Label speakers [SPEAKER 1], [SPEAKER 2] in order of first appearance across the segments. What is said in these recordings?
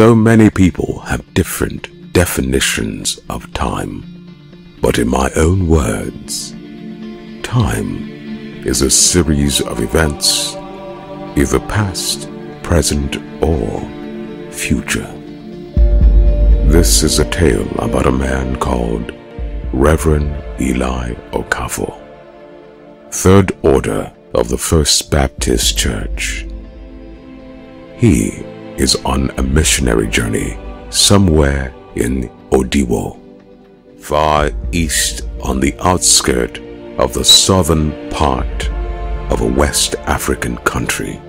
[SPEAKER 1] So many people have different definitions of time. But in my own words, time is a series of events, either past, present, or future. This is a tale about a man called Reverend Eli Okafor, Third Order of the First Baptist Church. He is on a missionary journey somewhere in Odiwo, far east on the outskirt of the southern part of a West African country.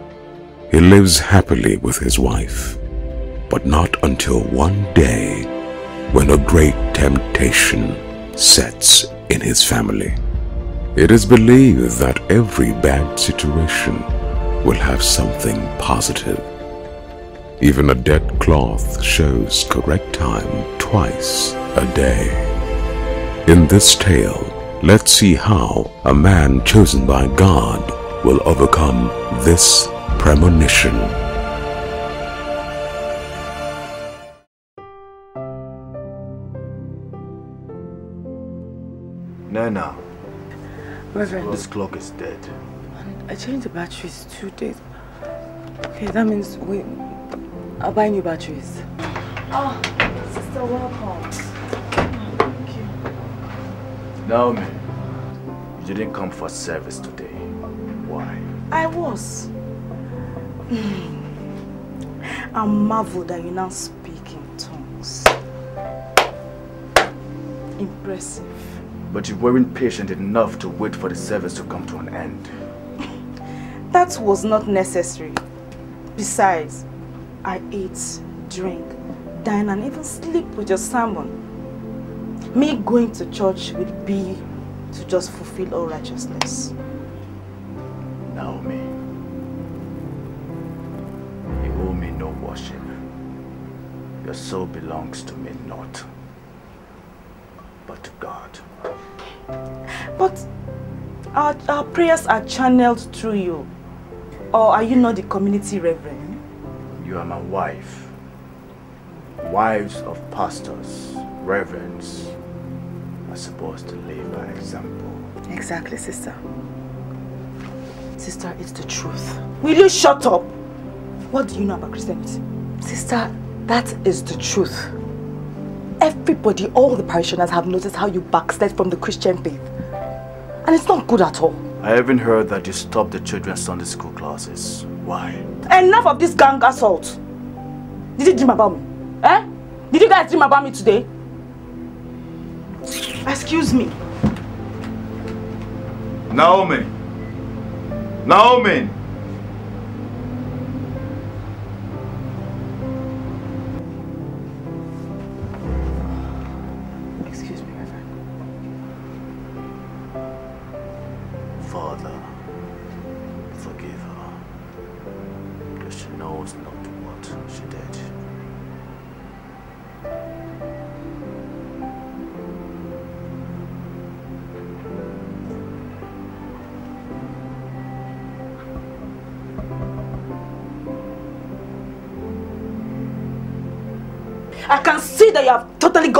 [SPEAKER 1] He lives happily with his wife, but not until one day when a great temptation sets in his family. It is believed that every bad situation will have something positive even a dead cloth shows correct time twice a day. In this tale, let's see how a man chosen by God will overcome this premonition.
[SPEAKER 2] Nana, Reverend, this clock is
[SPEAKER 3] dead. I changed the batteries two days. Okay, that means we I'll buy new batteries. Oh, sister, welcome. Thank
[SPEAKER 2] you. Naomi, you didn't come for service today. Why?
[SPEAKER 3] I was. Hmm. I marvel that you now speak in tongues.
[SPEAKER 2] Impressive. But you weren't patient enough to wait for the service to come to an
[SPEAKER 3] end. that was not necessary. Besides, I eat, drink, dine, and even sleep with your sermon. Me going to church would be to just fulfill all righteousness. Naomi,
[SPEAKER 2] you owe me no worship. Your soul belongs to me not, but
[SPEAKER 3] to God. But our, our prayers are channeled through you. Or are you not the community reverend?
[SPEAKER 2] you are my wife. Wives of pastors, reverends, are supposed to live by example.
[SPEAKER 3] Exactly, sister. Sister, it's the truth. Will you shut up? What do you know about Christianity? Sister, that is the truth. Everybody, all the parishioners have noticed how you backslid from the Christian faith. And it's not good at all.
[SPEAKER 2] I haven't heard that you stopped the children's Sunday school classes. Why?
[SPEAKER 3] Enough of this gang assault. Did you dream about me? Eh? Did you guys dream about me today? Excuse me.
[SPEAKER 2] Naomi. Naomi.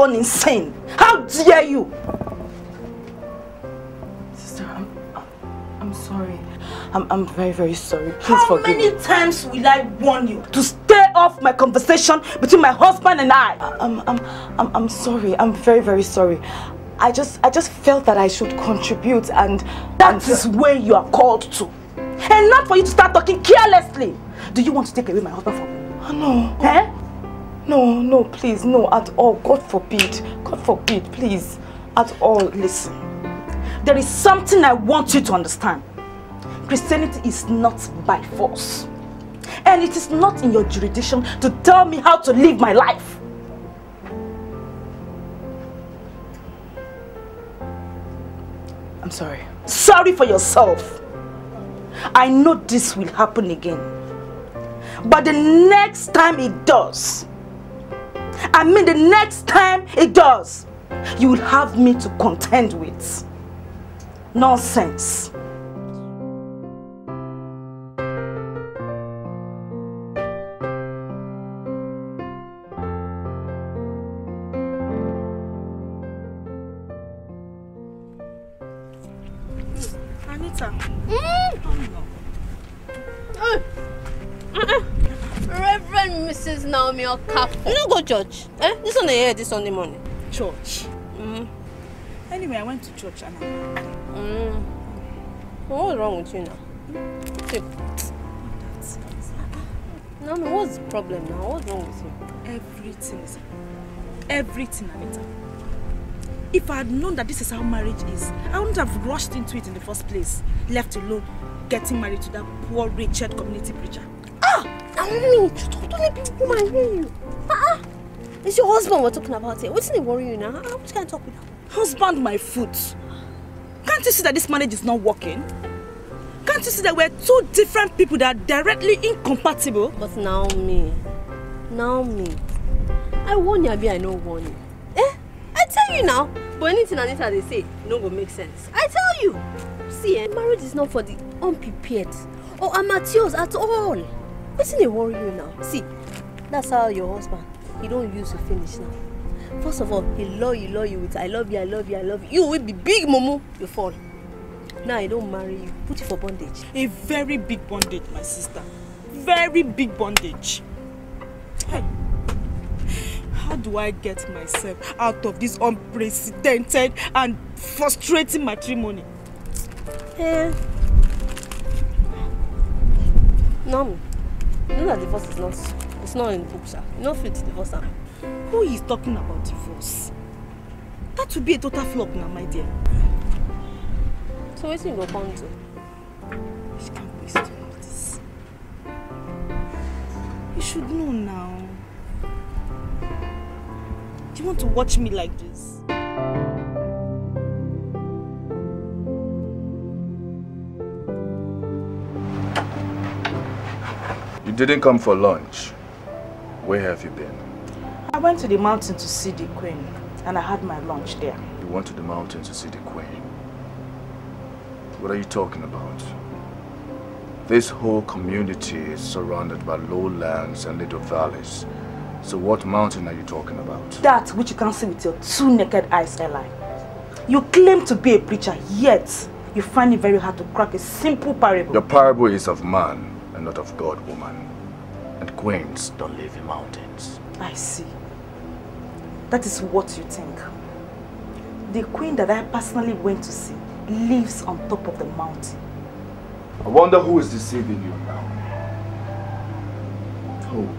[SPEAKER 3] gone insane. How dare you? Sister, I'm, I'm sorry. I'm, I'm very, very sorry. Please How forgive me. How many times will I warn you to stay off my conversation between my husband and I? I'm, I'm, I'm, I'm sorry. I'm very, very sorry. I just, I just felt that I should contribute and... that and is where you are called to. And not for you to start talking carelessly. Do you want to take away my husband from me? Oh, no. Eh? No, no, please, no, at all. God forbid. God forbid, please. At all, listen. There is something I want you to understand. Christianity is not by force. And it is not in your jurisdiction to tell me how to live my life. I'm sorry. Sorry for yourself. I know this will happen again. But the next time it does, I mean the next time it does, you will have me to contend with. Nonsense.
[SPEAKER 4] Mm. Reverend
[SPEAKER 3] Mrs. Naomi Okafor go church? Eh? This one here this Sunday morning. Church? Mm. Anyway, I went to church and I'm mm. What's wrong with you now? Take. No, no, what's the problem now? What's wrong with you? Everything is everything, Anita. If I had known that this is how marriage is, I wouldn't have rushed into it in the first place. Left alone, getting married to that poor, wretched community preacher. Ah! I mean, don't let people marry you. Ah, ah. it's your husband we're talking about here. What's he worry you now? How much can I talk with Husband, my foot. Can't you see that this marriage is not working? Can't you see that we're two different people that are directly incompatible? But now me, now me. I warn you, Abi, I no warn you. Eh? I tell
[SPEAKER 5] you now. But anything Anita they say, no go make sense. I
[SPEAKER 3] tell you. See, eh? marriage is not for the unprepared or amateurs at all. What's in the worry you now? See, that's how your husband, he don't use to finish now. First of all, he love you, love you with I love you, I love you, I love you. You will be big, Mumu. You fall. Now I don't marry you. Put you for bondage. A very big bondage, my sister. Very big bondage. Hey. How do I get myself out of this unprecedented and frustrating matrimony? Eh. Hey. No, you know that divorce is not not in the book, sir. You don't divorce her. Ah. Who is talking about divorce? That would be a total flop now, my dear. So what's in your come
[SPEAKER 4] She can't waste all this.
[SPEAKER 3] You should know now. Do you want to watch me like this?
[SPEAKER 2] You didn't come for lunch. Where have you been?
[SPEAKER 3] I went to the mountain to see the queen and I had my lunch there.
[SPEAKER 2] You went to the mountain to see the queen? What are you talking about? This whole community is surrounded by lowlands and little valleys. So what mountain are you talking about?
[SPEAKER 3] That which you can see with your two naked eyes, Eli. You claim to be a preacher, yet you find it very hard to crack a simple parable. Your
[SPEAKER 2] parable is of man and not of God, woman. And queens
[SPEAKER 6] don't live in mountains.
[SPEAKER 3] I see. That is what you think. The queen that I personally went to see lives on top of the mountain.
[SPEAKER 2] I wonder who is deceiving you now. Who?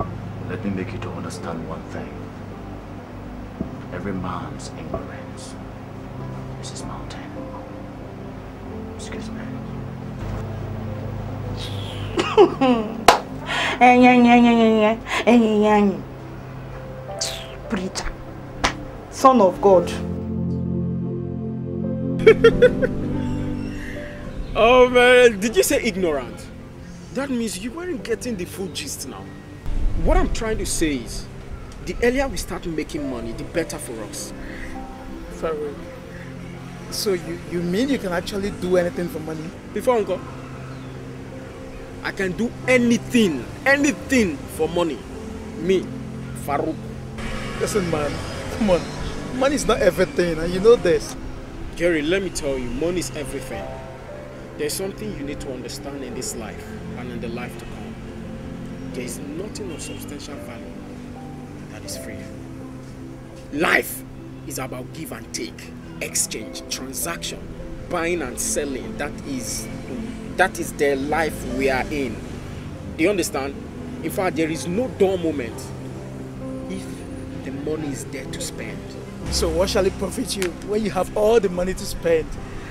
[SPEAKER 2] Oh. Let me make you to understand one thing. Every man's ignorance
[SPEAKER 4] is his mountain. Excuse
[SPEAKER 3] me. Preacher. Son of God.
[SPEAKER 7] oh man, did you say ignorant? That means you weren't getting the full gist now. What I'm trying to say is, the earlier we start making money, the better for us. Sorry. So you, you mean you can actually do anything for money? Before uncle. I can do anything, anything for money. Me, Farouk. Listen, man, come on. Money is not everything, and you know this. Gary, let me tell you, money is everything. There's something you need to understand in this life and in the life to come. There is nothing of substantial value that is free. Life is about give and take, exchange, transaction, buying and selling. That is the that is the life we are in. Do you understand? In fact, there is no dull moment if the money is there to spend. So what shall it profit you when you have all the money to spend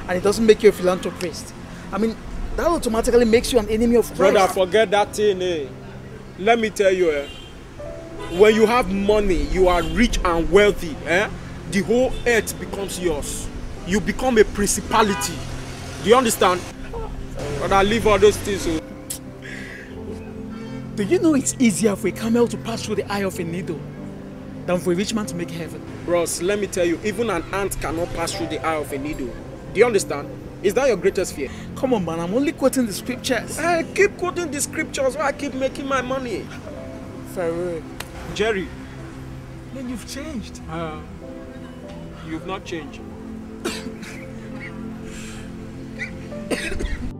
[SPEAKER 7] and it doesn't make you a philanthropist? I mean, that automatically makes you an enemy of Christ. Brother, forget that thing. Eh? Let me tell you, eh? when you have money, you are rich and wealthy. Eh? The whole earth becomes yours. You become a principality. Do you understand? But I leave all those things. So. Do you know it's easier for a camel to pass through the eye of a needle than for a rich man to make heaven? Ross, let me tell you, even an ant cannot pass through the eye of a needle. Do you understand? Is that your greatest fear? Come on, man. I'm only quoting the scriptures. I eh, keep quoting the scriptures while I keep making my money. Farouk. Jerry. Then you've changed. Uh, you've not changed.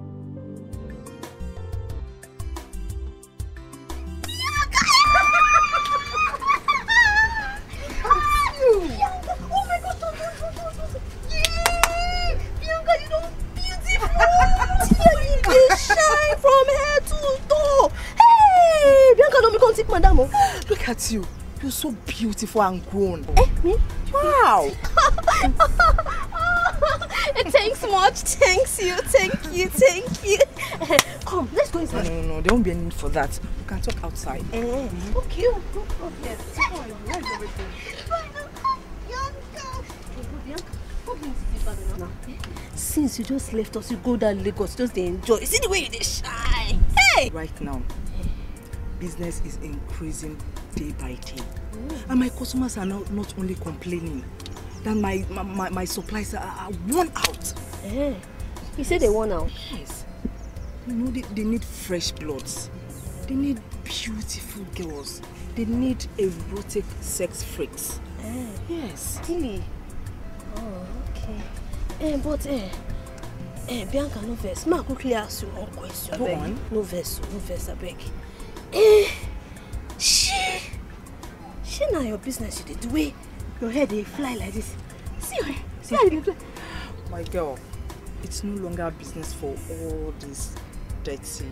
[SPEAKER 3] Oh. look at you. You're so beautiful and grown. Eh, me? Wow. Eh, thanks much. Thanks you. Thank you. Thank you. Come, let's go inside. No, no, no. There won't be any need for that. We can talk outside. Eh, mm -hmm. okay. Since you just left us, you go down Lagos, just enjoy. See the way you shine. Hey! Right now, business is increasing day by day. Mm. And my customers are now not only complaining that my my, my, supplies are, are worn out. Eh. You say they worn out? Yes. You know, they, they need fresh bloods. They need beautiful girls. They need erotic sex freaks. Eh. Yes. Tilly. Oh, okay. Eh, but eh, eh, Bianca, no verse. Ma, quickly ask you one question. Go on. No verse, no verse, I beg. She, she now your business you did do wey your hair they fly like this see your hair see how e fly. my girl it's no longer business for all these dirty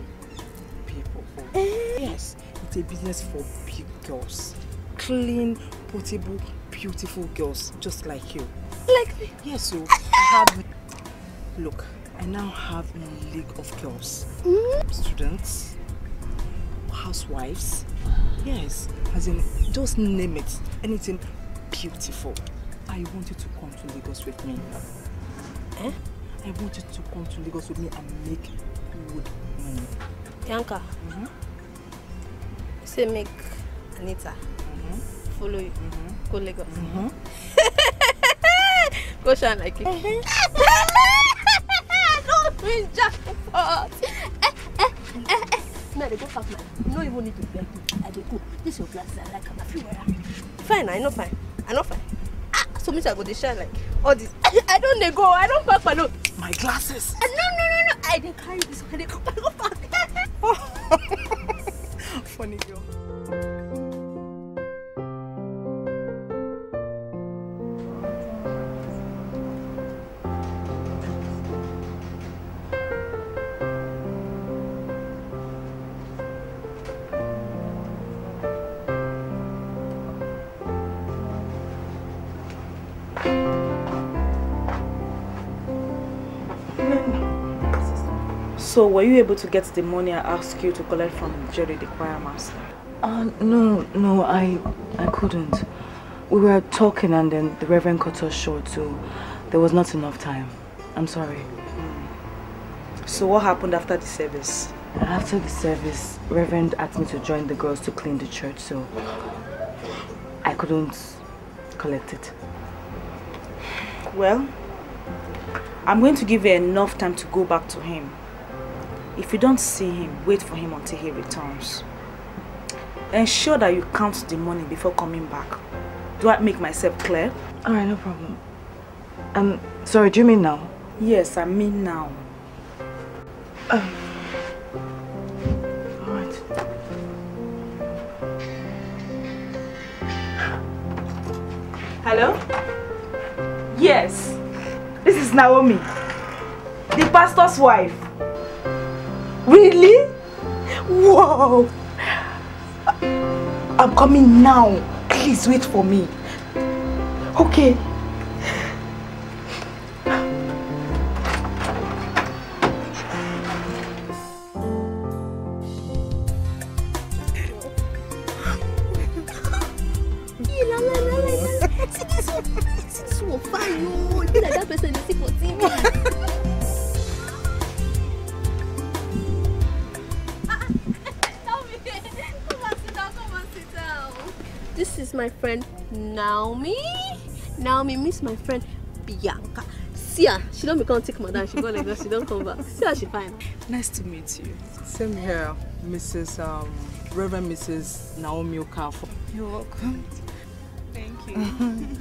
[SPEAKER 3] people. Eh? yes it's a business for big girls clean portable beautiful girls just like you. like me. yes o i have look i now have a league of girls. Mm? students. housewives. Yes, as in, just name it. Anything beautiful. I want you to come to Lagos with me. Eh? I want you to come to Lagos with me and make good money. Bianca, mm -hmm.
[SPEAKER 5] say make Anita mm -hmm. follow you, mm -hmm. go Lagos. Mm -hmm. go shine like it. Mm-hmm.
[SPEAKER 4] Don't
[SPEAKER 3] be jackpot. Eh, eh, eh, eh. eh. now they go pack my you no even need to beg me i dey go this your glasses i like am i fit wear fine i no fine i no fine ah so me too i go dey shine like all this i, I don dey go i don't pack my load. my glasses. Uh, no no no no i dey carry this i dey go pack. funny girl. So were you able to get the money I asked you to collect from Jerry the choir master? Uh, no, no, I, I couldn't. We were talking and then the Reverend cut us short, so there was not enough time. I'm sorry. Mm. So what happened after the service? After the service, Reverend asked me to join the girls to clean the church, so I couldn't collect it. Well, I'm going to give you enough time to go back to him if you don't see him, wait for him until he returns. Ensure that you count the money before coming back. Do I make myself clear? Alright, no problem. Um, sorry, do you mean now? Yes, I mean now. Um. Alright. Hello? Yes. This is Naomi, the pastor's wife. Really? Wow! I'm coming now. Please wait for me. Okay.
[SPEAKER 5] this my friend Bianca. See her. She don't become thick madam. She go like that. She don't come back.
[SPEAKER 3] See her. She fine. Nice to meet you. Same here, Mrs. Um, Reverend Mrs. Naomi Okafor. You're welcome. Thank you.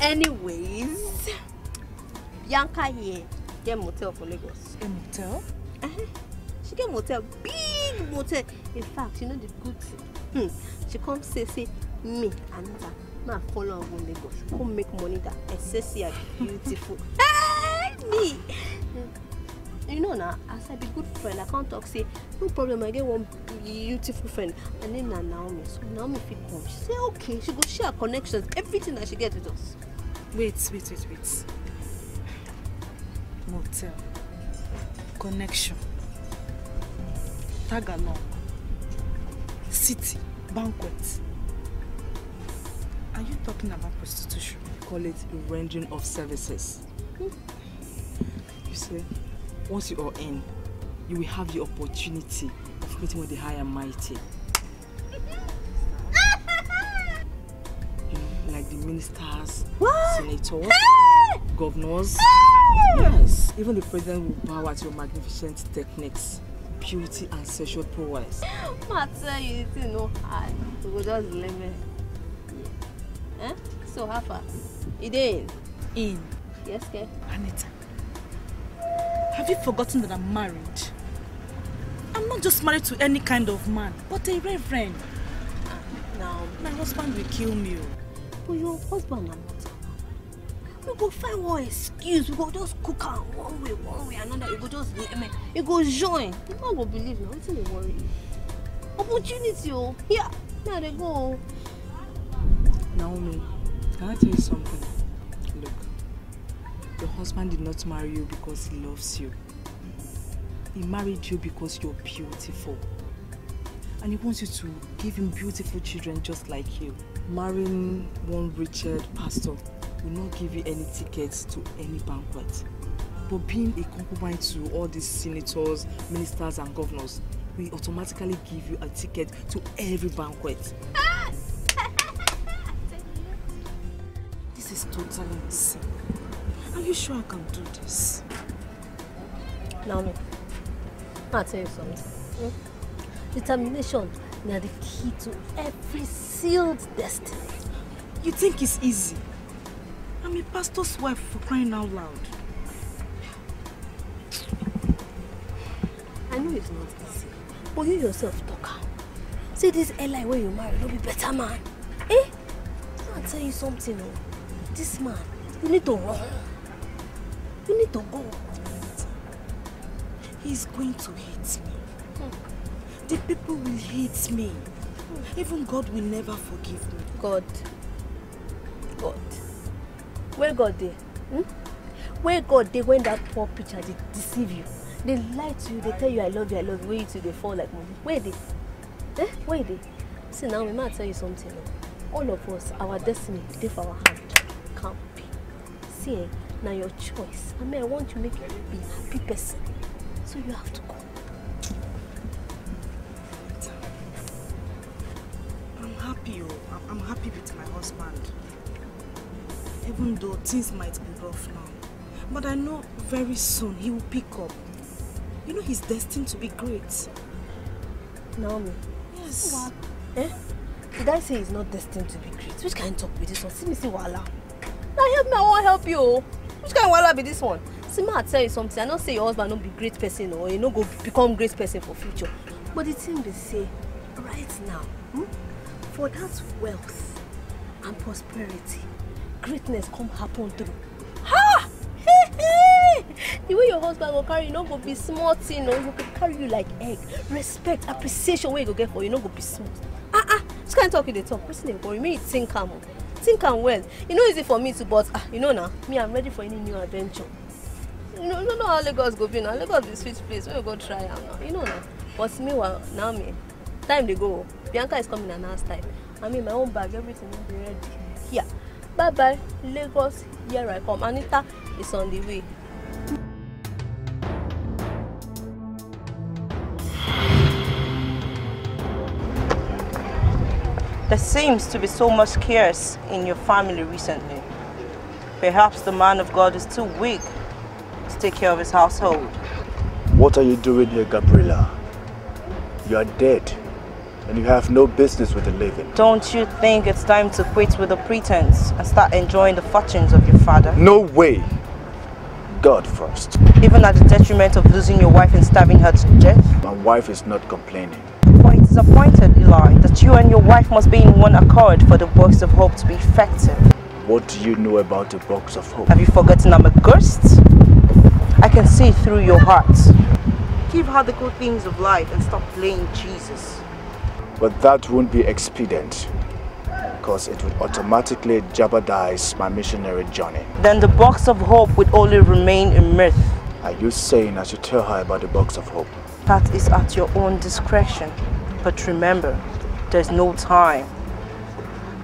[SPEAKER 3] Anyways, Bianca here get motel for Lagos. A motel? Uh -huh. She get motel, big motel. In fact, you know the good thing. Hmm. She come say, say, me, and Anita, ma follow up on Lagos. Go make money that excessive beautiful. hey, me! You know now, as I be good friend, I can't talk say, no problem, I get one beautiful friend. Her name na Naomi. So Naomi fit come. She say okay, she go share her connections, everything that she get with us. Wait, wait, wait, wait. Motel. Connection. Tagalong. City. Banquet. Are you talking about prostitution? We call it a rendering of services.
[SPEAKER 4] You
[SPEAKER 3] see, once you are in, you will have the opportunity of meeting with the high and mighty. you know, like the
[SPEAKER 4] ministers,
[SPEAKER 3] what? senators, governors. yes, even the president will bow at your magnificent techniques beauty and sexual prowess.
[SPEAKER 5] Matter you, it no know how. go just me. Eh? So
[SPEAKER 3] how far? It is. In. Yes, Ke. Anita. Have you forgotten that I'm married? I'm not just married to any kind of man, but a reverend. Ah, now, my husband will kill me. Oh. But your husband and not we go find one excuse we go just cook out one way one way another e go just dey eme e go join you no go believe na wetin dey worry opportunity oh yeah. Now they go oh. Naomi, can I tell you something? Look, your husband did not marry you because he loves you. He married you because you're beautiful. And he wants you to give him beautiful children just like you. Marrying one Richard pastor will not give you any tickets to any banquet. But being a concubine to all these senators, ministers and governors, we automatically give you a ticket to every banquet. Ah! totally insane. Are you sure I can do this? Naomi, I'll tell you something.
[SPEAKER 4] Hmm? Determination,
[SPEAKER 3] is the key to every sealed destiny. You think it's easy? I'm a pastor's wife for crying out loud. I know it's not easy, but you yourself talk See this Eli where you marry, no be better man. Eh? I'll tell you something. Oh this man, you need to run. You need to go. He's going to hate
[SPEAKER 4] me.
[SPEAKER 3] The people will hate me. Even God will never forgive me. God. God. Where God They, Hmm? Where God They when that poor preacher They deceive you? They lie to you, they tell you I love you, I love you, where you too dey fall like money. Where they? Eh? Where they? See now, we might tell you something. All of us, our destiny dey for our hand. am be see eh, now your choice i mean i want you make you be happy person so you have to go. i'm happy oh i'm, happy with my husband even though things might be rough now but i know very soon he will pick up you know he's destined to be great naomi yes what eh did i say he's not destined to be great which kind of talk be this one see me see wahala Now help me, I won't help you. Which kind of wahala be this one? See, I tell you something. I know say your husband no be great person or oh. you no go become great person for future. But the thing be say, right now, hmm, for that wealth and prosperity, greatness come happen through. Ha! The way your husband go carry you no go be small thing o. He go carry you like egg. Respect, appreciation where you go get for you no go be small. Ah ah, which kind of talk in the talk? Person dey worry, make you think am oh think am well e no easy for me to but ah you know na me i'm ready for any new adventure you know you no know how lagos go be na lagos be sweet place wey we go try am na you know na but meanwhile now me time dey go bianca is coming and time i mean my own bag everything don be ready here bye bye lagos here i come anita is on the way There seems to be so much chaos in your family recently. Perhaps the man of God is too weak to take care of his household.
[SPEAKER 2] What are you doing here, Gabriela? You are dead and you have no business with the living.
[SPEAKER 3] Don't you think it's time to quit with the pretense and start enjoying the fortunes of your father? No way! God first. Even at the detriment of losing your wife and starving her to death? My wife is not complaining disappointed, Eli, that you and your wife must be in one accord for the Box of Hope to be effective. What do you know about the Box of Hope? Have you forgotten I'm a ghost? I can see through your heart. Give her the good things of life and stop playing Jesus.
[SPEAKER 2] But that won't be expedient because it would automatically jeopardize my missionary journey. Then the Box of Hope would only
[SPEAKER 3] remain a myth. Are
[SPEAKER 2] you saying I should tell her about the Box of Hope?
[SPEAKER 3] That is at your own discretion. But remember, there's no time.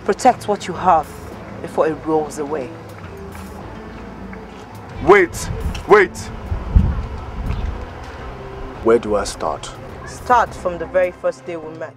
[SPEAKER 3] Protect what you have before it rolls away. Wait, wait.
[SPEAKER 2] Where do I start?
[SPEAKER 3] Start from the very first day we met.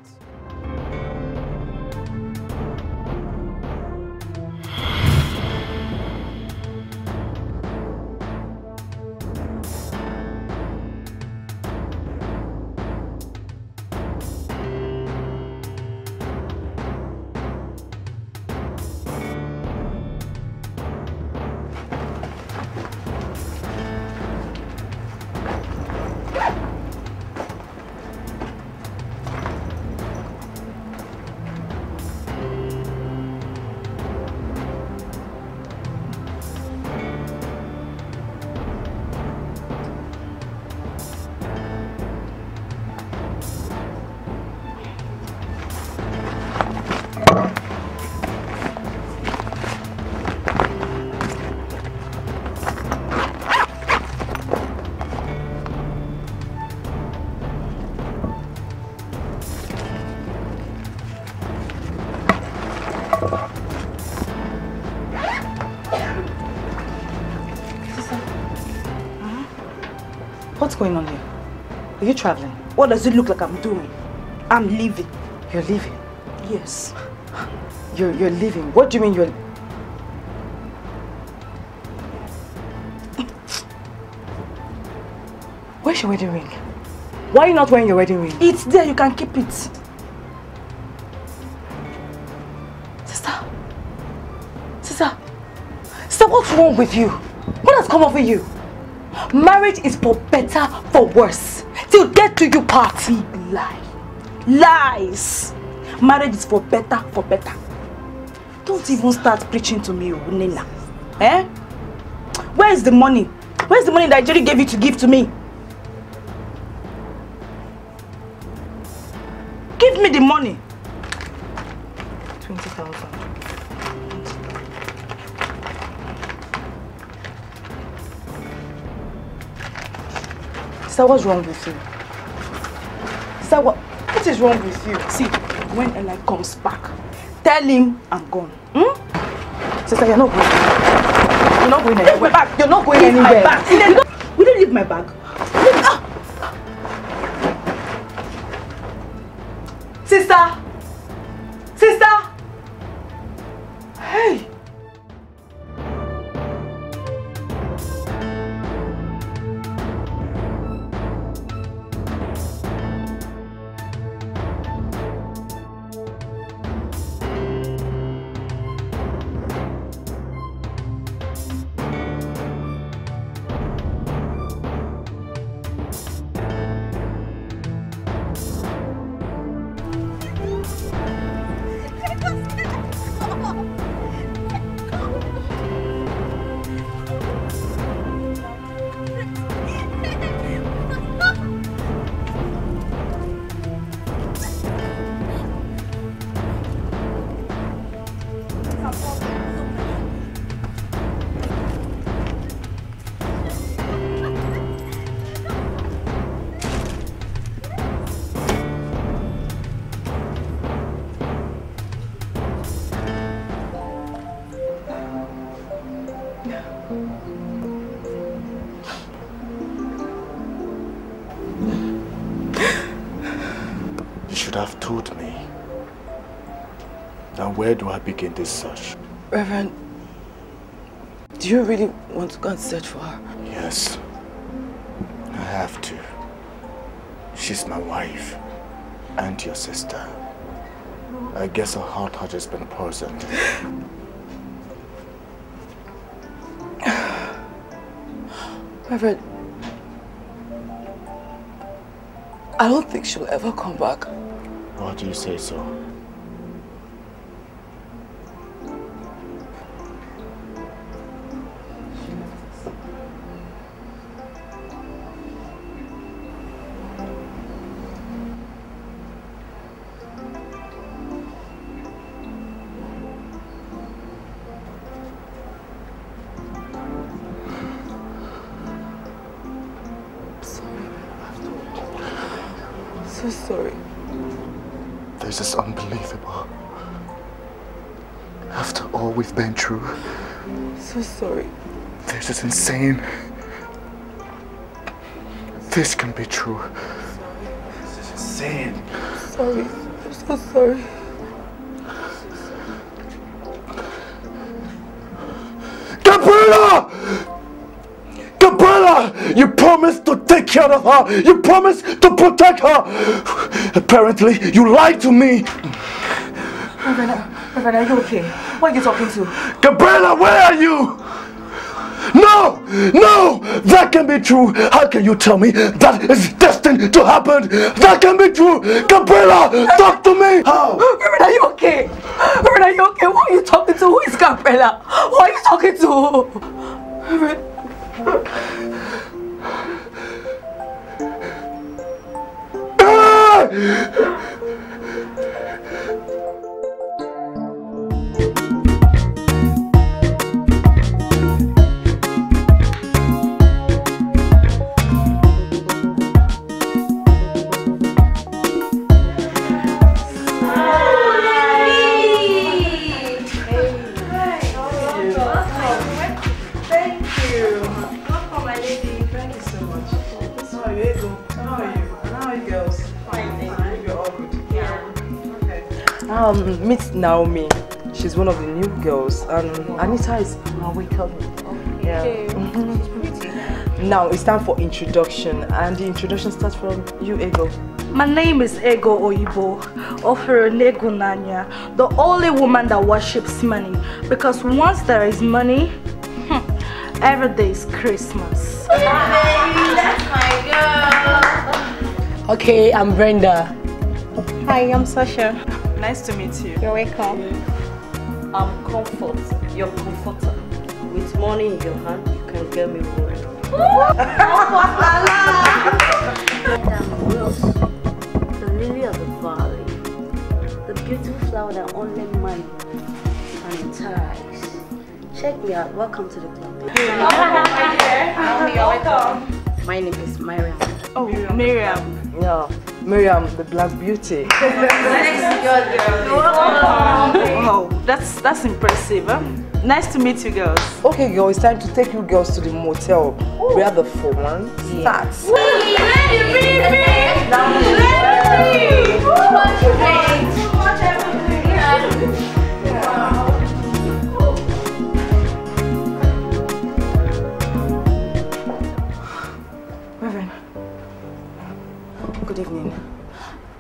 [SPEAKER 3] going on here? Are you traveling? What does it look like I'm doing? I'm leaving. You're leaving? Yes. You're, you're leaving? What do you mean you're... Where's your wedding ring? Why are you not wearing your wedding ring? It's there, you can keep it. Sister. Sister. Sister, what's wrong with you? What has come over you? Marriage is for better for worse till death do you part. Big lie. Lies. Marriage is for better, for better. Don't even start preaching to me, Nina. Eh? Where is the money? Where is the money that Jerry gave you to give to me? Give me the money. 20,000. Sir, what's wrong with you? Sir, what, what is wrong with you? See, when Eli comes back, tell him I'm gone. Hmm? Sister, you're not going anywhere. You're not going anywhere. Leave my bag. You're not going anywhere. Leave my bag. You don't leave my bag.
[SPEAKER 2] I begin this search.
[SPEAKER 3] Reverend, do you really want to go and search for her?
[SPEAKER 2] Yes. I have to. She's my wife and your sister. I guess her heart has just been poisoned.
[SPEAKER 3] Reverend, I don't think she'll ever come back. Why do
[SPEAKER 2] you say so? be true.
[SPEAKER 3] It's insane. Sorry. I'm
[SPEAKER 2] so sorry.
[SPEAKER 7] Gabriela! Gabriela! You promised
[SPEAKER 2] to take care of her. You promised to protect her. Apparently, you lied to me.
[SPEAKER 3] Ravenna, Ravenna, are you okay? What are you talking to? Gabriella, where are
[SPEAKER 2] you? No, no, that can be true. How can you tell me that is destined to happen? That can be true. Gabriela, talk to
[SPEAKER 3] me. How? Reverend, are you okay? Reverend, are you okay? Who are you talking to? Who is Gabriela? Who
[SPEAKER 4] are you talking to? Ruben.
[SPEAKER 3] Um, meet Naomi. She's one of the new girls, and Anita is my wicked. Okay. now it's time for introduction, and the introduction starts from you, Ego. My name is Ego Oyibo, Oferenegunanya, the only woman that worships money. Because once there is money, every day is Christmas.
[SPEAKER 4] that's
[SPEAKER 3] my girl. Okay, I'm Brenda. Hi, I'm Sasha. Nice to meet you. You're welcome. I'm Comfort, your comforter. With money in your hand, you can get me one.
[SPEAKER 5] Comfort Rose, the lily of the valley,
[SPEAKER 3] the beautiful flower that only money can entice. Check me out. Welcome to the club. Welcome. My name is Miriam. Oh, Miriam. Miriam. No. Miriam, the Black Beauty. wow, that's that's impressive. Huh? Nice to meet you girls. Okay, girls, it's time to take you girls to the motel Ooh. where the four ones. yeah. starts. let me. Let good evening.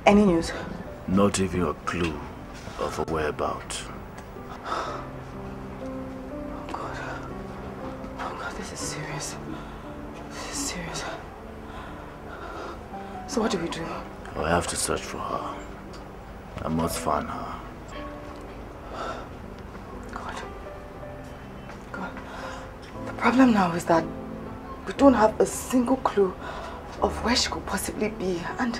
[SPEAKER 3] Any news?
[SPEAKER 2] Not even a clue of a whereabouts. Oh
[SPEAKER 3] God. Oh God, this is serious. This is serious. So what do we do?
[SPEAKER 2] I have to search for her.
[SPEAKER 3] I must find her. God. God. The problem now is that we don't have a single clue of where she could possibly be. And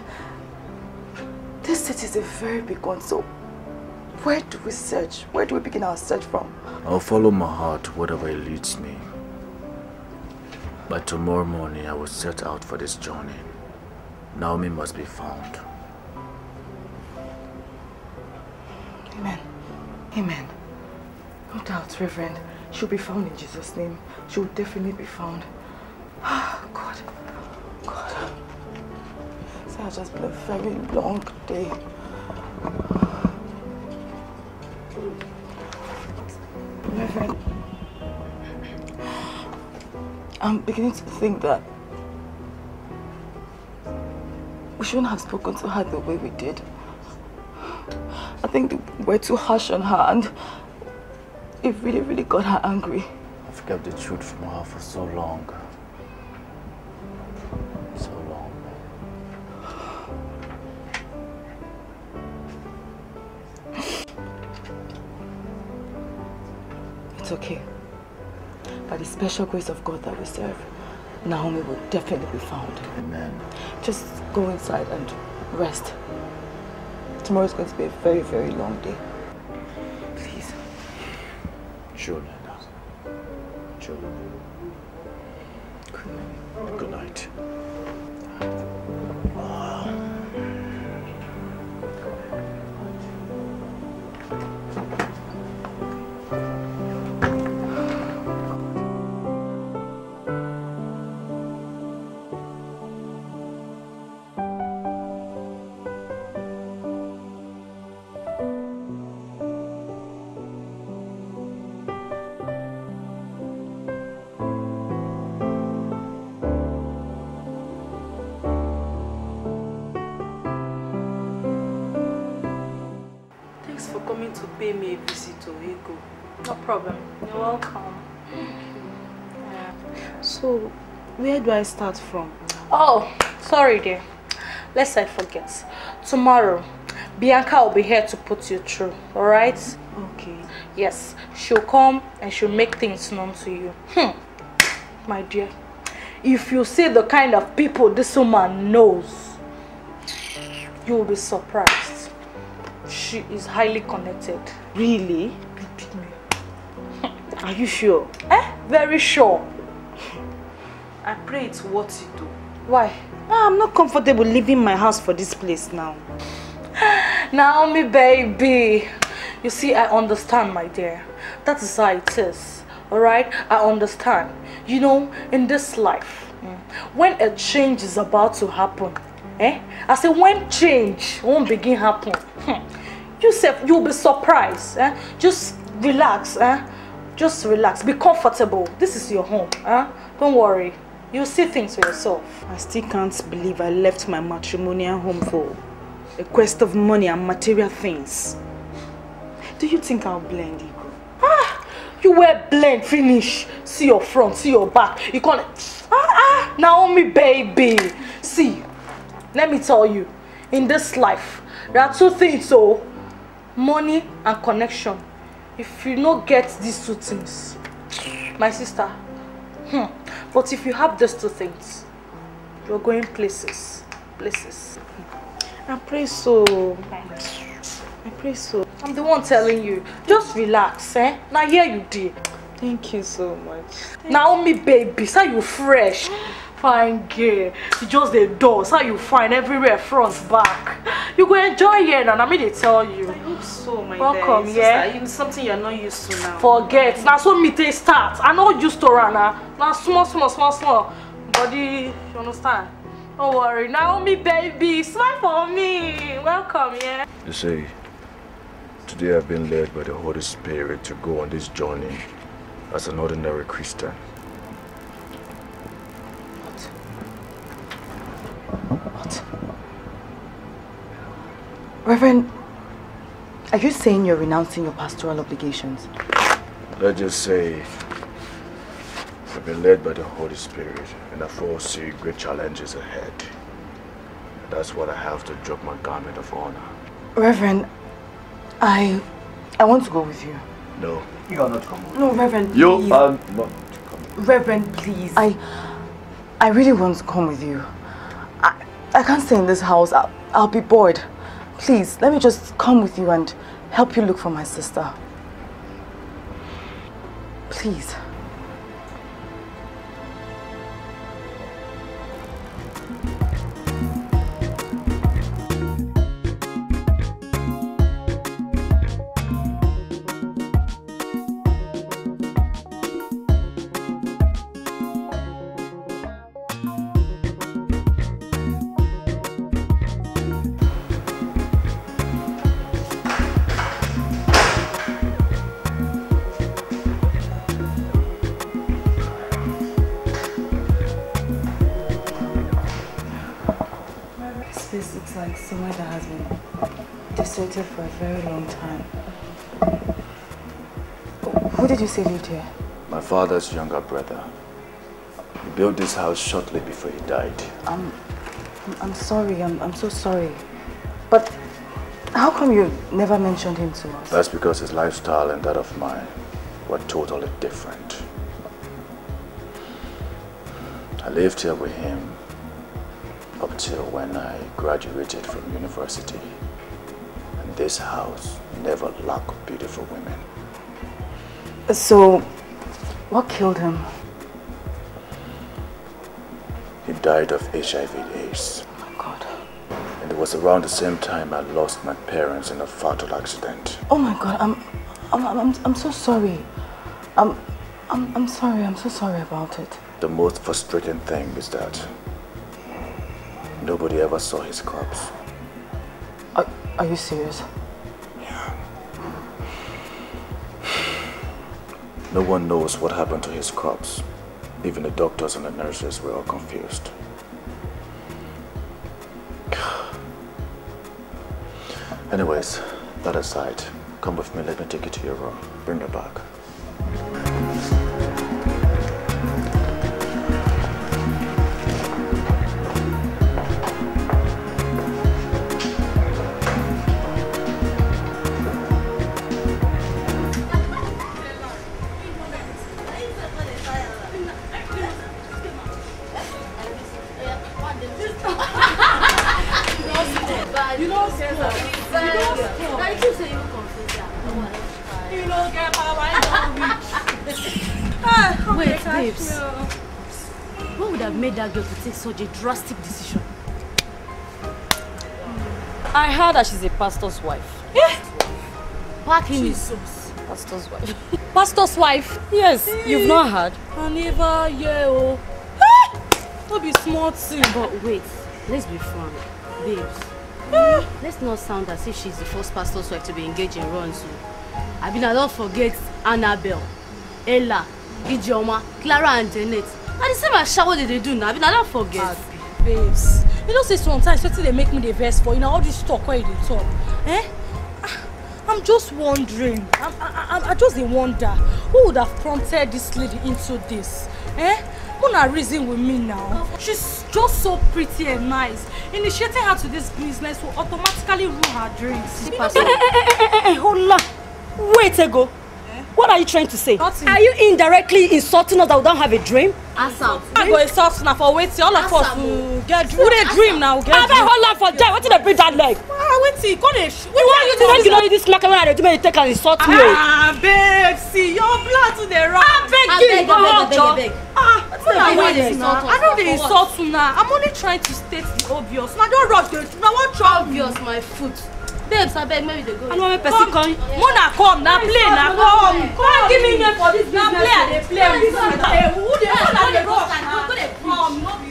[SPEAKER 3] this city is a very big one, so where do we search? Where do we begin our search from?
[SPEAKER 2] I'll follow my heart wherever it leads me. By tomorrow morning, I will set out for this journey. Naomi must be found.
[SPEAKER 3] Amen. Amen. No doubt, Reverend. She'll be found in Jesus' name. She'll definitely be found. Oh, God has just been a very long day. Reverend, I'm beginning to think that we shouldn't have spoken to her the way we did. I think we're too harsh on her and it really, really got her angry.
[SPEAKER 2] I've kept the truth from her for so long.
[SPEAKER 3] it's okay. By the special grace of God that we serve, Naomi will definitely be found. Amen. Just go inside and rest. Tomorrow is going to be a very, very long day. Please. Sure, Nana. Sure. do I start from? Oh, sorry dear. Lest I forget. Tomorrow, Bianca will be here to put you through, alright? Okay. Yes, she'll come and she'll make things known to you. Hmm. My dear, if you see the kind of people this woman knows, you will be surprised. She is highly connected. Really? Are you sure? Eh? Very sure. I pray it's worth it though. Why? Ah, I'm not comfortable leaving my house for this place now. Naomi, baby. You see, I understand, my dear. That is how it is. Alright? I understand. You know, in this life, mm, when a change is about to happen, eh? I say when change won't begin happen, hmm, yourself, you'll be surprised. Eh? Just relax. Eh? Just relax. Be comfortable. This is your home. Eh? Don't worry. You see things for yourself. I still can't believe I left my matrimonial home for a quest of money and material things. Do you think I'll blend, Igor? Ah, you wear blend, finish. See your front, see your back. You can't. Ah, ah, Naomi, baby. See, let me tell you, in this life, there are two things, so oh. money and connection. If you no get these two things, my sister, Hmm. But if you have these two things, you're going places. Places. I pray so. I pray so. I'm the one telling you. Just relax, eh? Now here you did. Thank you so much. Thank Naomi, baby, so you fresh fine girl you just dey dull so you fine everywhere front back you go enjoy here now na me they tell you. i hope so my dear. welcome dear yeah? sister something you're not used to now. forget Now, so me they start I'm not used to am ah. na Now, small small small small body you understand Don't worry naomi baby smile for me welcome yeah.
[SPEAKER 2] you see today I've been led by the holy spirit to go on this journey as an ordinary christian.
[SPEAKER 3] What? Reverend, are you saying you're renouncing your pastoral obligations?
[SPEAKER 2] Let's just say I've been led by the Holy Spirit and I foresee great challenges ahead. That's what I have to drop my garment of honor.
[SPEAKER 3] Reverend, I I want to go with you.
[SPEAKER 2] No. You are not coming.
[SPEAKER 3] No, Reverend, You
[SPEAKER 2] are um, not coming.
[SPEAKER 3] Reverend, please. I I really want to come with you. I can't stay in this house. I'll, I'll be bored. Please, let me just come with you and help you look for my sister. Please. lived here?
[SPEAKER 2] My father's younger brother. He built this house shortly before he died.
[SPEAKER 3] I'm, I'm sorry. I'm, I'm so sorry. But how come you never mentioned him to us?
[SPEAKER 2] That's because his lifestyle and that of mine were totally different. I lived here with him up till when I graduated from university. And this house never lacked beautiful women.
[SPEAKER 3] So, what killed him?
[SPEAKER 2] He died of HIV AIDS. Oh my God. And it was around the same time I lost my parents in a fatal accident.
[SPEAKER 3] Oh my God, I'm, I'm, I'm, I'm so sorry. I'm, I'm, I'm sorry, I'm so sorry about it.
[SPEAKER 2] The most frustrating thing is that nobody ever saw his corpse.
[SPEAKER 3] Are, are you serious?
[SPEAKER 2] No one knows what happened to his crops. Even the doctors and the nurses were all confused. Anyways, that aside, come with me, let me take you to your room. Bring her back.
[SPEAKER 3] such a drastic decision? I heard that she's a pastor's wife. Yeah. Back Jesus. Pastor's wife. pastor's wife? Yes, hey, you've not heard. I never hear. Oh. Don't be smart too. But wait, let's be frank, babes. Mm, let's not sound as if she's the first pastor's wife to be engaged in runs. I mean, I don't forget Annabelle, Ella, Ijoma, Clara and Janet. I didn't same my shower did they do now? abi na forget. abi babes you know say sometimes wetin they make me dey vex for you know all this talk wey you talk eh ah, i'm just wondering i'm i i, I just dey wonder who would have prompted this lady into this eh not reason with me now she's just so pretty and nice initiating her to this business will automatically ruin her dreams. Hey, hey, hey, hey, hey, hey, hold on wait a go What are you trying to say? Nothing. Are you indirectly insulting us that we don't have a dream? Asa, I go insult now for waiting. All of us will get dream. Who dey dream now? Get dream. I hold on for there. Wetin dey bring that leg? Ah, wetin? Come dey. You want you to when you know this locker when I dey do make you take and insult me. Ah, babe, see your blood to the right. I beg ah, you, go on, Joe. Ah, I no dey insult I no dey insult una. I'm only trying to state the obvious. Una don rush dey. Una wan chop. Obvious, my foot babes abeg where we dey go. i no wan make person come muna come na play na come come give me name for dis business na play i dey play with this who dey go na dey go come no be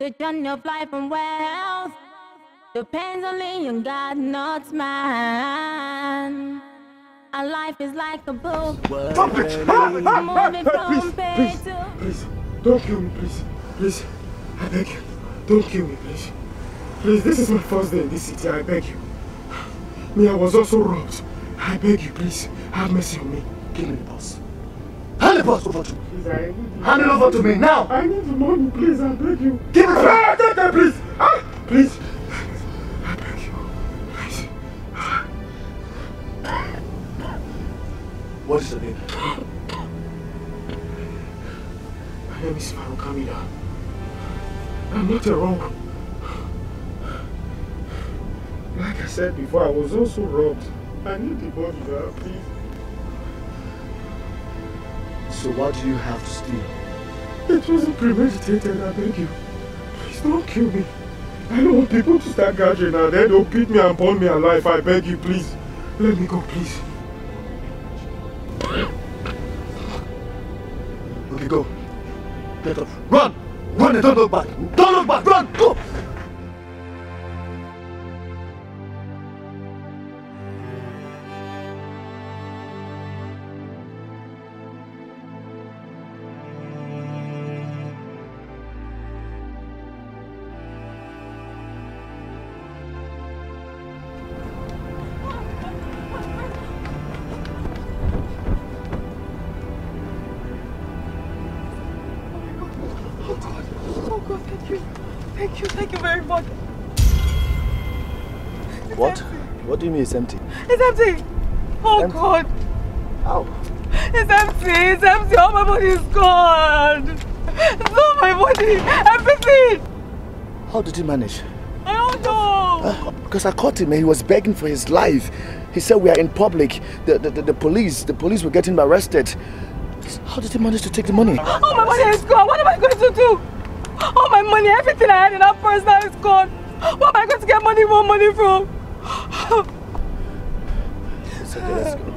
[SPEAKER 5] The journey of life and wealth depends only on God, not man. Our life is like a book.
[SPEAKER 6] Stop it! Please, please, please, don't kill me, please, please. I beg you, don't kill me, please. Please, this is my first day in this city. I beg
[SPEAKER 7] you. Me, I was also robbed. I beg you, please, have mercy on me. Give
[SPEAKER 2] me the bus. over to me.
[SPEAKER 7] Hand it over to me now.
[SPEAKER 3] I need the money, please. I beg you.
[SPEAKER 2] Give it back. Ah, take it, please. Ah, please. I beg you. Please. What is the name? My name is Farouk Kamida.
[SPEAKER 4] I'm not a wrong.
[SPEAKER 7] Like I said before, I was also robbed. I need the body, uh, please.
[SPEAKER 2] So what do you have to steal? It wasn't premeditated,
[SPEAKER 7] I beg you. Please don't kill me. I don't want people to start gathering and then they'll beat me and burn me alive. I beg you, please. Let me go, please.
[SPEAKER 2] Okay, go. Get up. Run! Run and don't look back! Don't look back! Run! Go! me it's empty.
[SPEAKER 4] It's empty. Oh empty. God. Oh, It's empty. It's empty. All my body is gone. It's all my body.
[SPEAKER 2] Everything. How did he manage? I don't know. Uh, because I caught him and he was begging for his life. He said we are in public. The, the, the, the police, the police were getting arrested. How did he manage to take the money? Oh,
[SPEAKER 3] my money is gone. What am I going to do? All my money, everything I had in that purse now is gone. What am I going to get money, more money from?
[SPEAKER 4] よろしく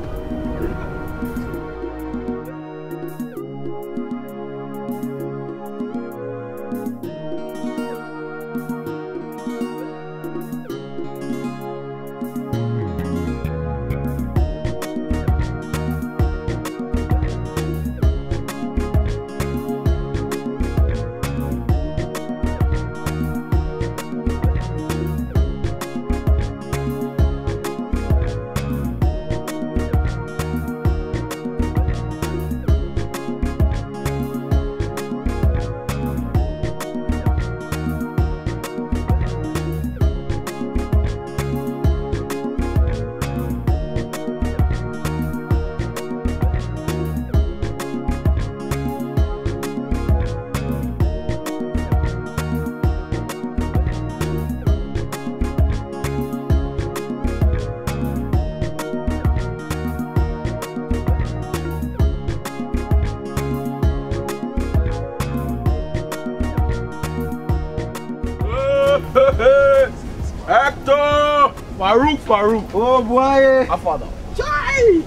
[SPEAKER 7] Farouk Farouk. Oh boy. My father. Chai!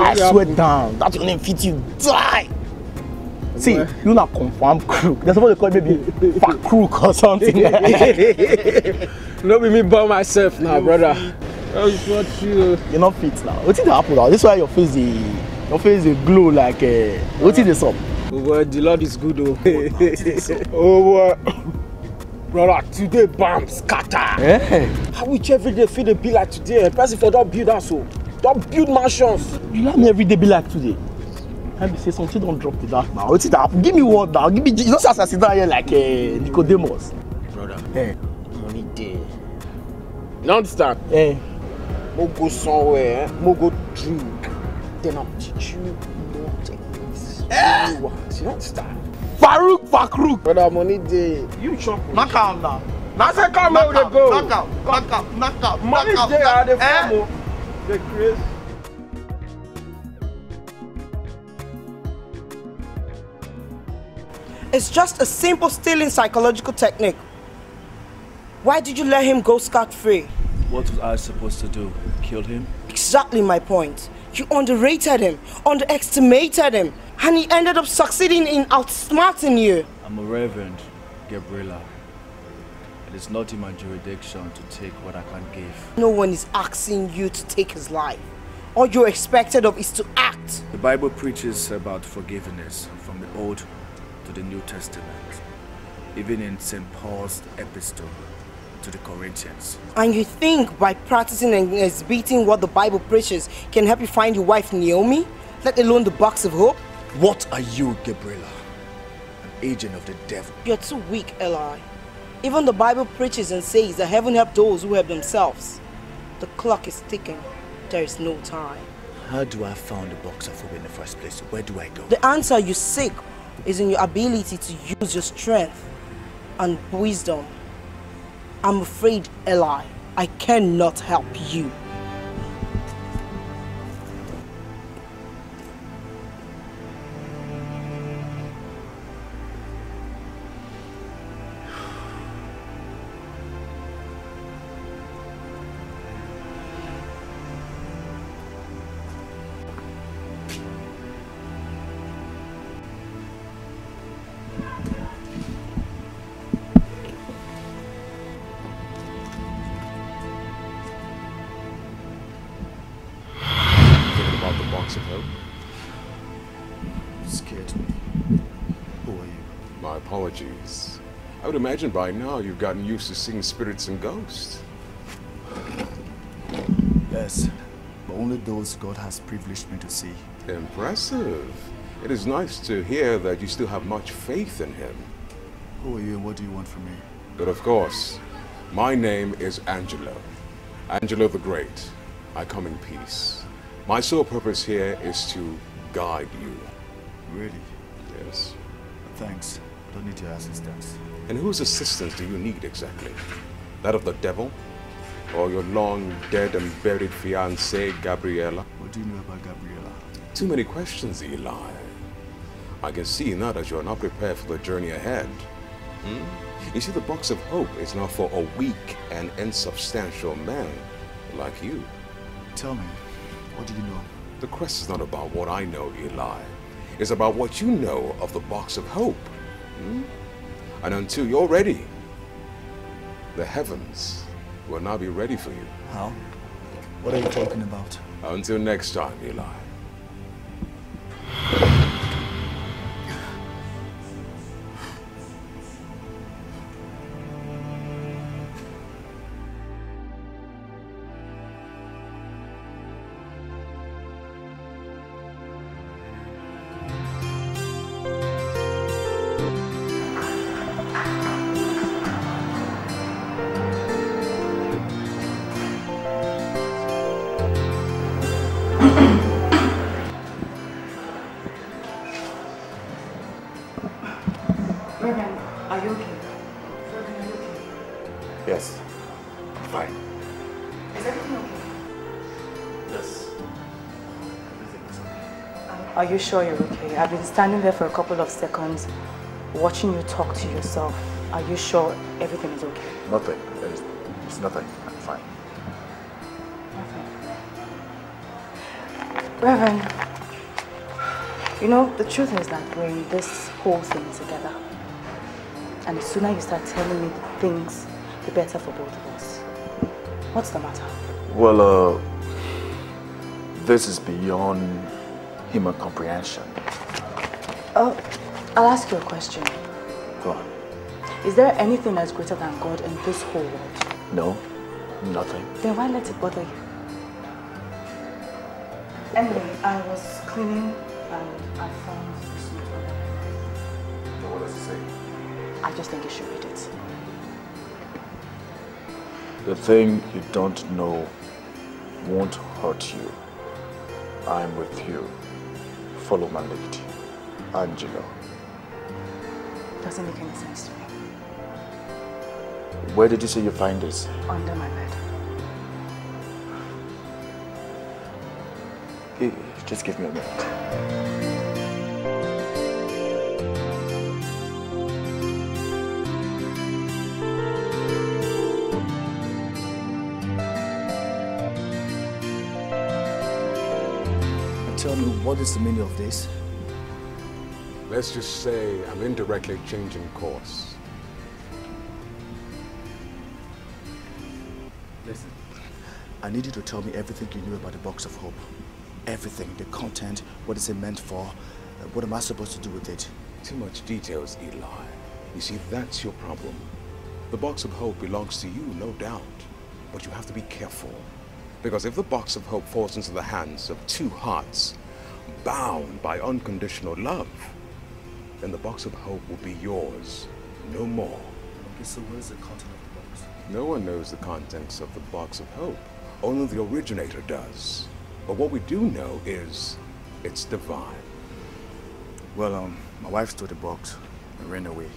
[SPEAKER 7] I swear down, that your name fit you die. See, you not confirm crook. That's what they call maybe fat crook or something. Not be me by myself now, brother. That is what you. You're not fit now. What did happen now? This why your face is your face is glow like uh, what is this up? Oh boy, the Lord is good though. Oh. oh boy. Brother, today bomb scatter. Hey. Eh? I wish every day feel dey be like today. Eh, person for don build house o. Oh. Don build mansions. You like me every day be like today? I be say something don drop the dark now. Wetin dey happen? Give me word now. Give me you know say as I sit down here like uh, Nicodemus.
[SPEAKER 2] Brother, hey. money dey.
[SPEAKER 7] You no understand? Hey. Mo go somewhere, eh? mo go drink, then I'll teach you more techniques. Eh? You want, you understand? farouk farouk brother money dey you chop knock out now na say come out dey go knock out knock out knock out money dey i dey eh? form o oh. dey craze.
[SPEAKER 3] It's just a simple stealing psychological technique. Why did you let him go scot-free? What was I supposed to do? Kill him? Exactly my point. You underrated him, underestimated him and he ended up succeeding in outsmarting you.
[SPEAKER 2] I'm a reverend, Gabriela. It is not in my jurisdiction to take what I can't give.
[SPEAKER 3] No one is asking you to take his life. All you're expected of is to act.
[SPEAKER 2] The Bible preaches about forgiveness from the Old to the New Testament, even in St. Paul's epistle to the Corinthians.
[SPEAKER 3] And you think by practicing and exhibiting what the Bible preaches can help you find your wife Naomi, let alone the box of hope? What are you, Gabriela? An
[SPEAKER 2] agent of the devil.
[SPEAKER 3] You're too weak, Eli. Even the Bible preaches and says that heaven helps those who help themselves. The clock is ticking. There is no time.
[SPEAKER 2] How do I find the box of hope in the first place? Where do I go?
[SPEAKER 3] The answer you seek is in your ability to use your strength and wisdom. I'm afraid, Eli, I cannot help you.
[SPEAKER 1] imagine by now you've gotten used to seeing spirits and ghosts.
[SPEAKER 2] Yes, but only those God has privileged me
[SPEAKER 1] to see. Impressive. It is nice to hear that you still have much faith in him. Who are you and what do you want from me? But of course, my name is Angelo. Angelo the Great. I come in peace. My sole purpose here is to guide you. Really? Yes. Thanks. I don't need your assistance. And whose assistance do you need exactly? That of the devil? Or your long dead and buried fiancée, Gabriella? What do you know about Gabriella? Too many questions, Eli. I can see now that you're not prepared for the journey ahead. Hmm? You see, the box of hope is not for a weak and insubstantial man like you. Tell me, what do you know? The quest is not about what I know, Eli. It's about what you know of the box of hope. Hmm? And until you're ready, the heavens will now be ready for you.
[SPEAKER 2] How? What are you talking about?
[SPEAKER 1] Until next time, Eli.
[SPEAKER 3] are you okay? Yes, fine. Is everything okay? Yes. Everything is okay. are you sure you're okay? I've been standing there for a couple of seconds watching you talk to yourself. Are you sure everything is okay? Nothing. It's nothing. I'm fine. Reverend, you know, the truth is that we're in this whole thing together. And the sooner you start telling me things, the better for both of us. What's the matter?
[SPEAKER 2] Well, uh, this is beyond human comprehension.
[SPEAKER 3] Oh, I'll ask you a question. Go on. Is there anything that's greater than God in this whole world? No, nothing. Then why let it bother you? Anyway, I was cleaning and I found this letter. So what does it say? I just think you should read it.
[SPEAKER 2] The thing you don't know won't hurt you. I'm with you. Follow my lead. Angela.
[SPEAKER 3] Doesn't make any sense to me.
[SPEAKER 2] Where did you say you find this?
[SPEAKER 3] Under my bed.
[SPEAKER 2] Just give me a minute.
[SPEAKER 1] tell me what is the meaning of this? Let's just say I'm indirectly changing course.
[SPEAKER 2] Listen, I need you to tell me everything you knew about the Box of Hope everything, the
[SPEAKER 1] content, what is it meant for, uh, what am I supposed to do with it? Too much details, Eli. You see, that's your problem. The Box of Hope belongs to you, no doubt. But you have to be careful. Because if the Box of Hope falls into the hands of two hearts, bound by unconditional love, then the Box of Hope will be yours, no more. Okay, so what is the content of the box? No one knows the contents of the Box of Hope. Only the originator does. But what we do know is it's divine. Well, um, my wife stole the box and ran
[SPEAKER 2] away.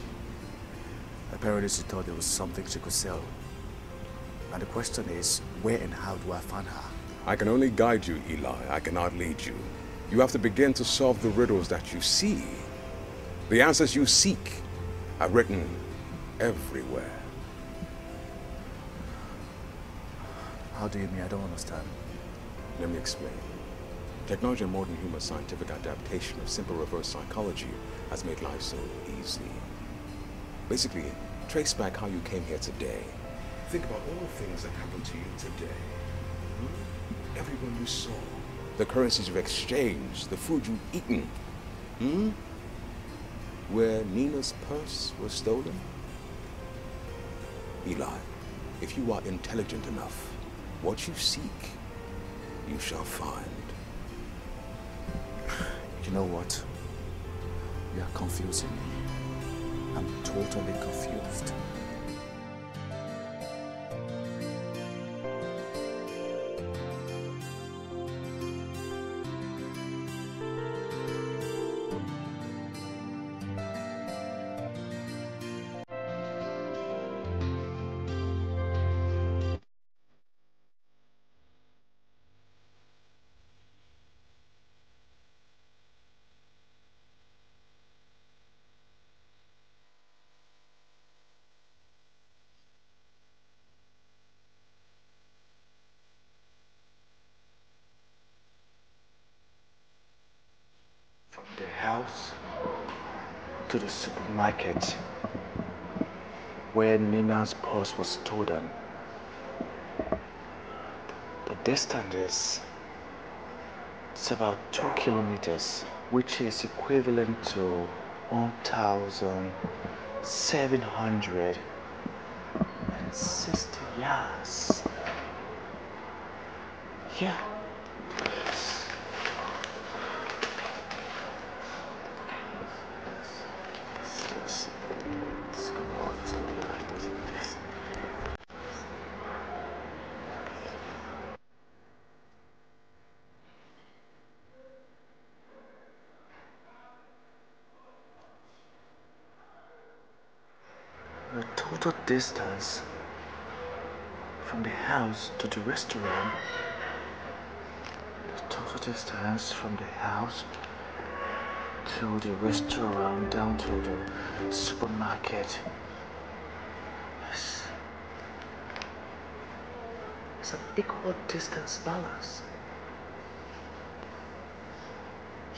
[SPEAKER 2] Apparently she thought there was something she could sell. And the
[SPEAKER 1] question is, where and how do I find her? I can only guide you, Eli. I cannot lead you. You have to begin to solve the riddles that you see. The answers you seek are written everywhere. How do you mean? I don't understand. Let me explain. Technology and modern human scientific adaptation of simple reverse psychology has made life so easy. Basically, trace back how you came here today. Think about all the things that happened to you today. Hmm? Everyone you saw. The currencies you've exchanged, the food you've eaten. Hmm? Where Nina's purse was stolen? Eli, if you are intelligent enough, what you seek you shall find. You know what? You are confusing me.
[SPEAKER 2] I'm totally confused. to the supermarket where Nina's purse was stolen. The distance is it's about two kilometers, which is equivalent to 1,760
[SPEAKER 4] yards.
[SPEAKER 6] Yeah.
[SPEAKER 2] distance from the house to the restaurant. The total distance from the house to the restaurant down to the supermarket. It's,
[SPEAKER 6] it's an equal distance balance.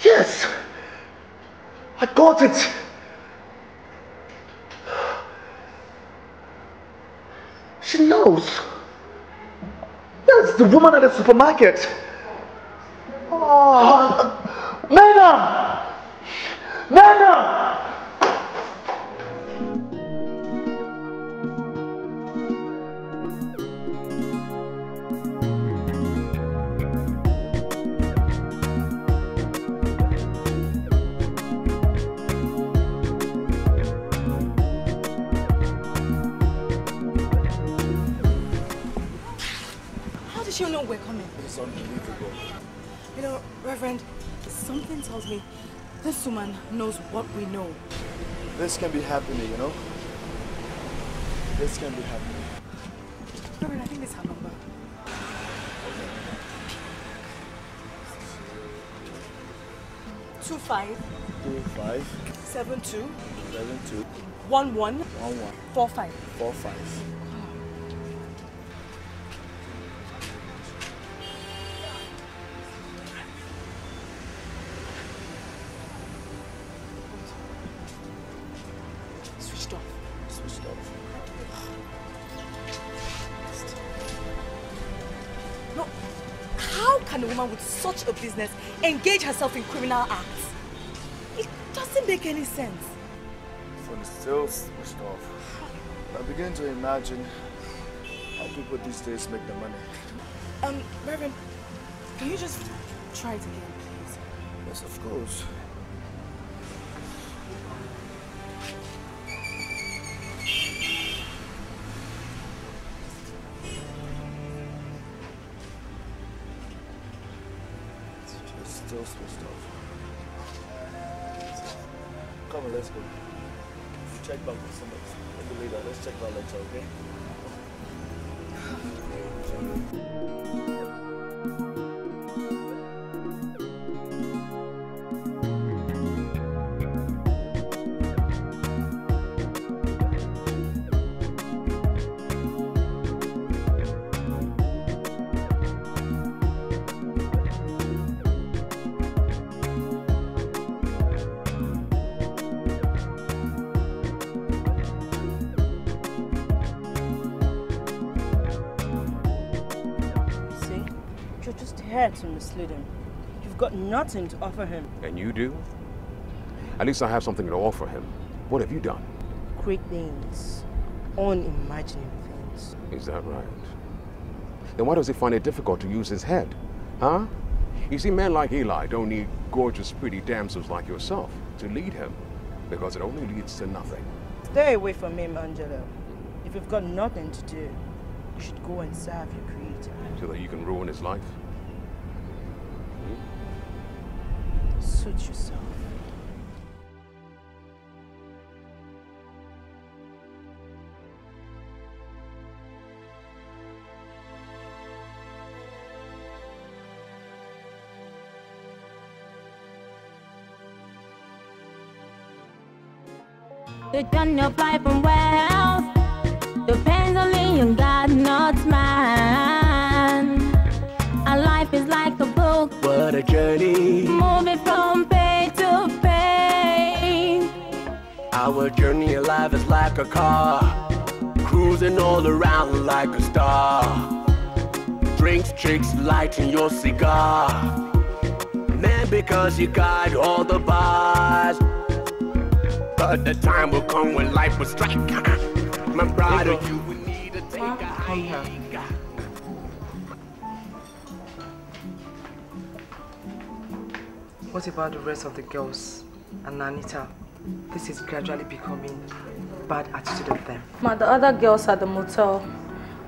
[SPEAKER 6] Yes! I got it! themselves. Yes, the woman at the supermarket.
[SPEAKER 3] did she know we're coming? It's unbelievable. You know, Reverend, something tells me this woman knows what we know. This can be
[SPEAKER 2] happening, you know? This can be happening.
[SPEAKER 3] Reverend, I think this her Two five.
[SPEAKER 2] Two five.
[SPEAKER 3] Seven two. Seven two. One one. One one. Four five.
[SPEAKER 2] Four five.
[SPEAKER 3] engage herself in criminal acts. It doesn't make any sense.
[SPEAKER 2] From the sales stuff, I begin to imagine how people these days make their money.
[SPEAKER 3] Um, Reverend, can you just try it again, please? Yes,
[SPEAKER 2] of course.
[SPEAKER 3] You've got nothing
[SPEAKER 1] to offer him. And you do? At least I have something to offer him. What have you done?
[SPEAKER 3] Great things. Unimaginable things.
[SPEAKER 1] Is that right? Then why does he find it difficult to use his head? Huh? You see, men like Eli don't need gorgeous, pretty damsels like yourself to lead him, because it only leads to nothing.
[SPEAKER 3] Stay away from him, Angelo. If you've got nothing to do, you should go and serve
[SPEAKER 1] your creator. So that you can ruin his life?
[SPEAKER 4] suit yourself.
[SPEAKER 5] The gun your pipe from wealth Depends on you God, not man Our life is like a book
[SPEAKER 7] What a journey A journey of life is like a car, cruising all around like a star. Drinks, chicks, lighting your cigar. Man, because you got all the bars. But the time will come when life will strike. My brother, you will
[SPEAKER 4] need to take a hike.
[SPEAKER 3] What about the rest of the girls and Anita? this is gradually becoming bad attitude of them. Ma, the other girls at the motel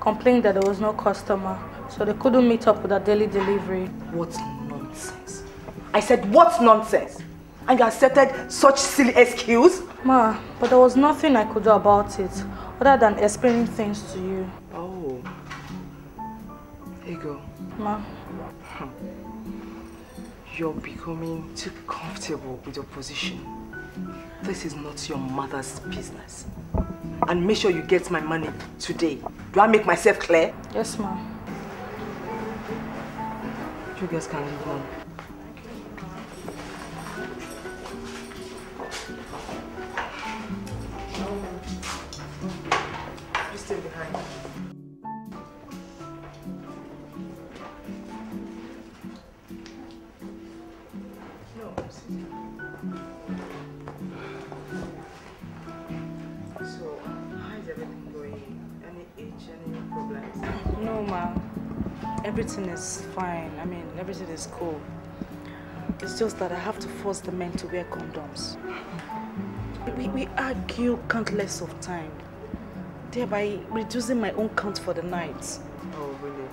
[SPEAKER 3] complained that there was no customer, so they couldn't meet up with a daily delivery. What nonsense. I said, what nonsense? And you accepted such silly excuse? Ma, but there was nothing I could do about it, other than explaining things to you. Oh. Here you go. Ma. Hmm. You're becoming too comfortable with your position. This is not your mother's business. And make sure you get my money today. Do I make myself clear? Yes, ma'am. You guys can leave now. everything is fine. I mean, everything is cool. It's just that I have to force the men to wear condoms. We, we argue countless of time, thereby reducing my own count for the night. Oh, really?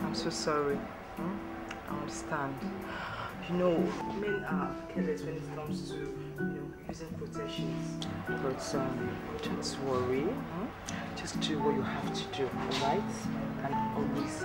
[SPEAKER 3] I'm so sorry. Hmm? I understand. You know, men are careless when it comes to you know, using protections. But um, don't worry. Hmm? Just do what you have to do, alright? And always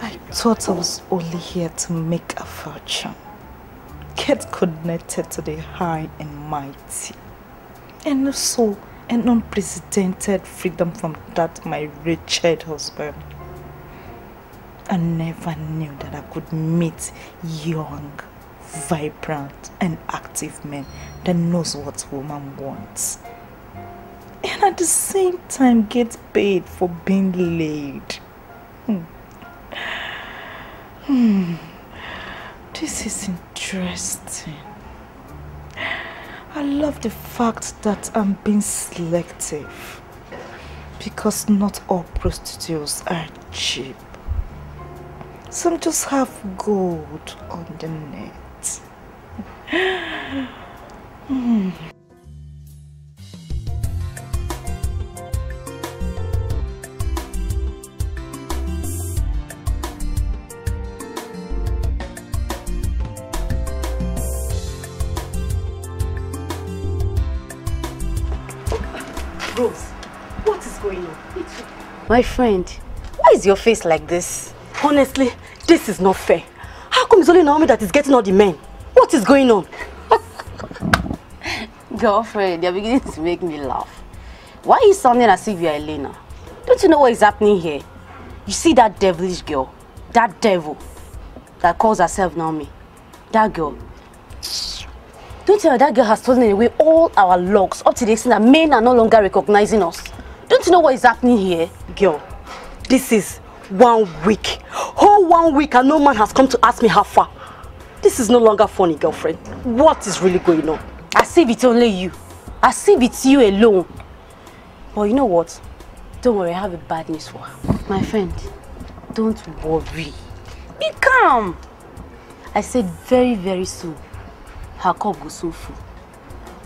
[SPEAKER 3] I thought I was only here to make a fortune. Get connected to the high and mighty. And also an unprecedented freedom from that my wretched husband. I never knew that I could meet young, vibrant and active men that knows what woman wants. And at the same time get paid for being laid. Hmm. This is interesting. I love the fact that I'm being selective because not all prostitutes are cheap. Some just have gold on the
[SPEAKER 4] net. Hmm.
[SPEAKER 3] My friend, why is your face like this? Honestly, this is not fair. How come it's only Naomi that is getting all the men? What is going on?
[SPEAKER 5] Girlfriend, you're beginning to make me laugh.
[SPEAKER 3] Why are you sounding as if you're Elena? Don't you know what is happening here? You see that devilish girl, that devil that calls herself Naomi, that girl. Don't you know that girl has stolen away all our locks up to the extent that men are no longer recognizing us. Don't you know what is happening here? Girl, this is one week. Whole one week and no man has come to ask me how far. This is no longer funny, girlfriend. What is really going on? As if it's only you. As if it's you alone. But you know what? Don't worry, I have a bad news for her. My friend, don't worry. Be calm. I said very, very soon, her cup go so full.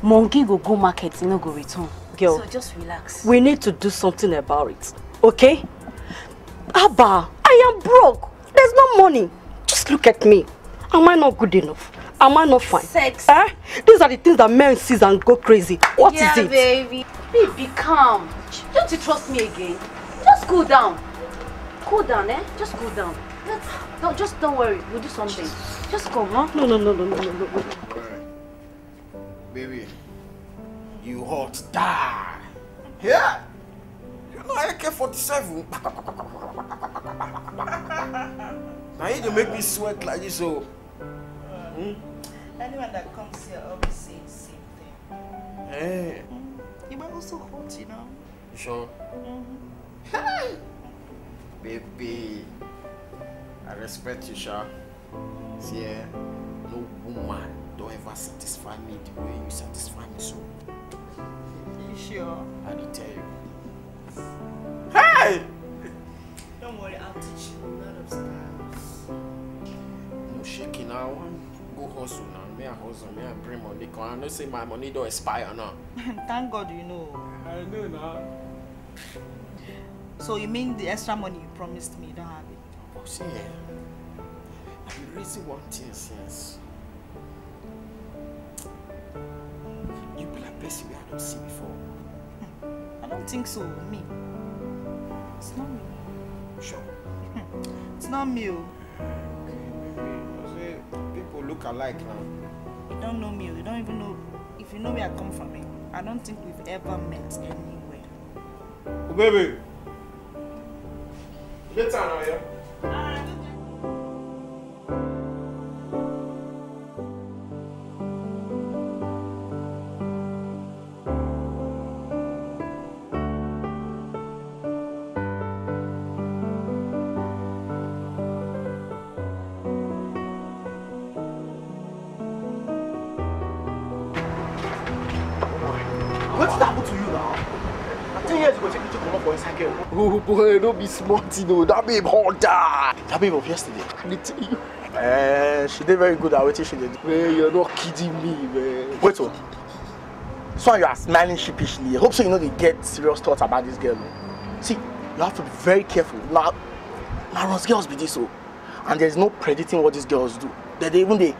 [SPEAKER 3] Monkey go go market, e no go return. girl. So
[SPEAKER 5] just relax.
[SPEAKER 3] We need to do something about it, okay? Abba, I am broke. There's no money. Just look at me. Am I not good enough? Am I not fine? Sex. Eh? These are the things that men sees and go crazy. What yeah, is it? baby. Baby, calm. Don't you trust me again? Just cool down. Cool down, eh? Just cool down. Don't just don't worry. We'll do something. Just come, huh? No, no, no, no, no, no, no. All right.
[SPEAKER 7] Baby. you hot,
[SPEAKER 4] die.
[SPEAKER 7] Yeah. You know AK-47. now you make me sweat like this, so. Oh. Hmm?
[SPEAKER 3] Anyone that comes here always says the same
[SPEAKER 7] thing. Hey. Eh.
[SPEAKER 3] You might also hot, you know.
[SPEAKER 7] sure? Mm-hmm. Hey! Baby. I respect you, Sha. See, eh, no woman don't ever satisfy me the way you satisfy me so. Sure. I need to tell you. Hey! Don't worry, I'll teach you a lot of styles. No shaking now. Go hustle now. Me I hustle, me I bring money. I know say my money don't expire now.
[SPEAKER 3] Thank God you know.
[SPEAKER 4] I know now.
[SPEAKER 3] So you mean the extra money you promised me, you don't have it? Oh, see, yeah. I've been raising one thing since. You be like person we I don't see before. I don't think so. Me. It's not me. Sure. Hmm. it's not me. Okay,
[SPEAKER 7] oh. maybe. People look alike now.
[SPEAKER 3] You don't know me. Oh. You don't even know. If you know where I come from, eh, I don't think we've ever met anywhere.
[SPEAKER 7] Oh, baby. Later now,
[SPEAKER 4] yeah? you?
[SPEAKER 7] Boy, don't be smart, you know. That babe hold that. That babe of yesterday. I did tell you. Man, she did very good at what she did. Man, you're not kidding me, man. Wait, oh. So you are smiling sheepishly. I hope so you know they get serious thoughts about this girl. See, you have to be very careful. Now, now Maron's girls be this, oh. And there's no predicting what these girls do. That they even they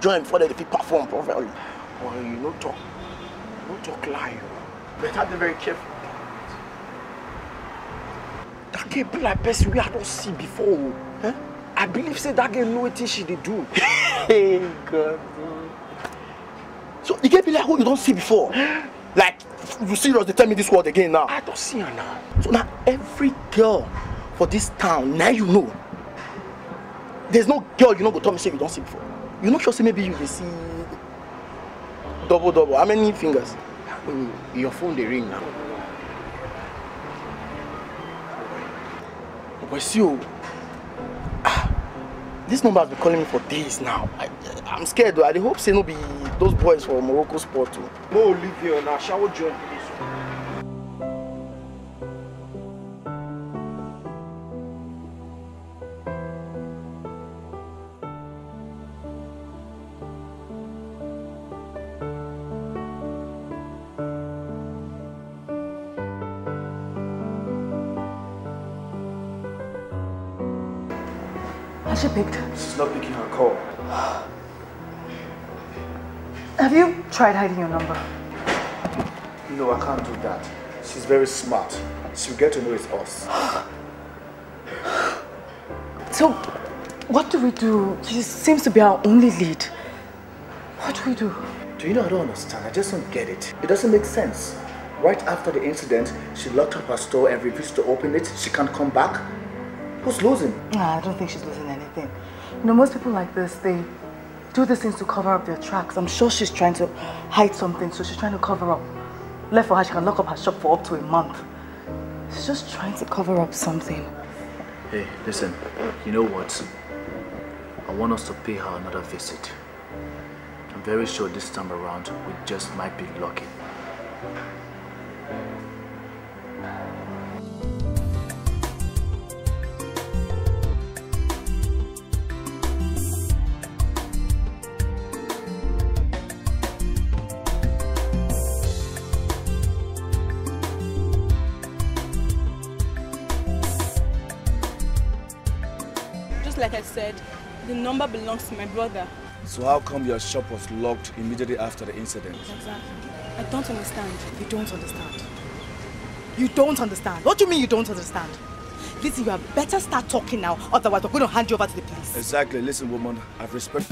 [SPEAKER 7] join before they fit perform properly. Well, oh, you no talk. No talk lie. Oh. Better be very careful that girl be like person wey i don see before o eh? i believe say that girl know wetin she did do. hey, God. so e get be like who you don't see before like you serious dey tell me this word again now. i don't see her now. so now every girl for this town now you know there's no girl you know go tell me say you don't see before you know, sure say maybe you dey see double double how many fingers. your phone dey ring now. But see, oh, ah, this number has been calling me for days now. I, I'm scared though. I hope say no be those boys from Morocco sport Oh, Olivia, now shall we join this.
[SPEAKER 2] she picked? She's not picking her call.
[SPEAKER 3] Have you tried hiding your number?
[SPEAKER 2] No, I can't do that. She's very smart. She'll get to know it's us.
[SPEAKER 3] so, what do we do? She seems to be our only lead. What do we do?
[SPEAKER 2] Do you know, I don't understand. I just don't get it. It doesn't make sense. Right after the incident, she locked up her store and refused to open it. She can't come back.
[SPEAKER 3] Who's losing? No, I don't think she's losing you know, most people like this, they do these things to cover up their tracks. I'm sure she's trying to hide something, so she's trying to cover up. Left for her, she can lock up her shop for up to a month. She's just trying to cover up something.
[SPEAKER 2] Hey, listen, you know what? I want us to pay her another visit. I'm very sure this time around, we just might be lucky.
[SPEAKER 3] said, the number belongs to my brother.
[SPEAKER 2] So how come your shop was locked immediately after the incident?
[SPEAKER 3] Exactly. I don't understand. You don't understand. You don't understand. What do you mean you don't understand? Listen, you had better start talking now, otherwise we're going to hand you over to the police.
[SPEAKER 2] Exactly. Listen, woman, I've respect...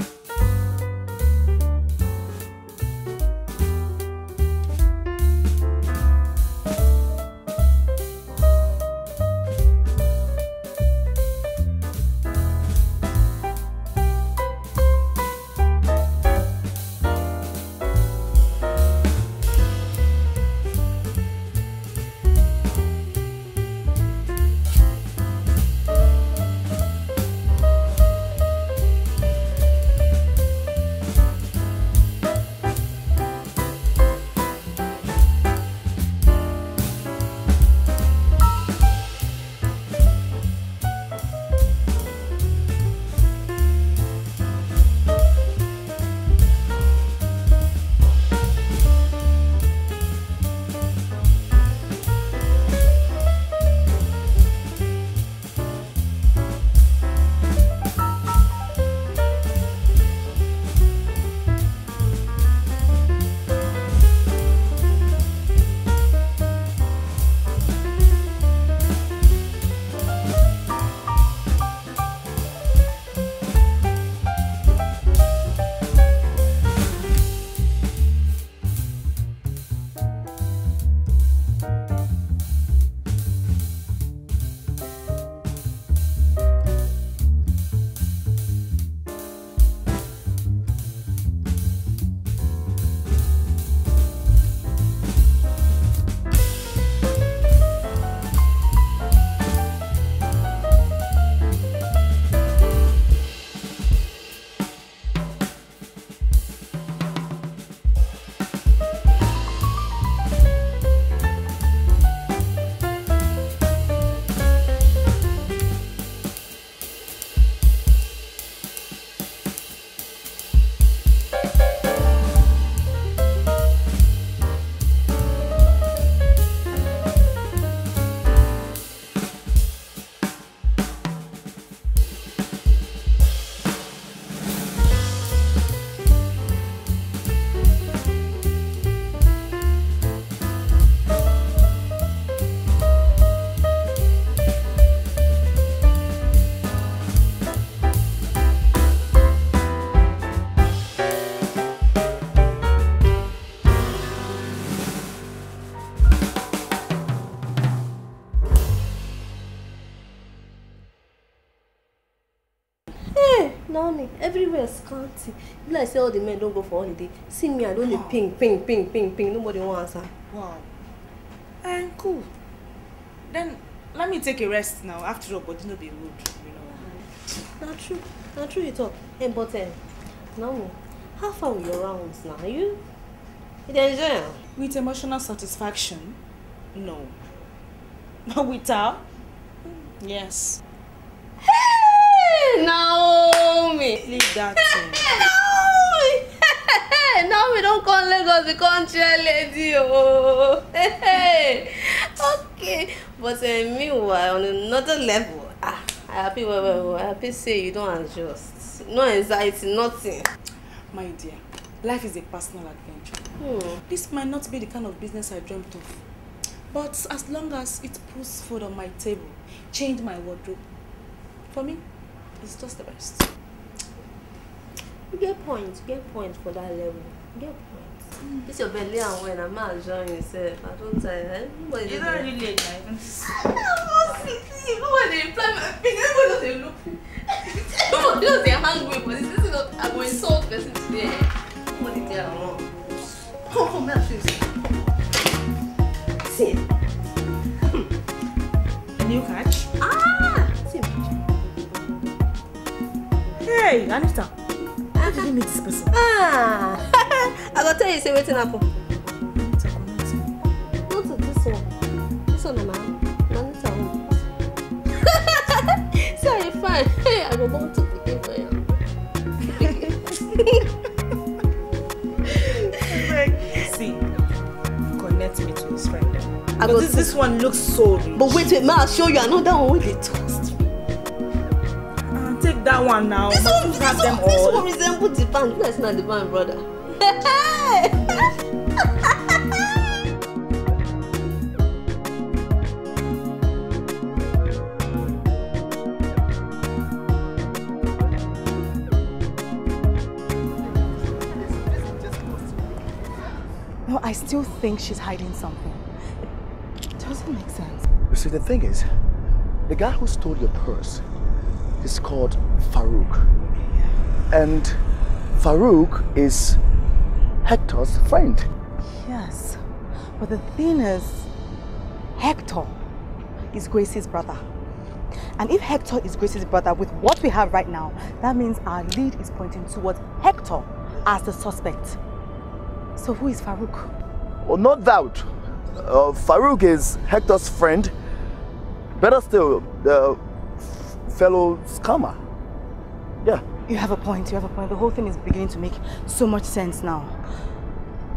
[SPEAKER 3] party be like say all the men don't go for holiday see me i don't need ping ping ping ping ping nobody wants. answer. wow um, cool then let me take a rest now after all but body no be rude you know. Not true Not true you talk um, but um, eh, naomi how far were your rounds na you you enjoy with emotional satisfaction no but without yes. Hey! Hey, Naomi. Leave that
[SPEAKER 5] Naomi. Naomi, don't come Lagos, you can't chair lady. Oh. Okay. But uh, meanwhile, on another level, ah, I happy,
[SPEAKER 3] well, well, well, I happy say you don't adjust. No anxiety, nothing. My dear, life is a personal adventure. Hmm. This might not be the kind of business I dreamt of. But as long as it puts food on my table, change my wardrobe, for me, It's just the best. You get points. You get points
[SPEAKER 5] for that level.
[SPEAKER 3] You get points.
[SPEAKER 5] Mm. It's your belly and when I'm not enjoying yourself. I don't tell
[SPEAKER 3] you. You don't really like it. I'm sick. Even when they apply my finger, everyone knows they look. Everyone knows they're hungry for this. This is not. I'm going to will insult person today. What did they wrong? Oh, on, my shoes. Sit. A new catch. Ah! hey anita how did you meet this person ah i gonna tell you say wetin happen. no to dis one This one Man, my na anita own see how you fine hey i go born two pikin for you. see connect me to this friend. I go this, this one looks so rich. but wait wait ma i show you another one wey dey talk take that one now. This one, this one, them this one the band. That's not the band, brother. no, I still think she's hiding something. It doesn't make sense.
[SPEAKER 2] You see, the thing is, the guy who stole your purse is called Farouk. And Farouk
[SPEAKER 3] is Hector's friend. Yes, but the thing is, Hector is Grace's brother. And if Hector is Grace's brother with what we have right now, that means our lead is pointing towards Hector as the suspect. So who is Farouk?
[SPEAKER 2] Well, no doubt. Uh, Farouk is Hector's friend. Better still, uh, fellow
[SPEAKER 3] scammer. Yeah. You have a point, you have a point. The whole thing is beginning to make so much sense now.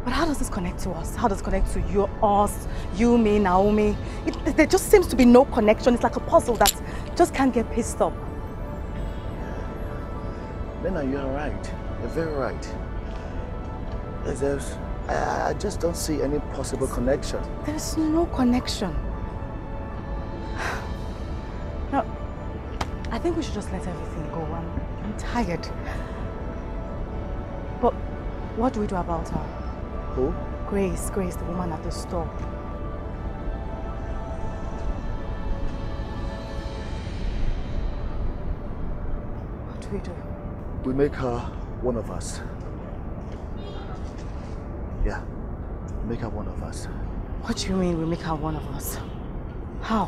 [SPEAKER 3] But how does this connect to us? How does it connect to you, us, you, me, Naomi? It, there just seems to be no connection. It's like a puzzle that just can't get pissed up.
[SPEAKER 2] Lena, you are right. You're very right. There's, I, I just don't see any possible connection.
[SPEAKER 3] There's no connection. I think we should just let everything go. I'm, I'm tired. But what do we do about her? Who? Grace, Grace, the woman at the store. What do we do?
[SPEAKER 2] We make her one of us. Yeah, make her one of us.
[SPEAKER 3] What do you mean we make her one of us? How?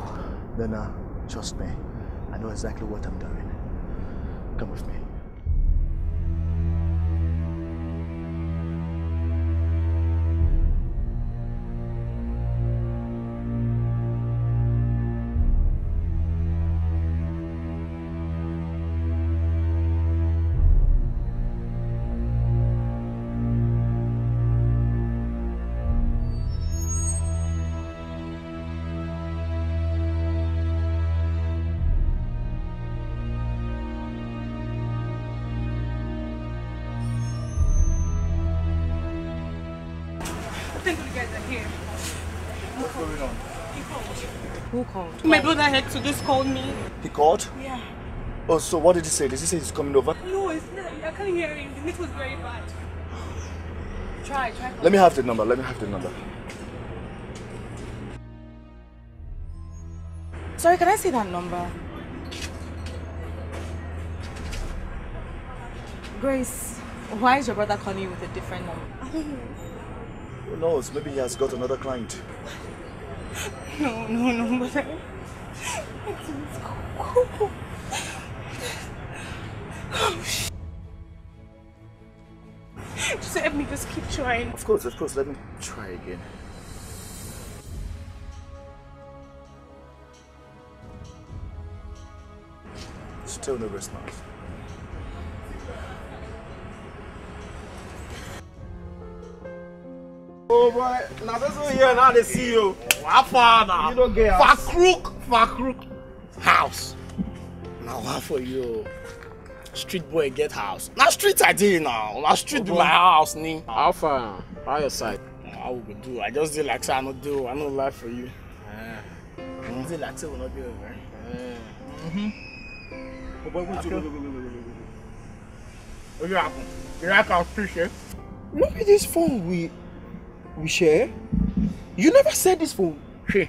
[SPEAKER 2] Lena, trust me. I know exactly what I'm doing. Come with me.
[SPEAKER 3] my to this called me. He called? Yeah.
[SPEAKER 2] Oh, so what did he say? Did he say he's coming over?
[SPEAKER 3] No, it's not. I can't hear him. The net was very bad. Try, try. Let
[SPEAKER 2] me have the number. Let me have the number.
[SPEAKER 3] Sorry, can I see that number? Grace, why is your brother calling you with a different number?
[SPEAKER 2] Who knows? Maybe he has got another client.
[SPEAKER 4] no, no, no, but Oh,
[SPEAKER 3] just let me just keep trying.
[SPEAKER 2] Of course, of course, let me try again. Still no response.
[SPEAKER 7] Oh boy, now this one here now they see you. What for now? You don't get For crook, for crook house. Now what for you? Street boy get house. Now street I did now. Now street be oh, my house ni. How far? By your side? I will do. I just did like say I no do. I no lie for you. Yeah. Mm. Is it like say we no do it, right? Yeah. Mhm. Oh boy, wait, wait, wait, wait, wait, What you You like our fish? Look at this phone we we share you never said this for hey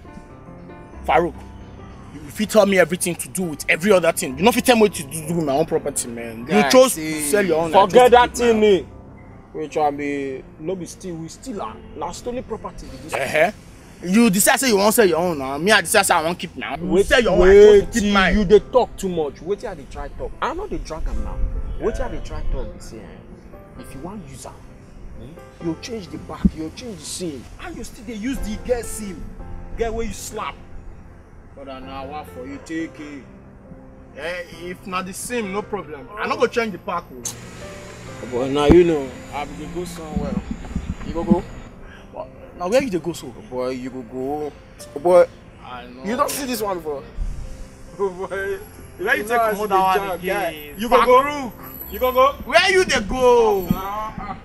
[SPEAKER 7] farouk you fit tell me everything to do with every other thing you no you tell me what to do with my own property man Guy, you chose see, sell your own forget that thing me. which i be no be still. we still are na stolen property be Uh -huh. you decide say you wan sell your own na me i decide say i wan keep now. you wait, sell your own wait, i just keep mine. you they talk too much Wait till they try talk I'm not the drag am now Wait till they try talk be say eh, if you want use am Hmm? You change the back, you change the seam. How you still dey use the get seam? Get where you slap. Brother, an hour for you take it? Eh, if not the seam, no problem. Oh. I no go oh. change the back o. Oh. But na you know. I'm gonna go somewhere. You go go? Now where you go so? Oh boy, you go go. Boy, I know. You don't see this one before? Boy, where you, you take comot that one again? You go go. You go go. Where you dey go? Nah.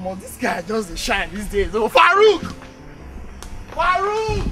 [SPEAKER 7] Omo, this guy just shine these days. Oh, Farouk!
[SPEAKER 4] Farouk!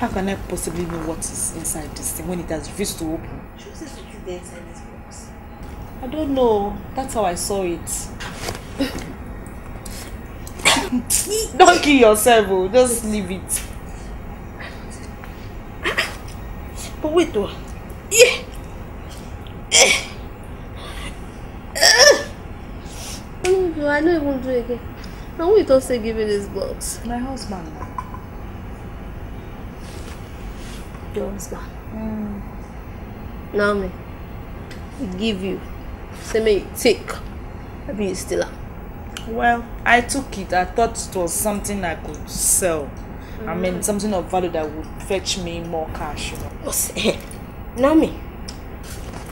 [SPEAKER 3] How can I possibly know what is inside this thing when it has refused to open?
[SPEAKER 4] She inside this box.
[SPEAKER 3] I don't know. That's how I saw it. don't kill yourself, oh. just leave it. But wait, though.
[SPEAKER 4] Yeah.
[SPEAKER 5] I know I won't do again. Now who you don't say give me this
[SPEAKER 3] box? My husband. your husband. Mm. Now me, give you. Say me take. Maybe you still am. Well, I took it. I thought it was something I could sell. Mm. I mean, mm. something of value that would fetch me more cash. You know. Eh, Now me,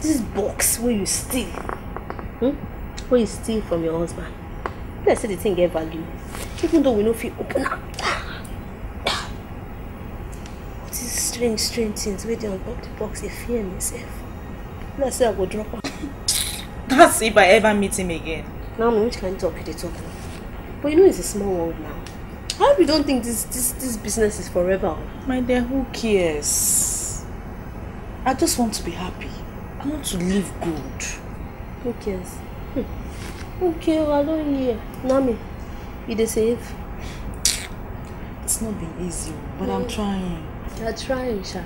[SPEAKER 3] this box where you steal, hmm? where you steal from your husband. Let's say the thing get value, even though we know if you open am. Ah, strange strange things wey dey on top the box They fear me Let's say i go drop am. that's if i ever meet him again. now we which kind talk you dey talk now but you know it's a small world now i hope you don't think this this this business is forever. my dear who cares i just want to be happy i want to live good. who cares
[SPEAKER 5] hmm. okay well, i not hear na me you dey
[SPEAKER 3] it's not been easy but mm. i'm trying. You're trying, Sha.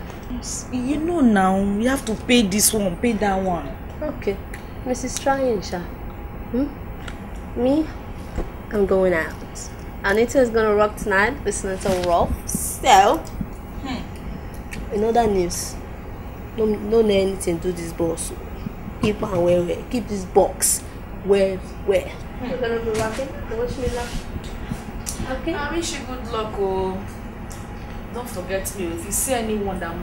[SPEAKER 3] You know now, you have to pay this one, pay that one. Okay. Mrs. Trying, Sha. Hmm? Me, I'm going out. Anita is gonna rock tonight with Senator Rolf. So, hmm. in other news, no, no anything to this boss. Keep on where, where. Keep this box where, where. Hmm. You're gonna be rocking? Watch me laugh. Okay. I wish you good luck, oh don't forget me. If you see anyone that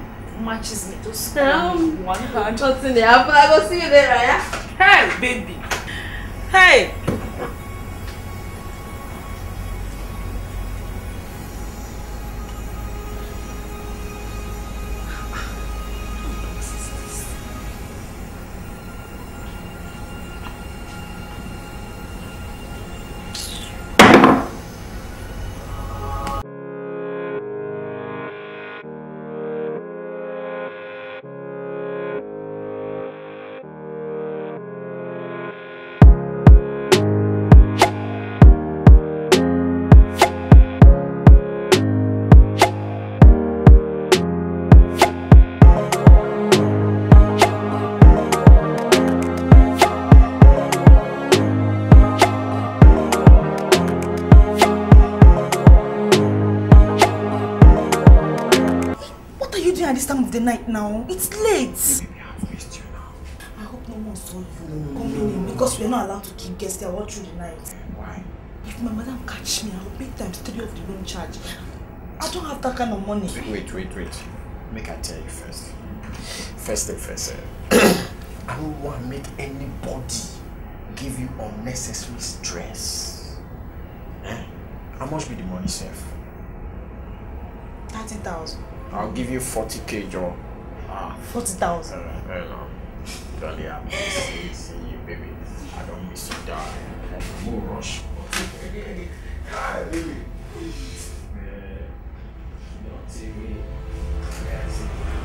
[SPEAKER 3] matches me, just um, one hand. What's in there? I will see you there, yeah? Hey, baby. Hey. now. It's late. I hope no one saw you coming in because we're not allowed to keep guests there all through the night. Why? If my madam catch me, I'll pay times three of the room charge. I don't have that kind of money.
[SPEAKER 7] Wait, wait, wait. Make I tell you first. First thing first. sir. I don't want to make anybody give you unnecessary stress. Eh? How much be the money, Chef?
[SPEAKER 3] 30,000.
[SPEAKER 7] I'll give you 40k, Joe.
[SPEAKER 3] Forty thousand.
[SPEAKER 7] Darling, eh, eh, I'm missing seeing you, baby. I don't miss you, darling. No rush. Hi, baby. Man,
[SPEAKER 4] eh, you don't see me. Yeah, see you.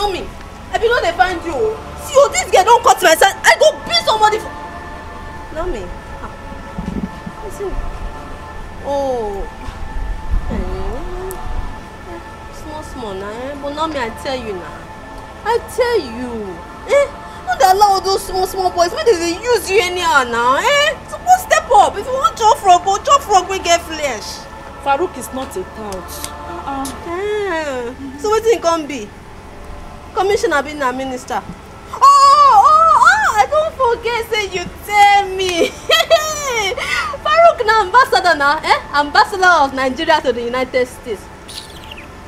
[SPEAKER 3] tell me i bin no dey find you see o oh, this girl don cut my side i go beat somebody for tell me ah. oh eh, small small na eh but now me i tell you na i tell you eh no dey allow those small small boys make dem dey use you anyhow now, eh suppose step up if you wan chop frog go chop frog wey get flesh. farouk is not a tout. Uh -uh. Eh. so wetin e come be commissioner being a minister oh oh oh i don't forget say you tell me farouk na ambassador na eh ambassador of nigeria to the united states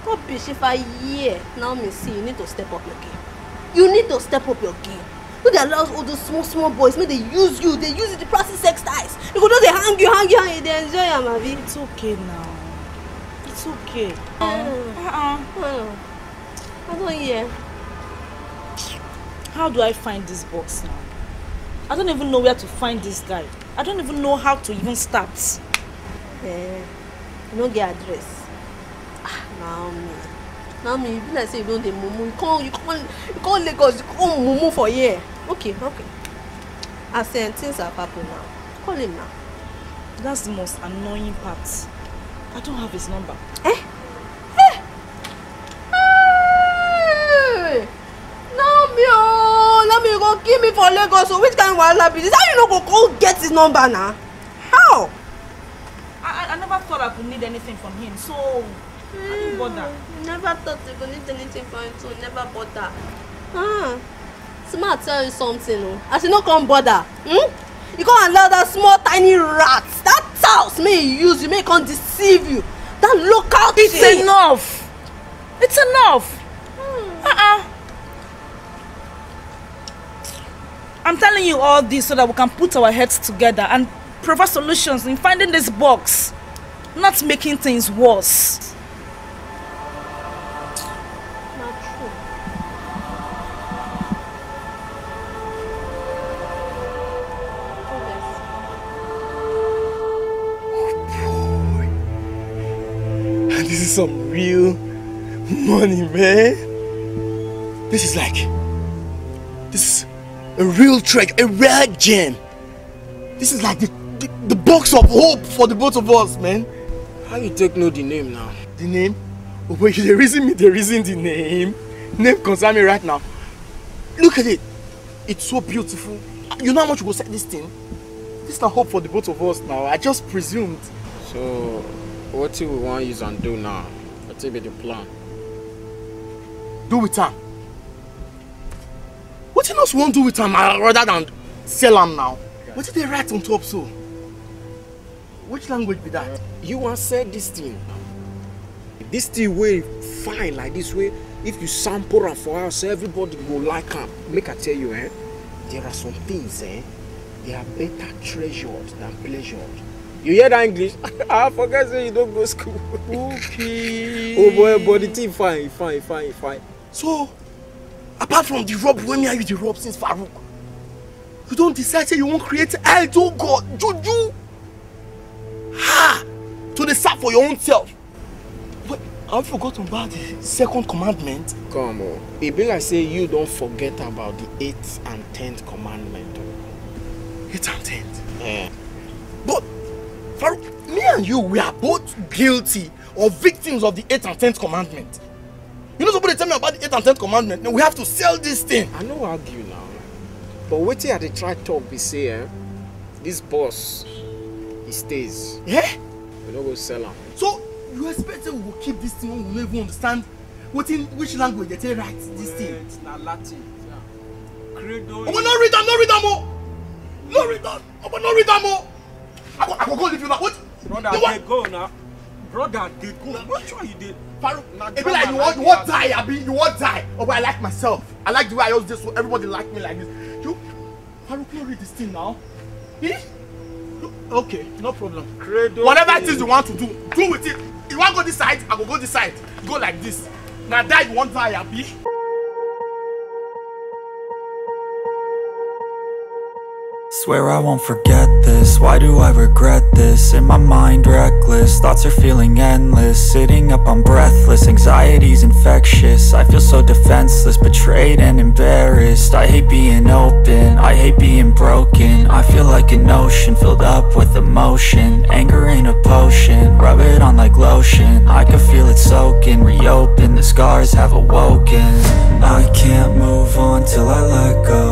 [SPEAKER 3] god be shifa yeah now me see you need to step up your game you need to step up your game no dey allow all those small small boys make they use you they use you to practice sex ties you go they hang you hang you hang you They enjoy am Mavi. it's okay now it's okay. Uh, uh, uh, uh, uh, i don hear how do I find this box now? I don't even know where to find this guy. I don't even know how to even start. Eh, you no get address. Ah, Naomi. Naomi, you be say you don't. dey mumu. You come, you call you call Lagos, you come mumu for here. Okay, okay. I um, things are purple now, call him now. That's the most annoying part. I don't have his number. Eh? now you go kill me for lagos so which kind wahala be this how you no go go get his number now? how. I, I never thought I could need anything from him so mm, I didn't hmm, bother. Never thought you could need anything from him so never bother. Ah. Smart tell you something o. Oh. I should not come bother. Hmm? You come allow that small tiny rat that house may use you may come deceive you that local it's It's enough. It's enough.
[SPEAKER 4] Hmm. Uh-uh.
[SPEAKER 3] I'm telling you all this so that we can put our heads together and provide solutions in finding this box, not making things worse.
[SPEAKER 7] this is some real money, man. This is like, this is a real trek, a rare gem. This is like the, the, the, box of hope for the both of us, man. How you take know the name now? The name? Oh, boy, the reason me, the reason the name. Name concern me right now. Look at it. It's so beautiful. You know how much we will set this thing? This is the hope for the both of us now. I just presumed. So, what do we want to use do now? What will be the plan? Do with time. wetin else won't do with him uh, rather than sell him now What did they write on top so which language be that. Uh, you want sell this thing This thing wey fine like this way. if you sample am for us, everybody will like am make i tell you eh there are some things eh they are better treasured than pleasured you hear that english i forget say you don't go school okay oh boy but the thing fine fine fine fine so apart from the rob, when me and you the rob since farouk you don't decide say you wan create idol god juju ha to dey for your own self wait have you forgotten about the second commandment. come on e be like say you don't forget about the eighth and tenth commandment. eighth and tenth. Yeah. but farouk me and you we are both guilty or victims of the eighth and tenth commandment. You know somebody tell me about the 8th and 10th commandment. Now we have to sell this thing. I know argue now. But wetin I dey try talk be say eh, this boss, he stays. Yeah? We no go sell him. So you expect that we will keep this thing when we no even understand what in which language dey take write this thing? It's Na Latin. Credo. Omo no read am, no read am o. Oh. No read am. Omo no read am o. Oh. I go I go go leave you now. What? Brother, I go now brother dey go which one you dey. farouk na e like you wan you wan die abi you wan die oh but i like myself i like the way i just dey so everybody like me like this you farouk no read this thing now eh okay no problem. credo whatever things you want to do do with it you wan go this side i go go this side go like this na die you wan die abi.
[SPEAKER 8] Swear I won't forget this, why do I regret this? In my mind reckless, thoughts are feeling endless Sitting up, I'm breathless, anxiety's infectious I feel so defenseless, betrayed and embarrassed I hate being open, I hate being broken I feel like an ocean, filled up with emotion Anger ain't a potion, rub it on like lotion I can feel it soaking, reopen, the scars have awoken I can't move on till I let go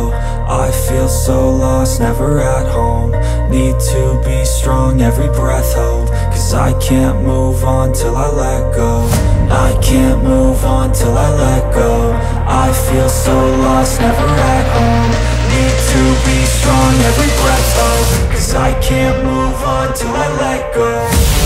[SPEAKER 8] I feel so lost, never at home Need to be strong, every breath hold Cause I can't move on till I let go I can't move on till I let go I feel so lost, never at home Need to be strong, every breath hold Cause I can't move on till I let go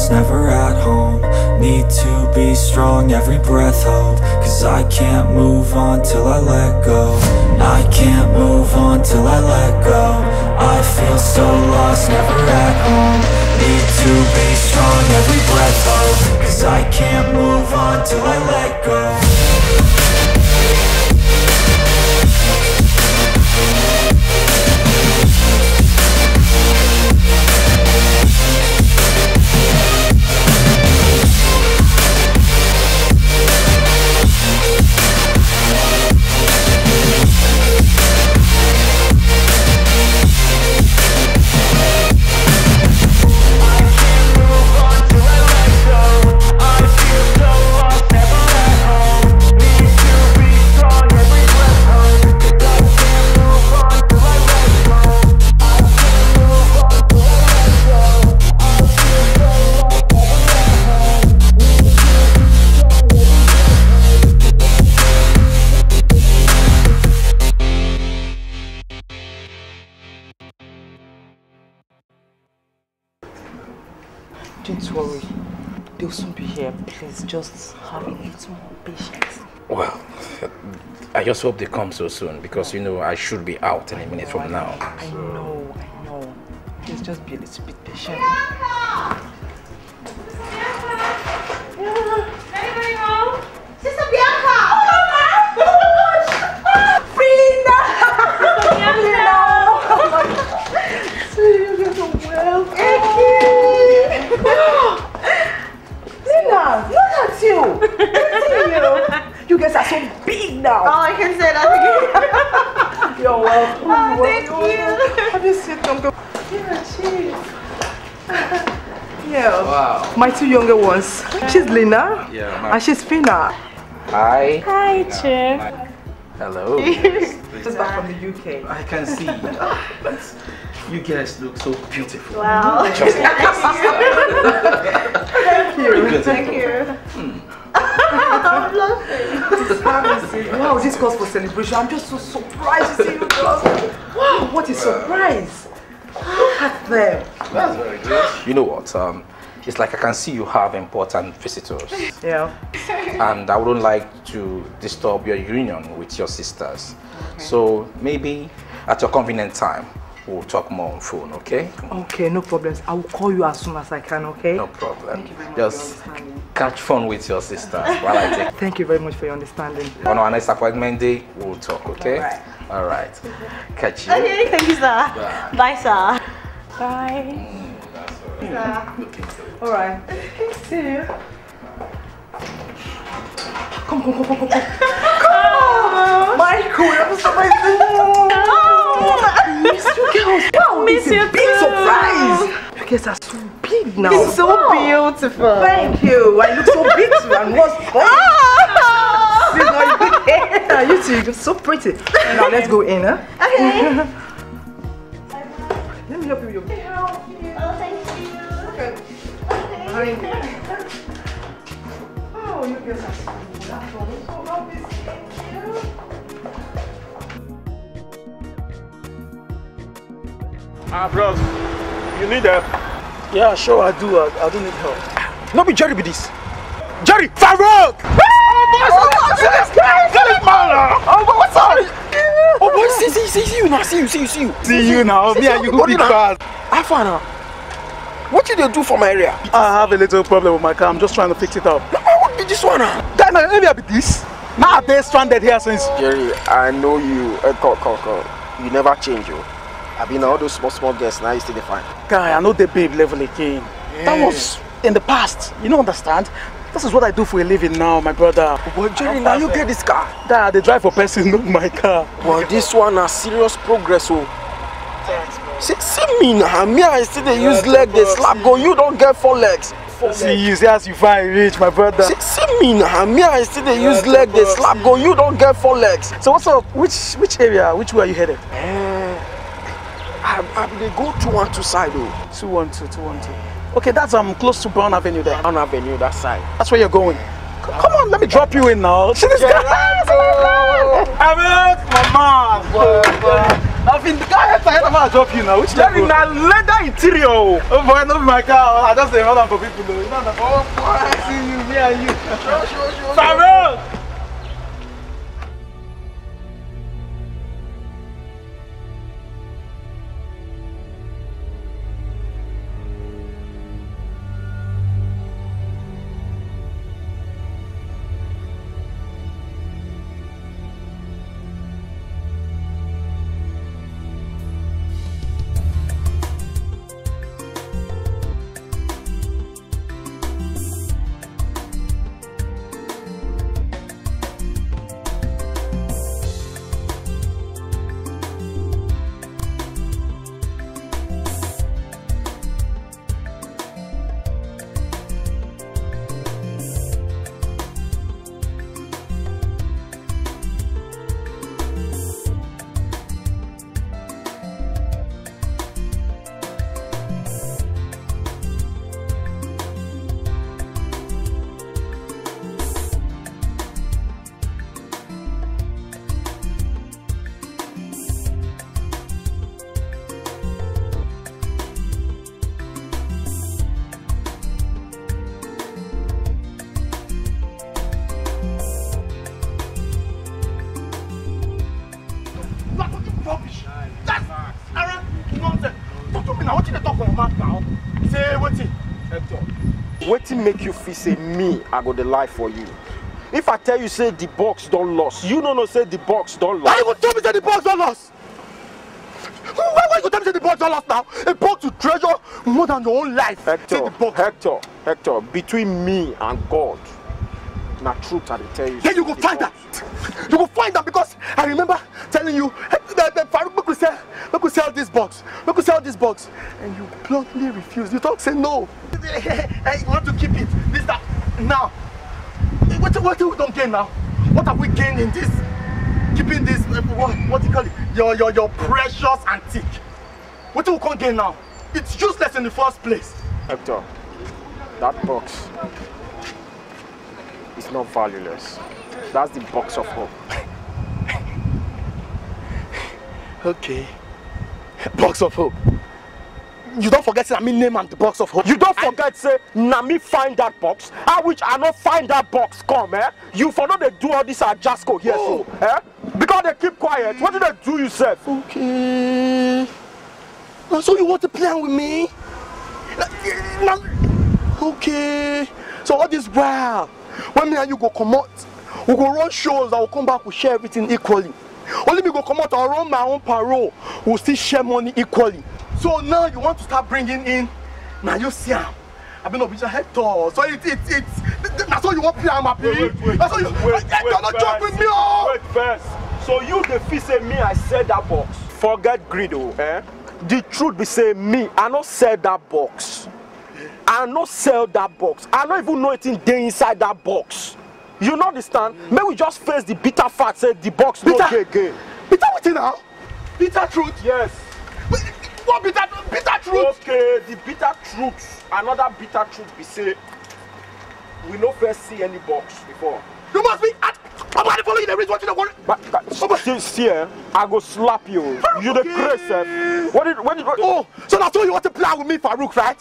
[SPEAKER 8] lost, never at home Need to be strong, every breath hold Cause I can't move on till I let go I can't move on till I let go I feel so lost, never at home Need to be strong, every breath hold Cause I can't move on till I let go
[SPEAKER 7] just hope they come so soon because, you know, I should be out in a minute from now.
[SPEAKER 3] I know, I know. Please just be a little bit patient. my two younger ones. She's Lena. Yeah. And she's Fina. Hi. Hi, Chef. Hello. Just back from the UK. I can see. you
[SPEAKER 7] guys look so beautiful. Wow. Just Thank you.
[SPEAKER 3] Thank you. Hmm. I'm wow, this calls for celebration. I'm just so surprised to see you girls. Wow, what a wow. surprise. Look at them. That's very good.
[SPEAKER 7] You know what? Um, it's like I can see you have important visitors. Yeah. and I wouldn't like to disturb your union with your sisters. Okay. So maybe at your convenient time, we'll talk more on phone, okay?
[SPEAKER 3] Okay, no problems. I will call you as soon as I can, okay? No problem.
[SPEAKER 7] Just catch phone with your sisters while I take
[SPEAKER 3] Thank you very much for your understanding.
[SPEAKER 7] On our next appointment day, we'll talk, okay? All right. All right. Catch you. Okay,
[SPEAKER 3] thank you, sir. Bye, Bye sir. Bye. All right. See
[SPEAKER 4] Come, come, come, come, come. come on. Michael, that was amazing. Oh. Miss you girls. Wow, miss it's
[SPEAKER 3] you a too. big surprise. You guys are so big now. It's so wow. beautiful. Thank you. I look so big too. And what's going oh. See, now you, yeah, you two, you're so pretty. Now let's go in, huh? Okay. Let me help you with your Oh,
[SPEAKER 8] ah,
[SPEAKER 7] bros, you need help? Yeah, sure, I do. I, I do need help. No, be Jerry with this. Jerry! Farouk! Oh, boy, oh, so this guy! Get Oh, boy, what's up? Oh, boy, oh. see, see, see, see you now. See you, see you, see you. See you now. Me and you, be bad. I far out. What did you do for my area?
[SPEAKER 1] I have a little problem with my car. I'm just
[SPEAKER 7] trying to fix it up. Now, what did this one? Huh? That my area be this? Now I've been stranded here since. Jerry, I know you. Uh, call, call, call. You never change, you. Oh. I've been all those small, small girls, now you still fine. Guy, I know the babe level again.
[SPEAKER 4] Yeah. That was
[SPEAKER 7] in the past. You don't understand? This is what I do for a living now, my brother. But Jerry, now you get this car. Dad, they drive for person, not my car. Well, this one has serious progress, oh. Thanks. See, see me now. Me, I still they use leg, they slap go. You don't get four legs. Four see legs. you, see as you find reach, my brother. See, see me now. Me, I still they use leg, they slap go. You don't get four legs. So what's up? Which which area? Which way are you headed? Uh,
[SPEAKER 6] eh, I, I, they go
[SPEAKER 7] two one two side though. Two one two, two one two. Okay, that's um close to Brown Avenue there. Brown Avenue, that side. That's where you're going. Come on, let me drop you in now. See this guy. I'm mama. Boy car drop you now? Which yeah, level? leather interior. Oh boy, not my car. I just say, hold on for people though. You know,
[SPEAKER 4] oh boy, I see you, me and you. Sure, sure, sure. Farrell!
[SPEAKER 7] make you feel say me i go dey lie for you if i tell you say the box don loss you no know say the box don loss. why you go tell me say the box don loss why why you go tell me say the box don loss now a box to treasure more than your own life. hector hector hector between me and god na truth i dey tell you. then you go find am you go find am because i remember telling you that the faru sell, make we sell this box, make we sell this box. And you bluntly refuse. You talk, say no. I want to keep it. This, that. Now, what, what do we don't gain now? What have we gained in this? Keeping this, uh, what, what do you call it? Your, your, your precious antique. What do we can't gain now? It's useless in the first place. Hector, that box is not valueless. That's the box of hope. Okay. Box of hope. You don't forget, say, I name and the box of hope. You don't forget, say say, me find that box. I which I not find that box come, eh? You for not they do all this at Jasco here, oh. so, eh? Because they keep quiet. What did they do yourself? Okay. Now, so you want to plan with me? Now, okay. So all this while, when me and you go come out, we go run shows, I will come back, we share everything equally only me go come out and run my own parole we we'll still share money equally so now you want to start bringing in na you see am abi no be your head tall so it it it That's so you wan play am abi That's so you Wait, wait, head tall no joking with me oo. Oh! wait first so you dey feel say me i sell that box. forget greed o. Oh, eh? the truth be say me i no sell that box i no sell that box i no even know anything dey inside that box you no understand May we just face the bitter fact say the box no dey again. bitter you now? bitter truth. yes. what bitter bitter truth. okay the bitter truth another bitter truth be say we no first see any box before. you must be at omo i dey follow you dey reach wetin dey worry. but oh still see eh, i go slap you you dey craze sef. Eh. what did what did. oh so now so you what to plan with me farouk right.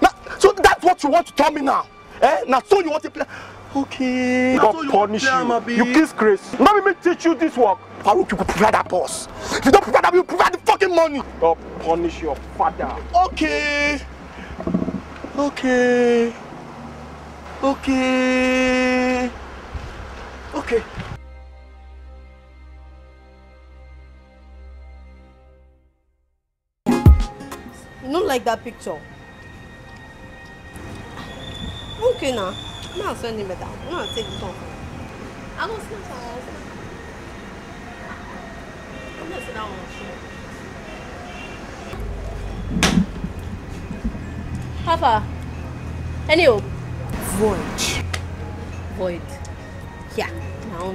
[SPEAKER 7] Now, so that's what you want to tell me now. Eh? Now so you want to plan. Okay. God punish you. You kiss Grace. let me teach you this work. Farouk, you could provide that boss. If you don't provide that, you provide the fucking money. God punish your father.
[SPEAKER 2] Okay. Okay.
[SPEAKER 4] Okay. Okay.
[SPEAKER 3] You don't like that picture? Okay now. Non, Papa, any Void. Void. Yeah, now.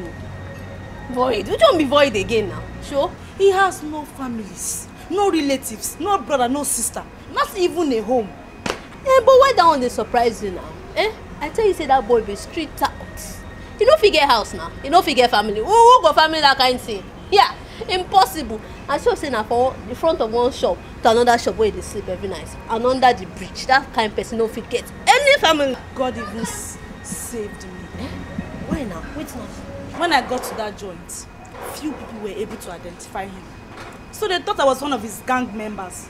[SPEAKER 3] Void. Which one be void again now? Sure. He has no families, no relatives, no brother, no sister, not even a home. Eh, but why that one dey surprise you now? Eh? i tell you say that boy be street out He no fit get house now. He no fit get family who who go family that kind thing yeah impossible i sure say na for the front of one shop to another shop where e dey sleep every night and under the bridge that kind person no fit get any family. god even saved me eh? why now? Wait,
[SPEAKER 4] happen.
[SPEAKER 3] when i got to that joint few people were able to identify him so they thought i was one of his gang members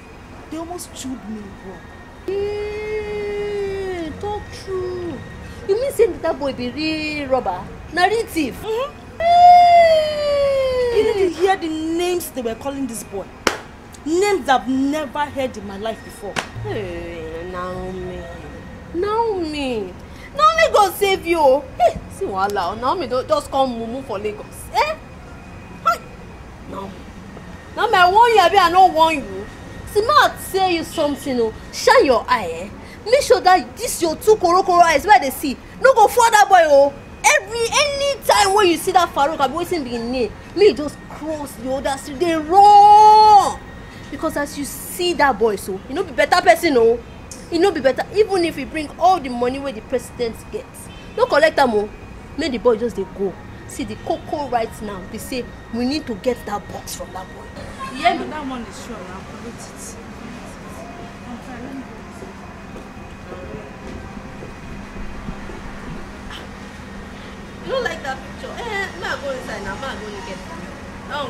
[SPEAKER 3] they almost chewed me raw. Yeah, talk true you mean say that boy be real robber na real thief. Mm -hmm. you need to hear the names they were calling this boy names i've never heard in my life before.
[SPEAKER 5] Hey, Naomi
[SPEAKER 3] Naomi Naomi go save you o hey, see wahala o Naomi don just come mumu for Lagos eh hi
[SPEAKER 4] Naomi Naomi i warn you abi i no warn
[SPEAKER 3] you smart say you something o oh. shine your eye eh make sure that this your two korokoro eyes wey i dey see no go fall that boy o oh. every anytime wey you see that farouk abi wetin be im name make you just cross the other street dey run because as you see that boy so he no be better person o oh. he no be better even if he bring all the money wey the president get no collect am o oh. make the boy just dey go see the koko right now be say we need to get that box from that boy. you hear me. that one is sure na collect
[SPEAKER 5] don't like that picture. Eh, ma go inside now, ma go naked. Oh,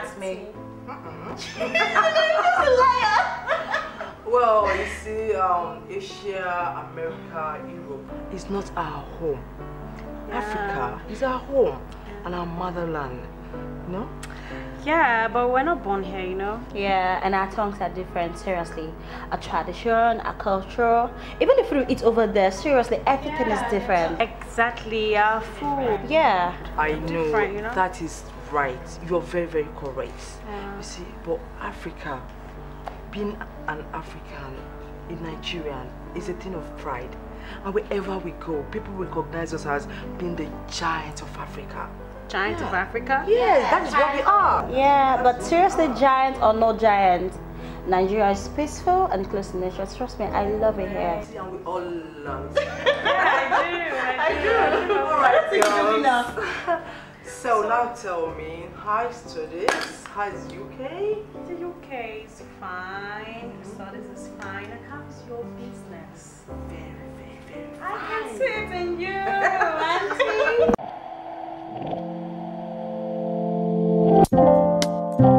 [SPEAKER 3] That's me. well, you see, um, Asia, America, Europe is not our home. Yeah. Africa is our home and our motherland, No. Yeah, but we're not born here, you know? Yeah, and our tongues are different, seriously. Our tradition, our culture, even if we eat over there, seriously, everything yeah. is different. Exactly, our food. Yeah. I know, different, you know, that is right. You're very, very correct. Yeah. You see, but Africa, being an African, a Nigerian, is a thing of pride. And wherever we go, people recognize us as being the giant of Africa. Giant yeah. of Africa? Yes, yeah, that is what we are. Yeah, but seriously, giant or no giant, Nigeria is peaceful and close to nature. Trust me, I love it here. See, and we all love it.
[SPEAKER 4] yeah, I do. I, do. I do. All
[SPEAKER 3] right, girls. So, so now tell me, how is studies? How is UK? The UK
[SPEAKER 4] is fine.
[SPEAKER 3] Mm -hmm. Studies is fine. And how is your business? Very, very, very I fine. can
[SPEAKER 4] see it in you, auntie.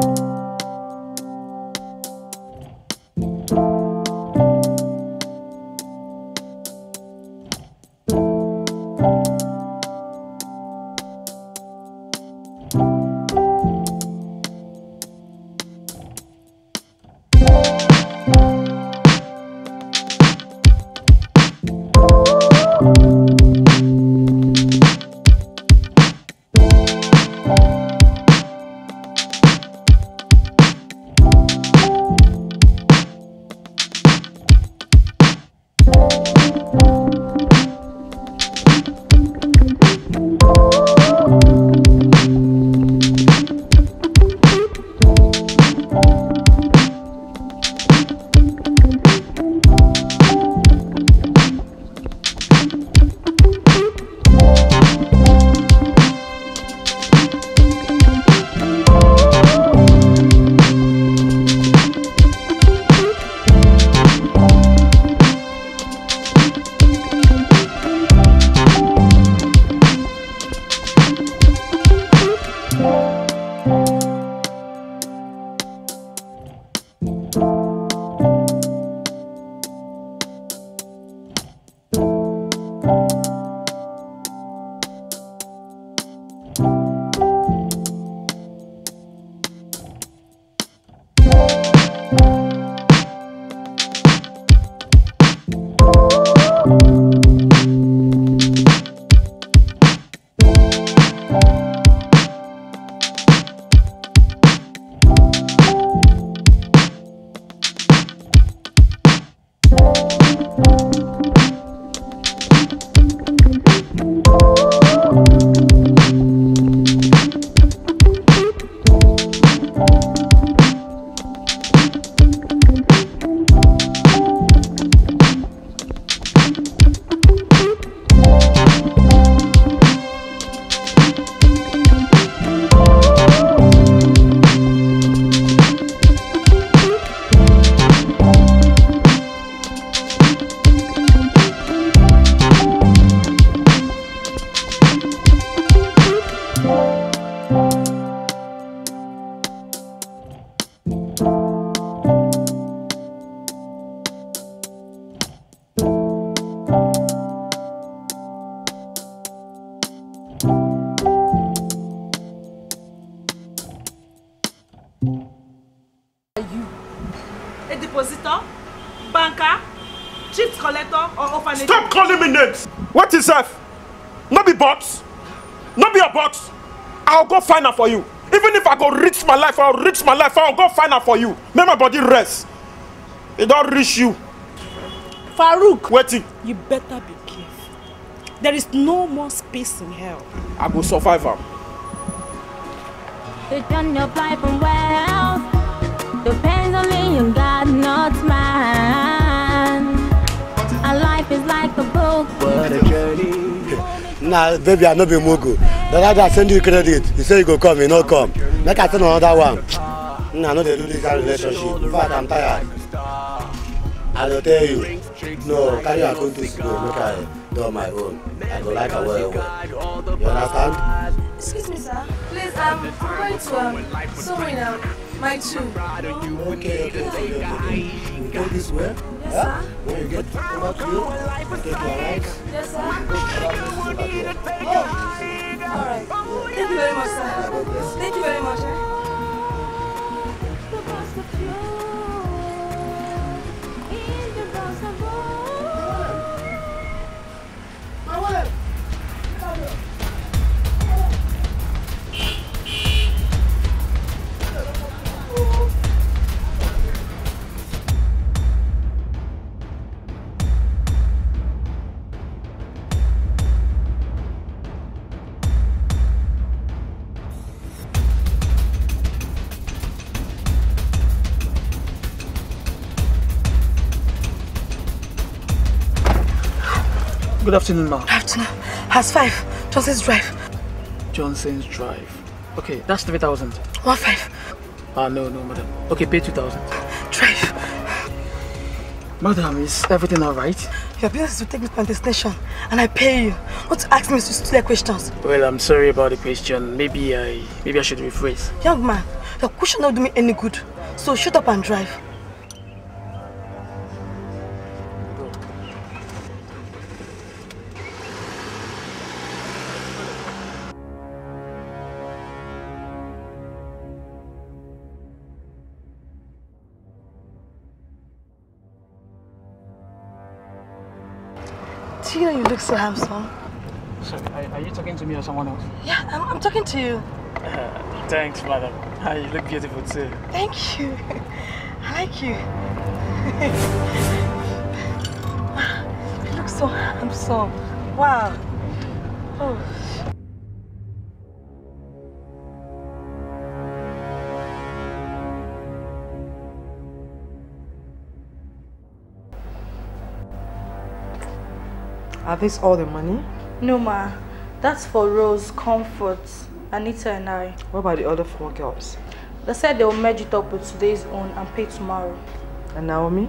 [SPEAKER 7] find for you even if i go reach my life i'll reach my life i'll go find her for you Let my body rest It don't reach you farouk waiting. you better be careful
[SPEAKER 3] there is no more space in hell
[SPEAKER 7] i go survive her.
[SPEAKER 3] you turn your pipe and wealth depends only on god
[SPEAKER 5] not man our life is like a book
[SPEAKER 4] what a
[SPEAKER 6] journey na baby i no be mugu the rider send you credit He say you go come you no come make i send another one na no dey do this kind relationship in fact i'm tired i go tell you no carry your own to school? make i do my own i go like am well well
[SPEAKER 3] you understand. excuse me sir please um, i'm going to um, sorry now my shoe. okay okay okay okay. go this way. Yes, yeah? When you get about you, you take your legs.
[SPEAKER 4] Yes, sir. Alright. Thank you very much,
[SPEAKER 3] sir.
[SPEAKER 4] Thank you very much, sir.
[SPEAKER 6] Good afternoon, ma'am. Good
[SPEAKER 3] afternoon. House 5, Johnson's Drive. Johnson's Drive. Okay, that's 3,000. 1 5. Ah, no, no, madam. Okay, pay 2,000. Drive. Madam, is everything alright? Your business is to take me to my destination and I pay you. Not to ask me stupid questions.
[SPEAKER 6] Well, I'm sorry about the question. Maybe I maybe I should rephrase.
[SPEAKER 3] Young man, your question will not do me any good. So shut up and drive. looks so handsome.
[SPEAKER 6] Sorry, are, are, you talking to me or someone else?
[SPEAKER 3] Yeah, I'm, I'm talking to you.
[SPEAKER 6] Uh, thanks, madam. Uh, you look beautiful too.
[SPEAKER 3] Thank you. I like you. you look so handsome.
[SPEAKER 4] Wow. Oh.
[SPEAKER 3] Are these all the money? No, ma. That's for Rose, Comfort, Anita and I. What about the other four girls? They said they'll merge it up with today's own and pay tomorrow. And Naomi?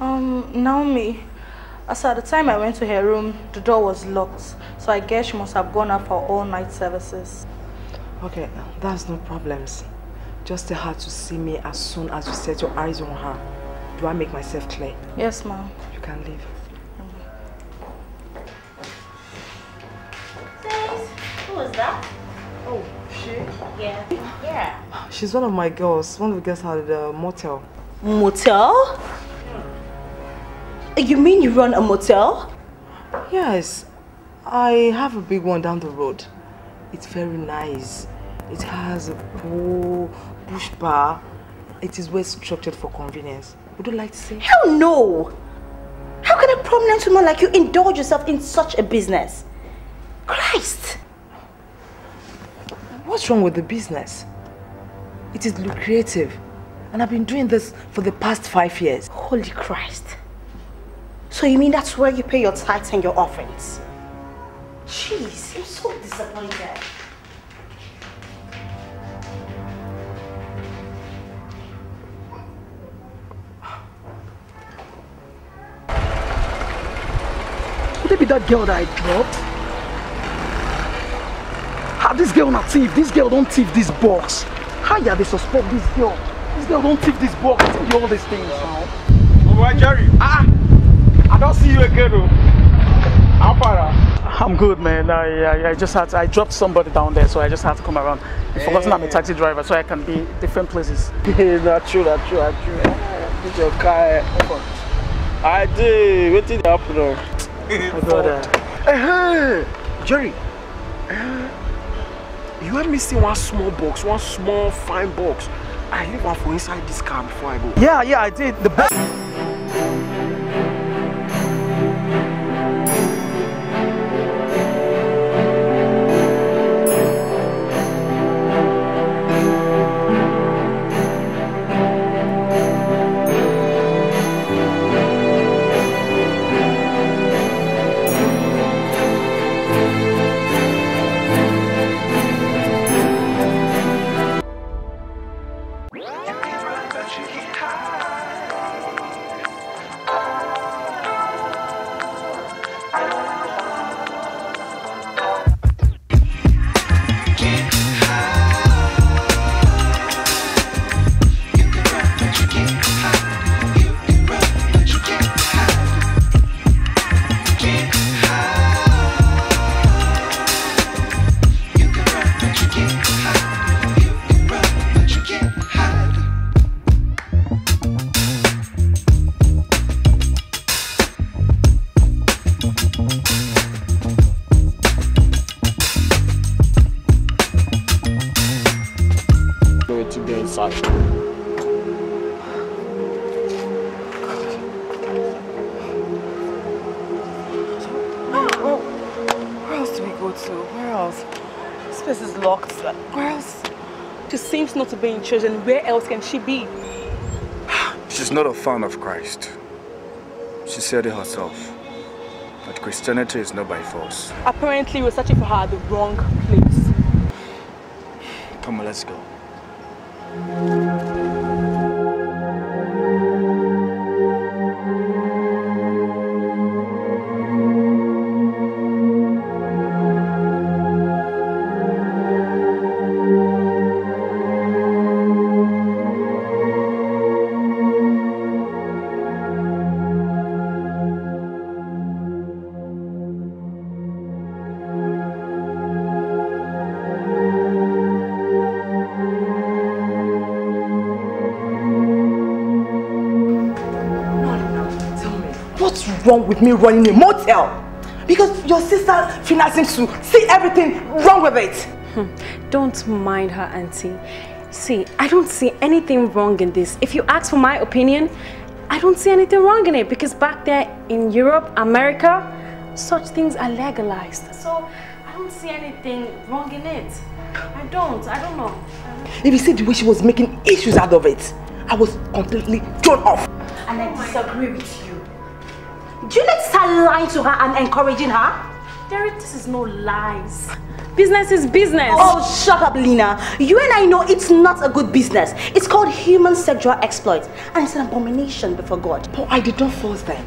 [SPEAKER 3] Um, Naomi. As at the time I went to her room, the door was locked. So I guess she must have gone out for all-night services. Okay, that's no problems. Just tell her to see me as soon as you set your eyes on her. Do I make myself clear? Yes, ma'am. You can leave. Oh,
[SPEAKER 4] Yeah. Yeah.
[SPEAKER 3] She's one of my girls. One of the girls had a motel. Motel? You mean you run a motel? Yes. I have a big one down the road. It's very nice. It has a pool, bush bar. It is well structured for convenience. Would you like to see? Hell no! How can a prominent woman like you indulge yourself in such a business? Christ! What's wrong with the business? It is lucrative. And I've been doing this for the past five years. Holy Christ. So you mean that's where you pay your tithes and your offerings? Jeez, I'm so disappointed. Would it be that girl that
[SPEAKER 7] I dropped? Ah, this girl not thief, this girl don't thief this box. How yeah, they suspect this girl? This girl don't thief this box, all these things now. Oh, Jerry. Ah, I don't see you again though. How far? Ah? I'm good, man. I, I, I just had to, I dropped somebody down there, so I just had to come around. I've hey. I'm a eh. taxi driver, so I can be different places. not true, not true, not true. Get your car. Eh, I did. What did happen? I got that. Hey, Jerry. Eh, you help me see one small box, one small fine box. I leave one for inside this car before I go. Yeah, yeah, I did. The box.
[SPEAKER 3] children, where else can she be?
[SPEAKER 2] She's not a fan of Christ. She said it herself. That Christianity is not by force.
[SPEAKER 3] Apparently, we we're searching for her at the wrong place. wrong with me running a motel? Because your sister seems to see everything wrong with it. Hmm. Don't mind her, auntie. See, I don't see anything wrong in this. If you ask for my opinion, I don't see anything wrong in it because back there in Europe, America, such things are legalized. So I don't see anything wrong in it. I don't. I don't know. If you see the way she was making issues out of it, I was completely thrown off. And I disagree with you. Do you let start lying to her and encouraging her? Derek, this is no lies. Business is business. Oh, shut up, Lena. You and I know it's not a good business. It's called human sexual exploit. And it's an abomination before God. But I did not force them.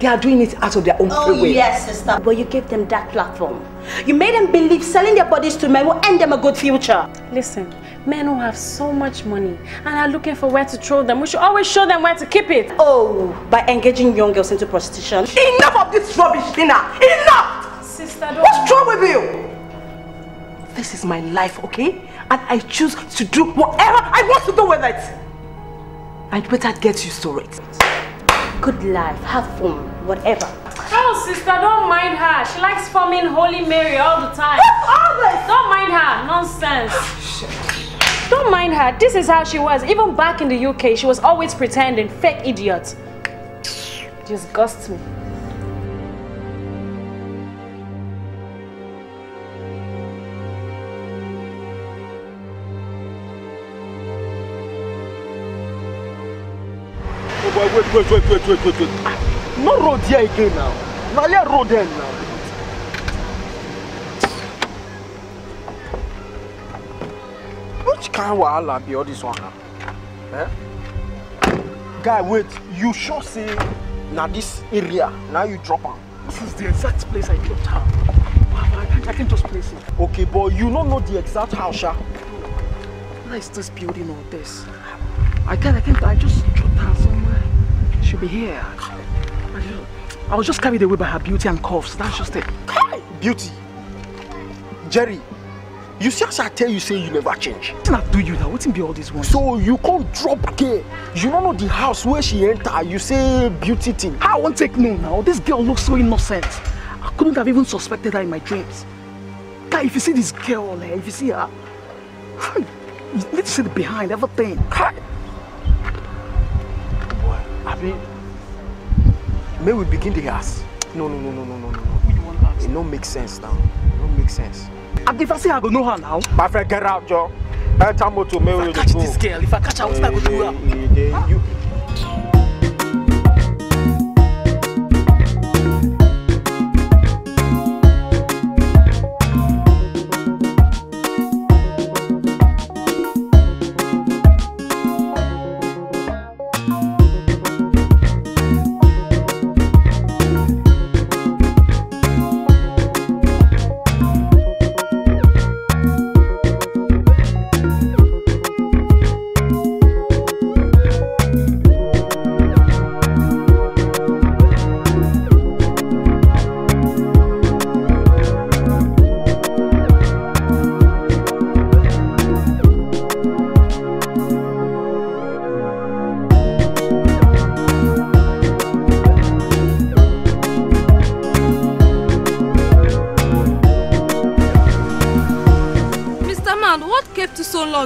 [SPEAKER 3] They are doing it out of their own oh, free will. yes, sister. But you gave them that platform. You made them believe selling their bodies to men will end them a good future. Listen, men who have so much money and are looking for where to throw them, we should always show them where to keep it. Oh, by engaging young girls into prostitution. Enough of this rubbish, Nina! Enough! Sister, don't... What's wrong with you? This is my life, okay? And I choose to do whatever I want to do with it. I'd better get used to it. Good life, have fun whatever. Oh, sister, don't mind her. She
[SPEAKER 5] likes forming Holy Mary all the time. Always. Don't mind her. Nonsense.
[SPEAKER 3] don't mind her. This is how she was. Even back in the UK, she was always pretending. Fake idiot. Disgusts me.
[SPEAKER 7] Wait, wait, wait, wait, wait, wait, wait. No road here again now. Now here road then now. Which kind of wahala be all this one now?
[SPEAKER 4] Eh?
[SPEAKER 7] Guy, wait. You sure say now this area now you drop her.
[SPEAKER 6] This is the exact place I dropped
[SPEAKER 7] her. I can just place it. Okay, but you don't know the exact house, Sha. Where is this building or this? I can't, I can't, I just dropped her somewhere. Should be here. I was just carried away by her beauty and curves. That's just it. beauty. Jerry, you see as I tell you say you never change. Didn't I do you now? not be all this one? So you can't drop gay. You don't know the house where she enter. You say beauty thing. I won't take no now. This girl looks so innocent. I couldn't have even suspected her in my dreams. Guy, if you see this girl, eh, if you see her, you need to see the behind, everything. Boy, I mean, May we begin the house? No, no, no, no, no, no, no. We don't ask. It don't make sense now. It don't make sense. If I say I go know her now. My friend, get out, Joe. Enter motor, may we go. If I catch this girl, if I catch her, what I go do her? You,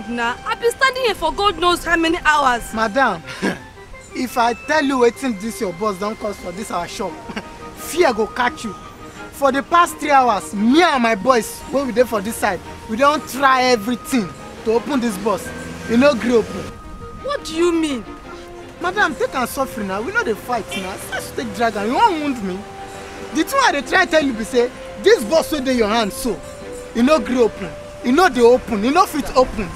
[SPEAKER 3] long now. I've been standing here for God knows how many hours. Madam, if I tell
[SPEAKER 6] you waiting this your boss don't cause for this our shop, fear go catch you. For the past three hours, me and my boys when we there for this side, we don't try everything to open this boss. You e no grow open. What do you mean? Madam, take am suffer now. We know the fight now. Such take dragon You won't wound me? The thing I dey try tell you be say, this boss wey dey your hand so, you e no grow open. You e know dey open e no fit open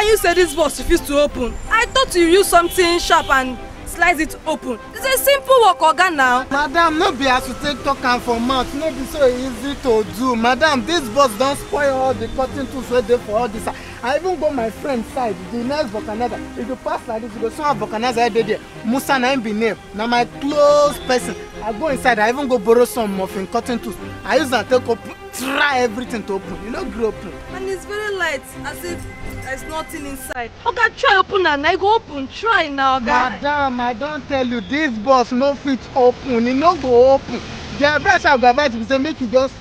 [SPEAKER 3] Can you say this box refused to open? I thought you use something sharp and slice it open. It's a simple work, organ now. Madam, no be as to take talk and for mouth. No be so
[SPEAKER 6] easy to do. Madam, this box don't spoil all the cutting tools wey dey for all this. I even go my friend's side, the next vulcanizer. If you pass like this, you go see one vulcanizer wey dey there. Musa na him be name. Na my close person. I go inside, I even go borrow some of cutting tools. I use that take open, try everything to open. You e know, grow open.
[SPEAKER 3] And it's very light, as if There's nothing inside. Oga,
[SPEAKER 6] okay, try open and I go open. Try now, Oga. Okay? Madam, I don't tell you, this bus no fit open. It e no go open. The advice go advise you say make you just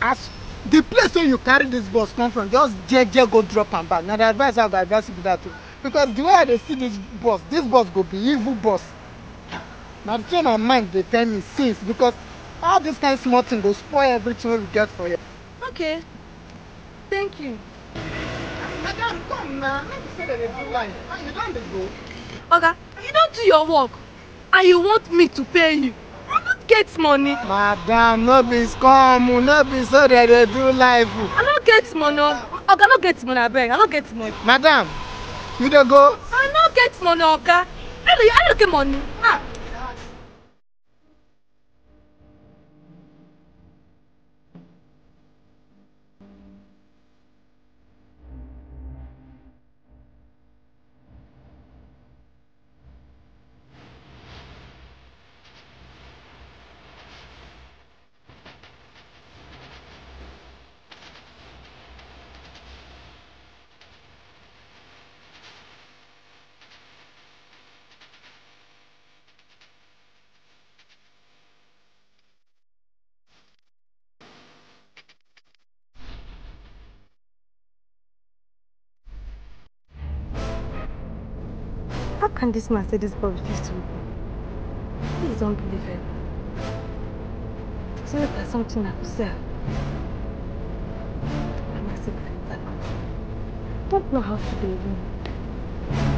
[SPEAKER 6] ask the place where you carry this bus come from just jeje go drop and back. Now the advice go advise you be that too. Because the way I see this bus, this bus go be evil bus. Now the thing my mind dey tell me since because all this kind of small thing go spoil everything we get for you.
[SPEAKER 3] Okay. Thank you. Madam, come now. Let me say that they do And you don't go. Oga, you don't do your work.
[SPEAKER 6] And you want me to pay you. You don't get money. Madam, no be scum. No be so that they do life. I don't get money. Oga, I don't get money, I beg. I don't get money. Madam, you don't go?
[SPEAKER 3] I don't get money, Oga. I don't, I don't get money. Ah. And this man said this boy refused to open. Please don't believe him. So not that something I observe. I'm a secret. I don't know
[SPEAKER 4] how to deal with him.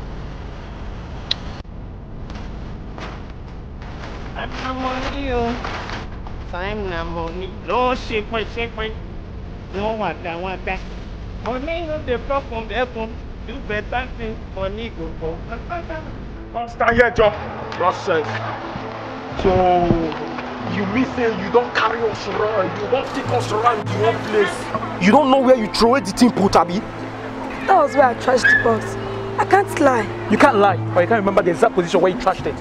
[SPEAKER 6] mọ́rí o oh. time na mo ní ló ń ṣepẹ́ṣepẹ́ ni wọ́n wà dá wọn dá money no dey problem ẹkùn do better thing money go go. constant
[SPEAKER 7] here jọ nonsense so you mean say you don carry
[SPEAKER 3] us around you don take us around the whole place
[SPEAKER 7] you don know where you throw away the thing put abi.
[SPEAKER 3] that was where i trashed the box i can't lie.
[SPEAKER 7] you can't lie or you can't remember the exact position
[SPEAKER 3] where you trashed it.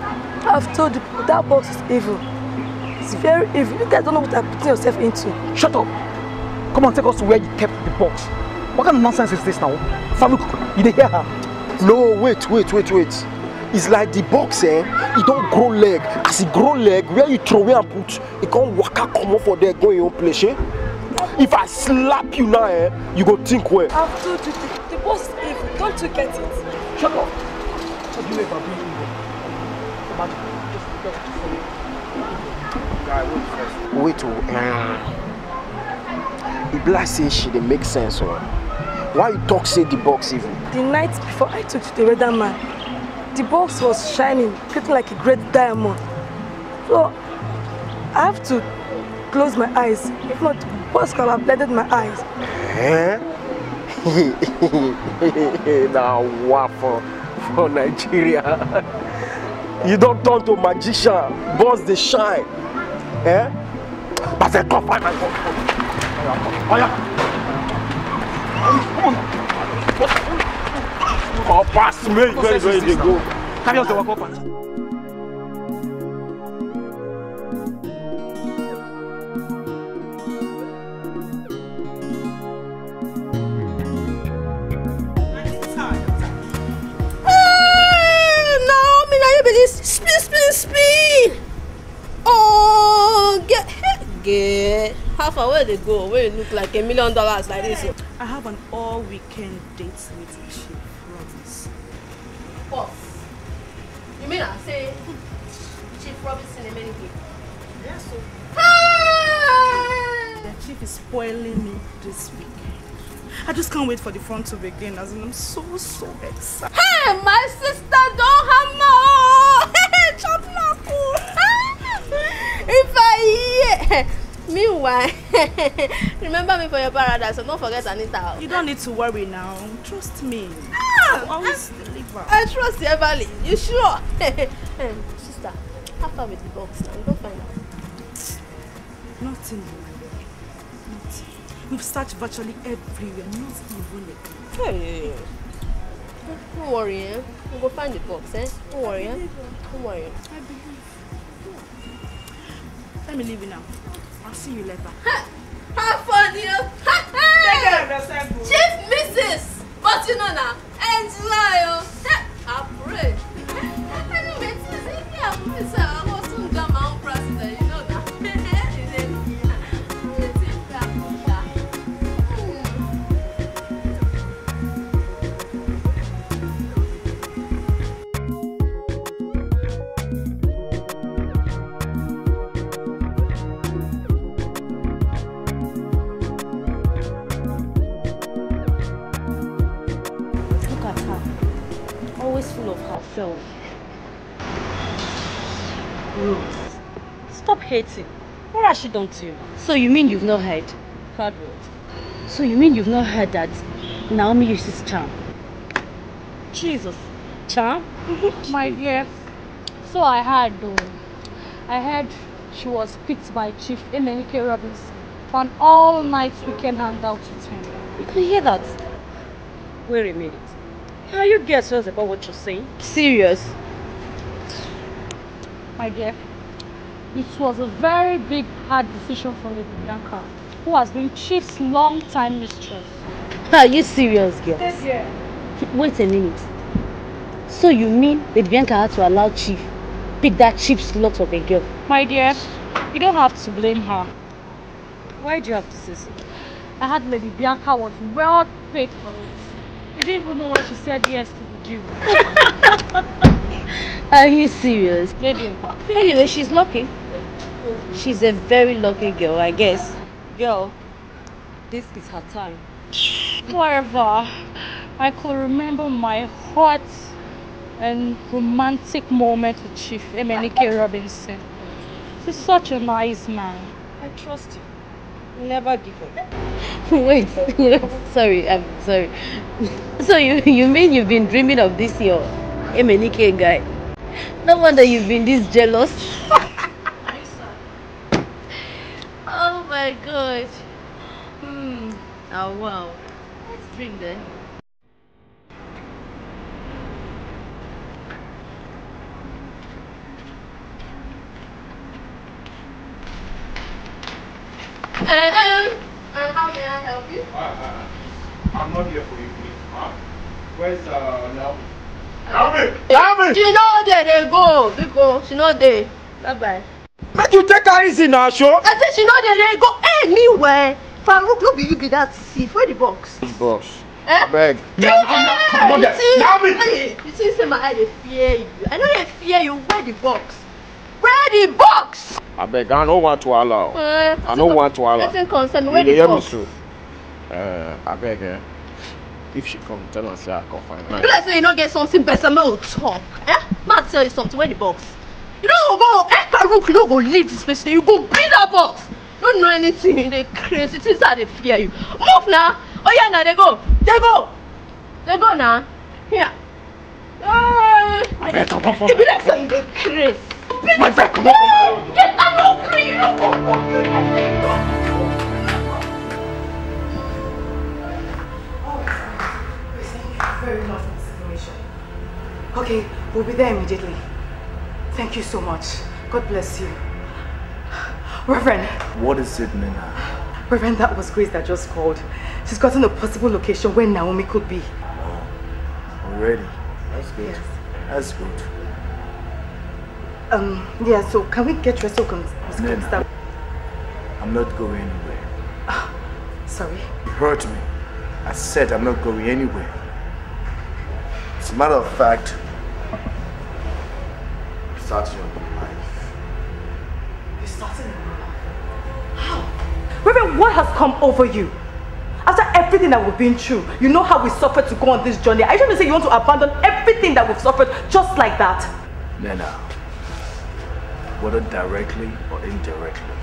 [SPEAKER 3] i've told you That box is evil. It's very evil. You guys don't know what you're putting yourself into. Shut up. Come on, take us to where you kept the box. What kind of nonsense
[SPEAKER 7] is this now? Farouk, you dey hear her? No, wait, wait, wait, wait. It's like the box, eh? It don't grow leg. As it grow leg, where you throw it and put, it can't out come up for there, go in your place, eh? If I slap you now, eh, you go think well.
[SPEAKER 3] I've told you, the, the boss is evil. Don't you get it? Shut up. What do you ever be evil? Imagine
[SPEAKER 7] wait o oh, um, e eh. be like say she dey make sense o oh. why you talk say the box even.
[SPEAKER 3] the night before i took to the weather man the box was shining creating like a great diamond so i have to close my eyes if not box could have blinded my eyes.
[SPEAKER 6] Eh?
[SPEAKER 7] na waffle for nigeria you don turn to magician boss dey shine. É? Acertou, vai, vai. Olha. Ó, passo meio, vem, vem, de gol. Cadê o seu copa?
[SPEAKER 4] Ah, spin, spin, spin! Oh, get
[SPEAKER 3] good. How far? will they go? Will you look like a million dollars like this? I have an all weekend date meeting. She promised. Boss, you mean I say she promised in a minute? Yes. Sir. Hi. The chief is spoiling me this weekend. I just can't wait for the front to begin. As in, I'm so so excited. Hey, my sister,
[SPEAKER 5] don't have more.
[SPEAKER 3] hey, Chop if I Meanwhile, remember me for your paradise, so don't forget Anita. You don't need to worry now. Trust me.
[SPEAKER 4] Ah, always I, deliver.
[SPEAKER 3] I trust you, Everly. You sure? Um, sister, have fun with the box now. You don't find out. Nothing. Nothing. We've searched virtually everywhere, not even a Hey, Don't worry, eh? We'll go find the box, eh? Don't worry, eh?
[SPEAKER 4] Don't worry. I Let me leave you now. I'll
[SPEAKER 3] see you later. Ha!
[SPEAKER 4] Have fun, you Ha! Hey! Oh. Take
[SPEAKER 3] care of yourself, oh. Chief Mrs.
[SPEAKER 5] But you know now, enjoy, yo. Oh. Ha! I pray. I don't
[SPEAKER 4] know, it's easy. I'm
[SPEAKER 3] yourself. Rose, stop hating. What has she done to you? So you mean you've not heard? Heard what? So you mean you've not heard that Naomi uses charm? Jesus. Charm? My dear. So I heard though. I heard she was picked by Chief Emenike Robinson for an all-night weekend hangout with him. You can hear that? Wait a minute. Are ah, you get serious about what you're saying? Serious. My dear, it was a very big, hard decision for me, Bianca, who has been Chief's long-time mistress. Are you serious, girl? Yes, yeah. Wait a minute. So you mean that Bianca had to allow Chief pick that Chief's slut of a girl? My dear, you don't have to blame her. Why do you have to say so? I had Lady Bianca was well paid for it. You didn't even know what she said yes to do.
[SPEAKER 4] Are
[SPEAKER 5] you serious? Maybe. Anyway, she's lucky. She's a very lucky girl, I guess.
[SPEAKER 3] Girl, this is her time. However, I could remember my hot and romantic moment with Chief Emenike Robinson. He's such a nice man. I trust him never give up. Wait,
[SPEAKER 5] sorry, I'm sorry. So you you mean you've been dreaming of this your MNK guy? No wonder you've been this jealous. oh my god. Hmm. Oh wow. Let's drink then.
[SPEAKER 4] Uh, um, and uh, how may I help you?
[SPEAKER 7] Uh, uh, I'm not here for you, please. Huh? Where's uh, Naomi!
[SPEAKER 4] Naomi! She know there they
[SPEAKER 3] go, because she know there. Bye bye. Make you take her easy now, sure. I said she know there they go anywhere. Farouk, no be you be that seat. Where the box?
[SPEAKER 4] The box. Eh? Beg. Yeah, I'm not, I'm not there. Naomi!
[SPEAKER 3] You see, say my eye, they fear you. I know they fear
[SPEAKER 4] you. Where the box? where the box.
[SPEAKER 7] abeg i don't want wahala o i don't want to allow. Uh, nothing
[SPEAKER 4] concern where the box.
[SPEAKER 7] you dey hear me uh, eh if she come tell her say i come find her. be
[SPEAKER 3] say you no get something better make we talk eh ma tell you something where the box you no go go enter eh? room you no go leave this place you go bring that box Don't know anything They crazy things that they fear you move now. Oh yeah, now they go They go
[SPEAKER 4] They go now. here. Hey. I bet I'm not. Give me that some good crisp. Please. My back, come on. Get that off me.
[SPEAKER 3] information. Okay, we'll be there immediately. Thank you so much. God bless you. Reverend. What is it, Nina? Reverend, that was Grace that just called. She's gotten a possible location where Naomi could be.
[SPEAKER 2] Oh, already? That's good. Yes. That's good.
[SPEAKER 3] Um, yeah, so can we get dressed so can I'm
[SPEAKER 2] not going anywhere.
[SPEAKER 3] Oh, sorry.
[SPEAKER 2] You hurt me. I said I'm not going anywhere. As a matter of fact, starting your new life. You're starting a
[SPEAKER 3] new life? How? Reverend, what has come over you? After everything that we've been through, you know how we suffered to go on this journey. Are you trying to say you want to abandon everything that we've suffered just like that?
[SPEAKER 2] Nena, whether directly or indirectly,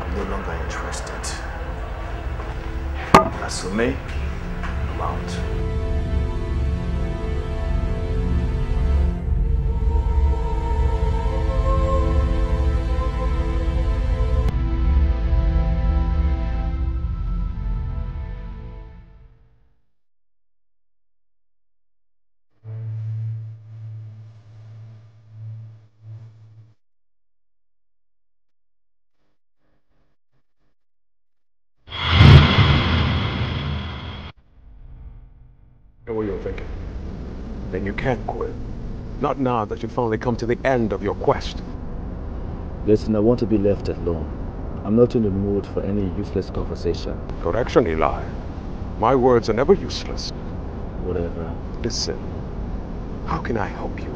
[SPEAKER 2] I'm no longer interested. As for me, I'm out.
[SPEAKER 1] Kenquin. Not now that you've finally come to the end of your quest.
[SPEAKER 2] Listen, I want to be left alone.
[SPEAKER 1] I'm not in the mood for any useless conversation. Correction, Eli. My words are never useless. Whatever. Listen, how can I help you?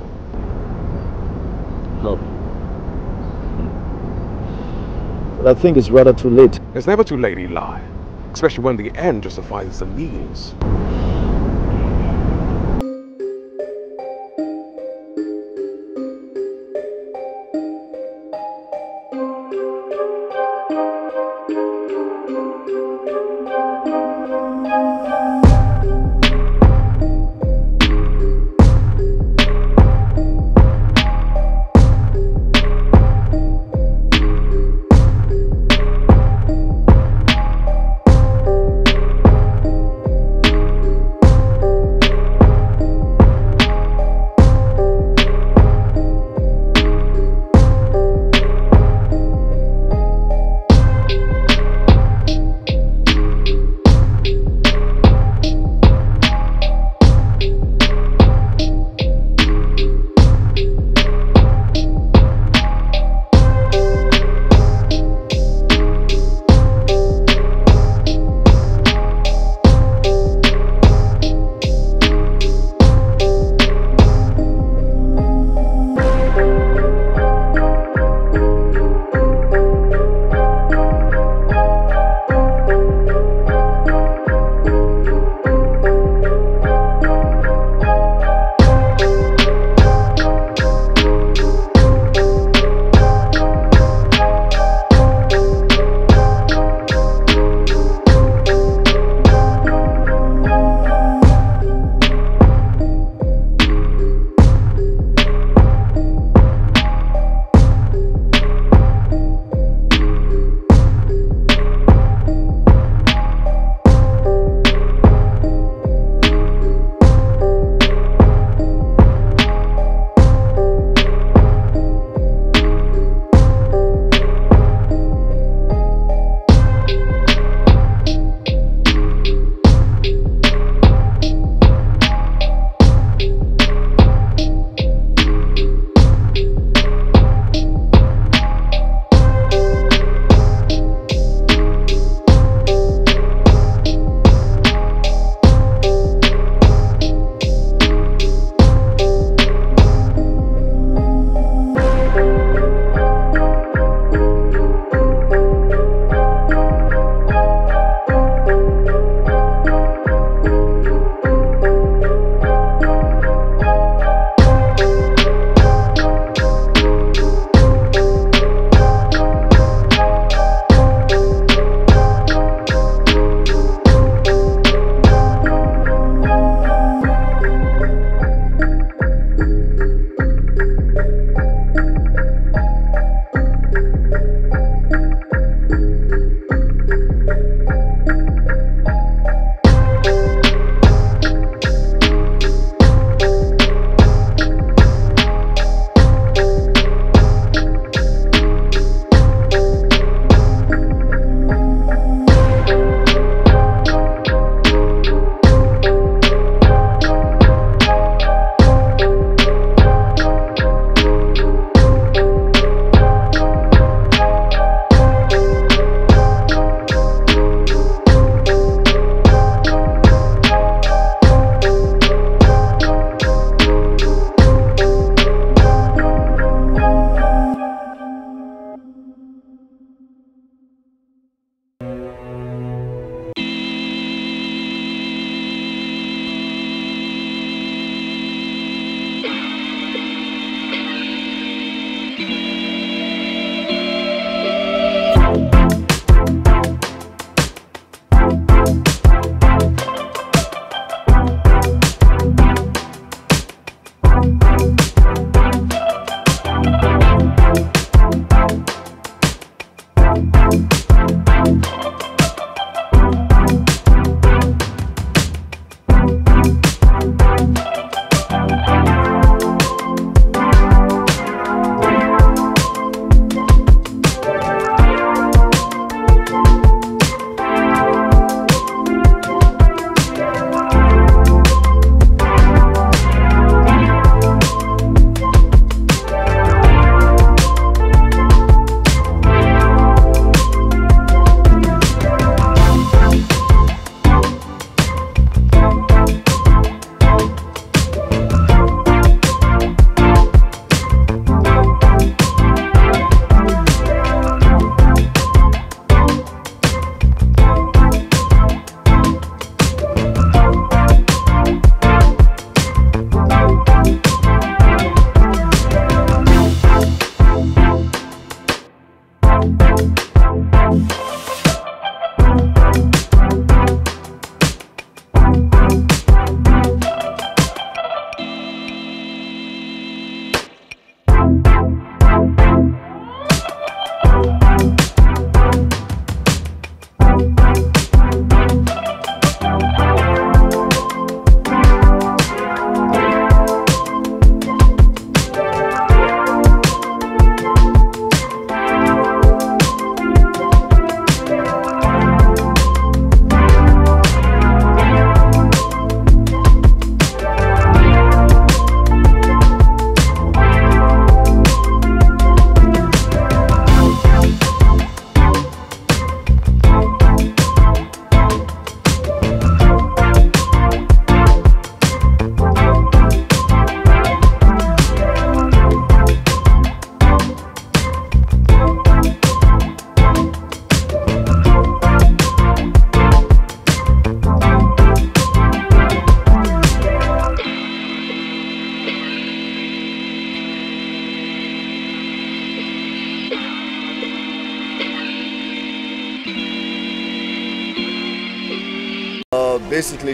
[SPEAKER 1] Help? But hmm. I think it's rather too late. It's never too late, Eli. Especially when the end justifies the means.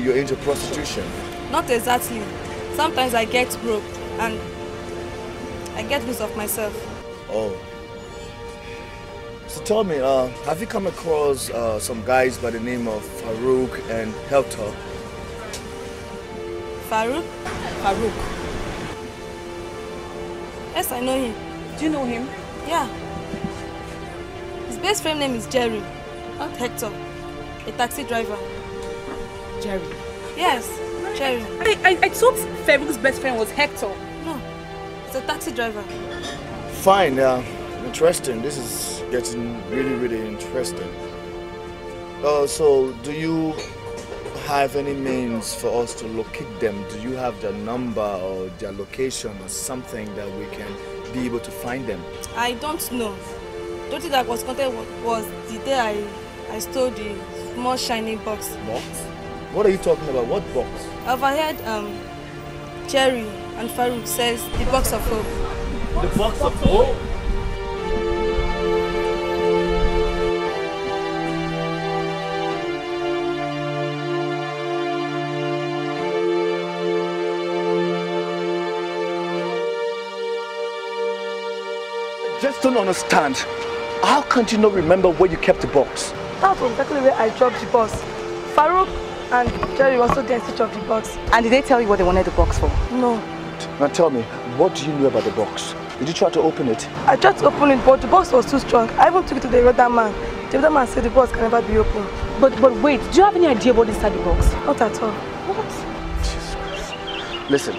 [SPEAKER 2] you're into prostitution.
[SPEAKER 3] Not exactly. Sometimes I get broke and I get loose of myself.
[SPEAKER 2] Oh. So tell me, uh, have you come across uh, some guys by the name of Farouk and Helter?
[SPEAKER 3] Farouk? Farouk. Yes, I know him. Do you know him? Yeah. His best friend name is Jerry, not Hector, a taxi driver. Yes, Cherry. I, I, I thought Ferrug's best friend was Hector. No, it's a taxi driver.
[SPEAKER 2] Fine, uh, interesting. This is getting really, really interesting. Uh, so, do you have any means for us to locate them? Do you have their number or their location or something that we can be able to find them?
[SPEAKER 3] I don't know. Don't that was content was the day I, I stole the small shiny box. Box?
[SPEAKER 2] What are you talking about? What box?
[SPEAKER 3] I've heard um, Jerry and Farouk says the box of hope.
[SPEAKER 2] The box of hope? just don't understand. How can't you not remember where you kept the box?
[SPEAKER 3] That's exactly where I dropped the box. And Jerry was also there in of the box. And did they tell you what they wanted the box for? No.
[SPEAKER 2] Now tell me, what do you know about the box? Did you try to open it?
[SPEAKER 3] I tried to open it, but the box was too strong. I even took it to the other man. The other man said the box can never be opened. But but wait, do you have any idea about inside the box? Not at all.
[SPEAKER 4] What? Jesus Christ.
[SPEAKER 2] Listen,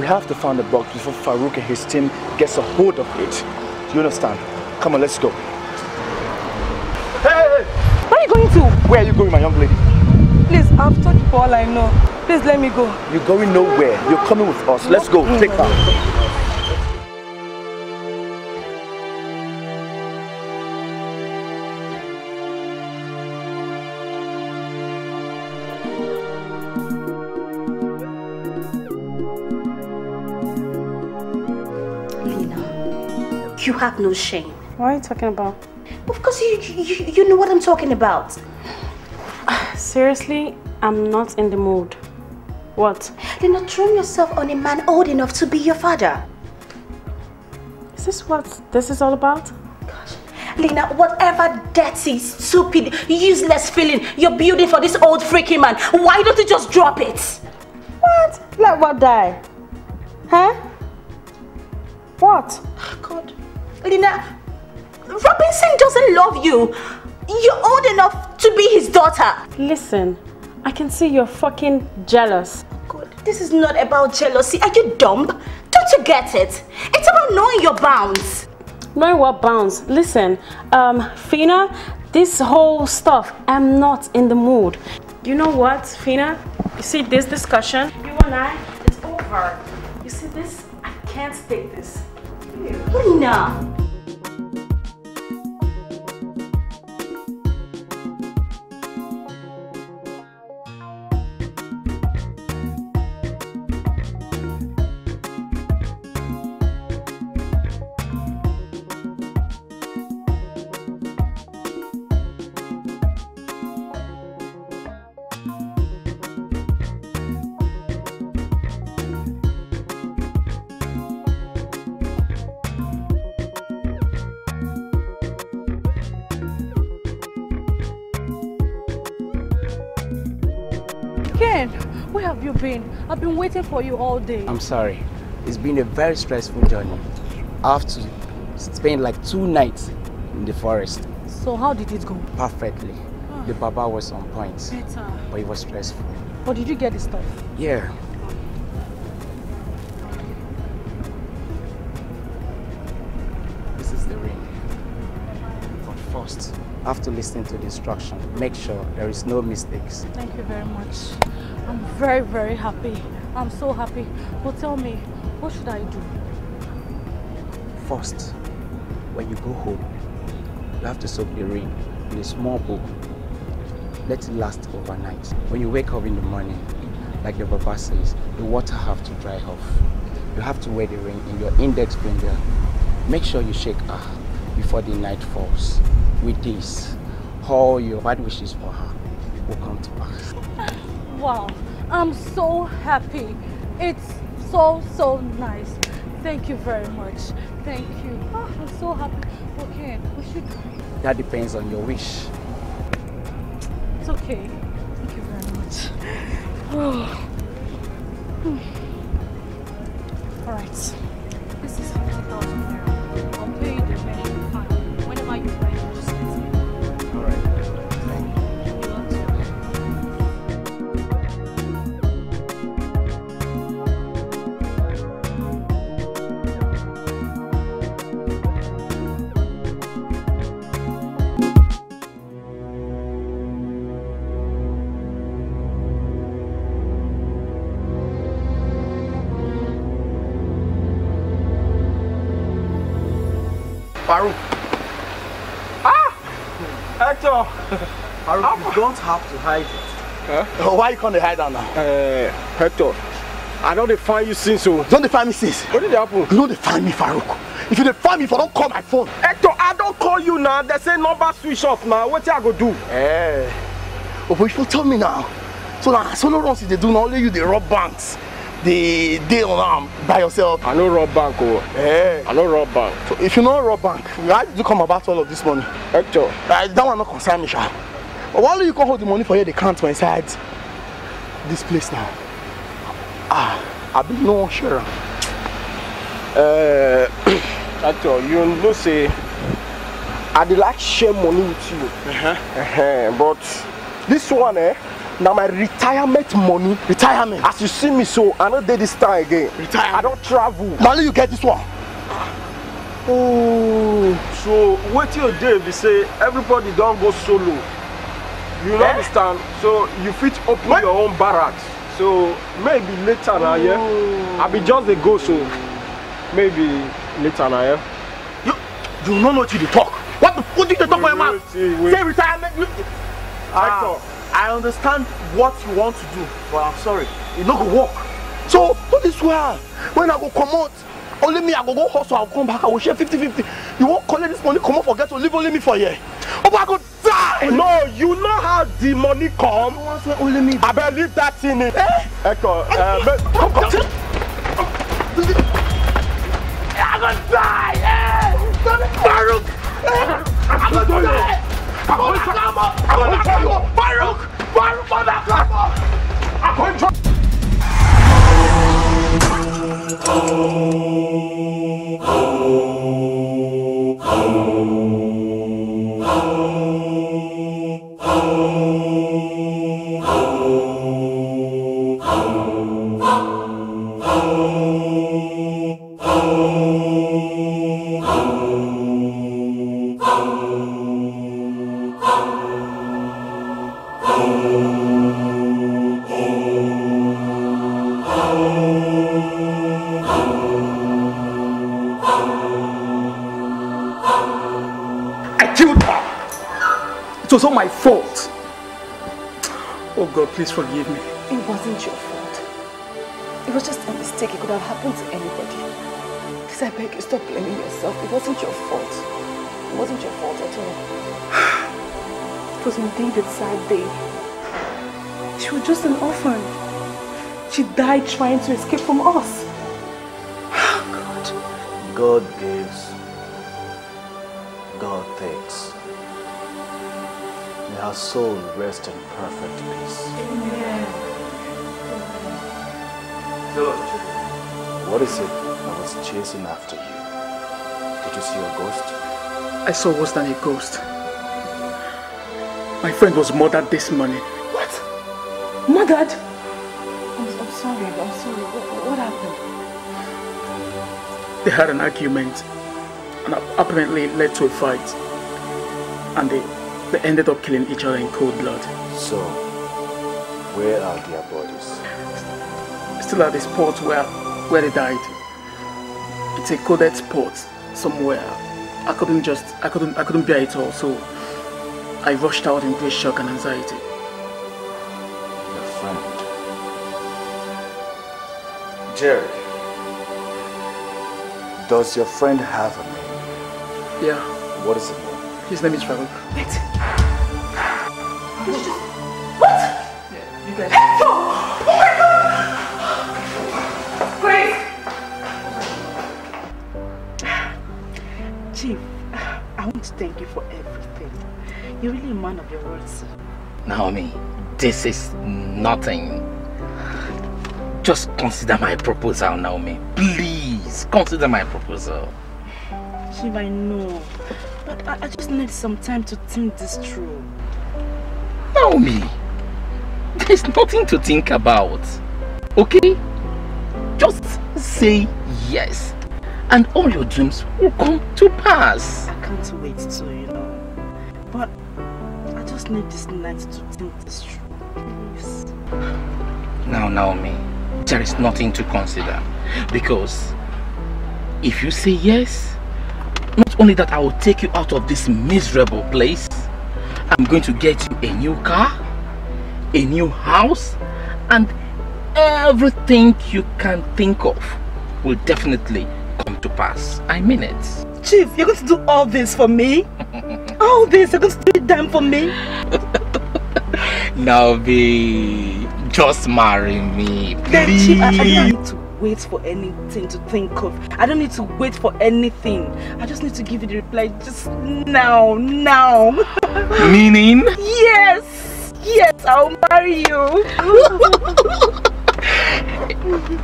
[SPEAKER 2] we have to find the box before Farouk and his team gets a hold of it. Do you understand? Come on, let's go. Hey! Where are you going to? Where are you going, my young lady?
[SPEAKER 3] I've you all I know. Please let me go.
[SPEAKER 2] You're going nowhere. You're coming with us. Let's go. Take her.
[SPEAKER 3] You have no shame. What are you talking about? Of course you, you, you know what I'm talking about. Seriously, I'm not in the mood. What? Then not throw yourself on a man old enough to be your father. Is this what this is all about? Gosh. Lena, whatever dirty, stupid, useless feeling you're building for this old freaky man, why don't you just drop it? What? Let what die? Huh? What? Oh God. Lena, Robinson doesn't love you. You're old enough to be his daughter. Listen, I can see you're fucking jealous. Good. this is not about jealousy. Are you dumb? Don't you get it? It's about knowing your bounds. Knowing what bounds? Listen, um, Fina, this whole stuff, I'm not in the mood. You know what, Fina? You see this discussion? You and I, it's over. You see this? I can't take this. Fina. waiting for you all day. I'm
[SPEAKER 7] sorry. It's been a very stressful journey. I have to spend like two nights in the forest.
[SPEAKER 3] So how did it go?
[SPEAKER 7] Perfectly. The Baba ah. was on point. Better. But it was stressful.
[SPEAKER 3] But did you get the stuff?
[SPEAKER 7] Yeah. This is the ring. But first, after listening to the instruction, make sure there is no mistakes.
[SPEAKER 3] Thank you very much. I'm very, very happy. I'm so happy. But tell me, what should I do?
[SPEAKER 7] First, when you go home, you have to soak the ring in a small bowl. Let it last overnight. When you wake up in the morning, like the Baba says, the water have to dry off. You have to wear the ring in your index finger. Make sure you shake her before the night falls. With this, all your bad wishes for her will come to pass.
[SPEAKER 3] Wow. I'm so happy. It's so, so nice. Thank you very much. Thank you. Oh, I'm so happy. Okay, we should...
[SPEAKER 7] That depends on your wish.
[SPEAKER 3] It's okay. Thank you very much. Oh. All right.
[SPEAKER 7] don't have to hide it. Huh? Oh, why you can't hide that now? Uh, Hector, I don't define you since so. Oh. Don't define me since. What did happen? You don't define me, Farouk. If you define me, for don't call my phone. Hector, I don't call you now. They say number switch off now. What I go do? Eh. Hey. Oh, but if you tell me now, so now solo no runs they do not only you they rob banks. They they on um, by yourself. I know rob bank oh. Hey. Eh. I know rob bank. So if you know rob bank, why did you come about all of this money? Hector. Uh, that one not concern me, Sha. But why you come hold the money for here, they can't for inside this place now. Ah, I be no sure. Uh, at all, you know, say, I'd like share money with you. Uh-huh. Uh-huh. But this one, eh, Now my retirement money. Retirement? As you see me so, I no dey this time again. Retirement? I don't travel. Na only you get this one. Oh. So wait till dey be say everybody don't go solo. You eh? understand? So you fit open what? your own barracks. So maybe later now, yeah. I be just a go, so maybe later now, yeah. You you don't know what you talk. What the fuck did you talk about your mouth? Say retirement. You, ah, I understand what you want to do, but I'm sorry, it no go work. So do this where When I go come out, only me i go go hustle i go come back i go share fifty fifty you wan collect this money comot for ghetto leave only me for here oba oh, go die. no you know how the money come abeg leave that thing in. eko eh? eh, make eh, come come. i go die. Eh. i go die. i go kamo. i go kamo. Baruch. Baruch mother kamo. i go. Oh. was not my fault. Oh God, please forgive me.
[SPEAKER 3] It wasn't your fault. It was just a mistake. It could have happened to anybody. Please, I beg you, stop blaming yourself. It wasn't your fault. It wasn't your fault at all. it was indeed a sad day. She was just an orphan. She died trying to escape from us.
[SPEAKER 2] God. God gives. God takes. May our soul rest in perfect peace. Amen. What is it that was chasing after you? Did you see a ghost? I saw worse
[SPEAKER 6] than a
[SPEAKER 3] ghost.
[SPEAKER 7] My friend was murdered this morning. What?
[SPEAKER 3] Murdered? I'm,
[SPEAKER 4] I'm sorry, I'm sorry. What, what happened?
[SPEAKER 7] They had an argument and apparently led to a fight. And they they ended up killing each other in cold blood. So, where are their bodies? Still at the spot where, where they died. It's a coded spot somewhere. I couldn't just, I couldn't, I couldn't bear it all. So, I rushed out in great shock and anxiety.
[SPEAKER 4] Your friend,
[SPEAKER 2] Jerry. Does your friend have a name?
[SPEAKER 7] Yeah. What is it? His name is Raul. Wait.
[SPEAKER 4] Oh my God! Grace!
[SPEAKER 3] Chief, I want to thank you for everything. You're really a man
[SPEAKER 4] of your words.
[SPEAKER 7] Naomi, this is nothing. Just consider my proposal, Naomi. Please, consider my proposal.
[SPEAKER 3] Chief, I know. But I just need some time to think this through.
[SPEAKER 7] Naomi! There's nothing to think about. Okay? Just say yes. And all your dreams
[SPEAKER 3] will come to pass. I can't wait to, you know. But I just need this night to think this through, please. Now, Naomi,
[SPEAKER 7] there is nothing to consider. Because if you say yes, not only that I will take you out of this miserable place, I'm going to get you a new car a new house and
[SPEAKER 3] everything you can think of will definitely come to pass. I mean it. Chief, you're going to do all this for me? all this, you're going to do it done for me?
[SPEAKER 7] now, be just marry me,
[SPEAKER 3] please. Then, Chief, I, I don't need to wait for anything to think of. I don't need to wait for anything. I just need to give you the reply just now, now. Meaning? Yes! Yes, I'll marry you.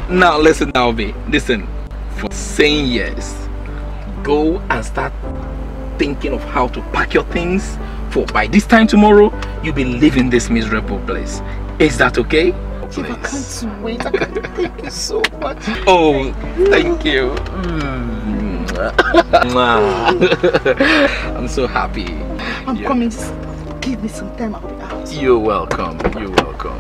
[SPEAKER 7] now listen, Naomi. Listen. For saying yes, go and start thinking of how to pack your things. For by this time tomorrow, you'll be leaving this miserable place. Is that okay? Please. I
[SPEAKER 4] can't wait. I can't thank
[SPEAKER 7] you so much. Oh, thank you. Mm. I'm so happy.
[SPEAKER 3] I'm yeah. coming. Just give me some time. I'll be
[SPEAKER 2] you're welcome. You're welcome.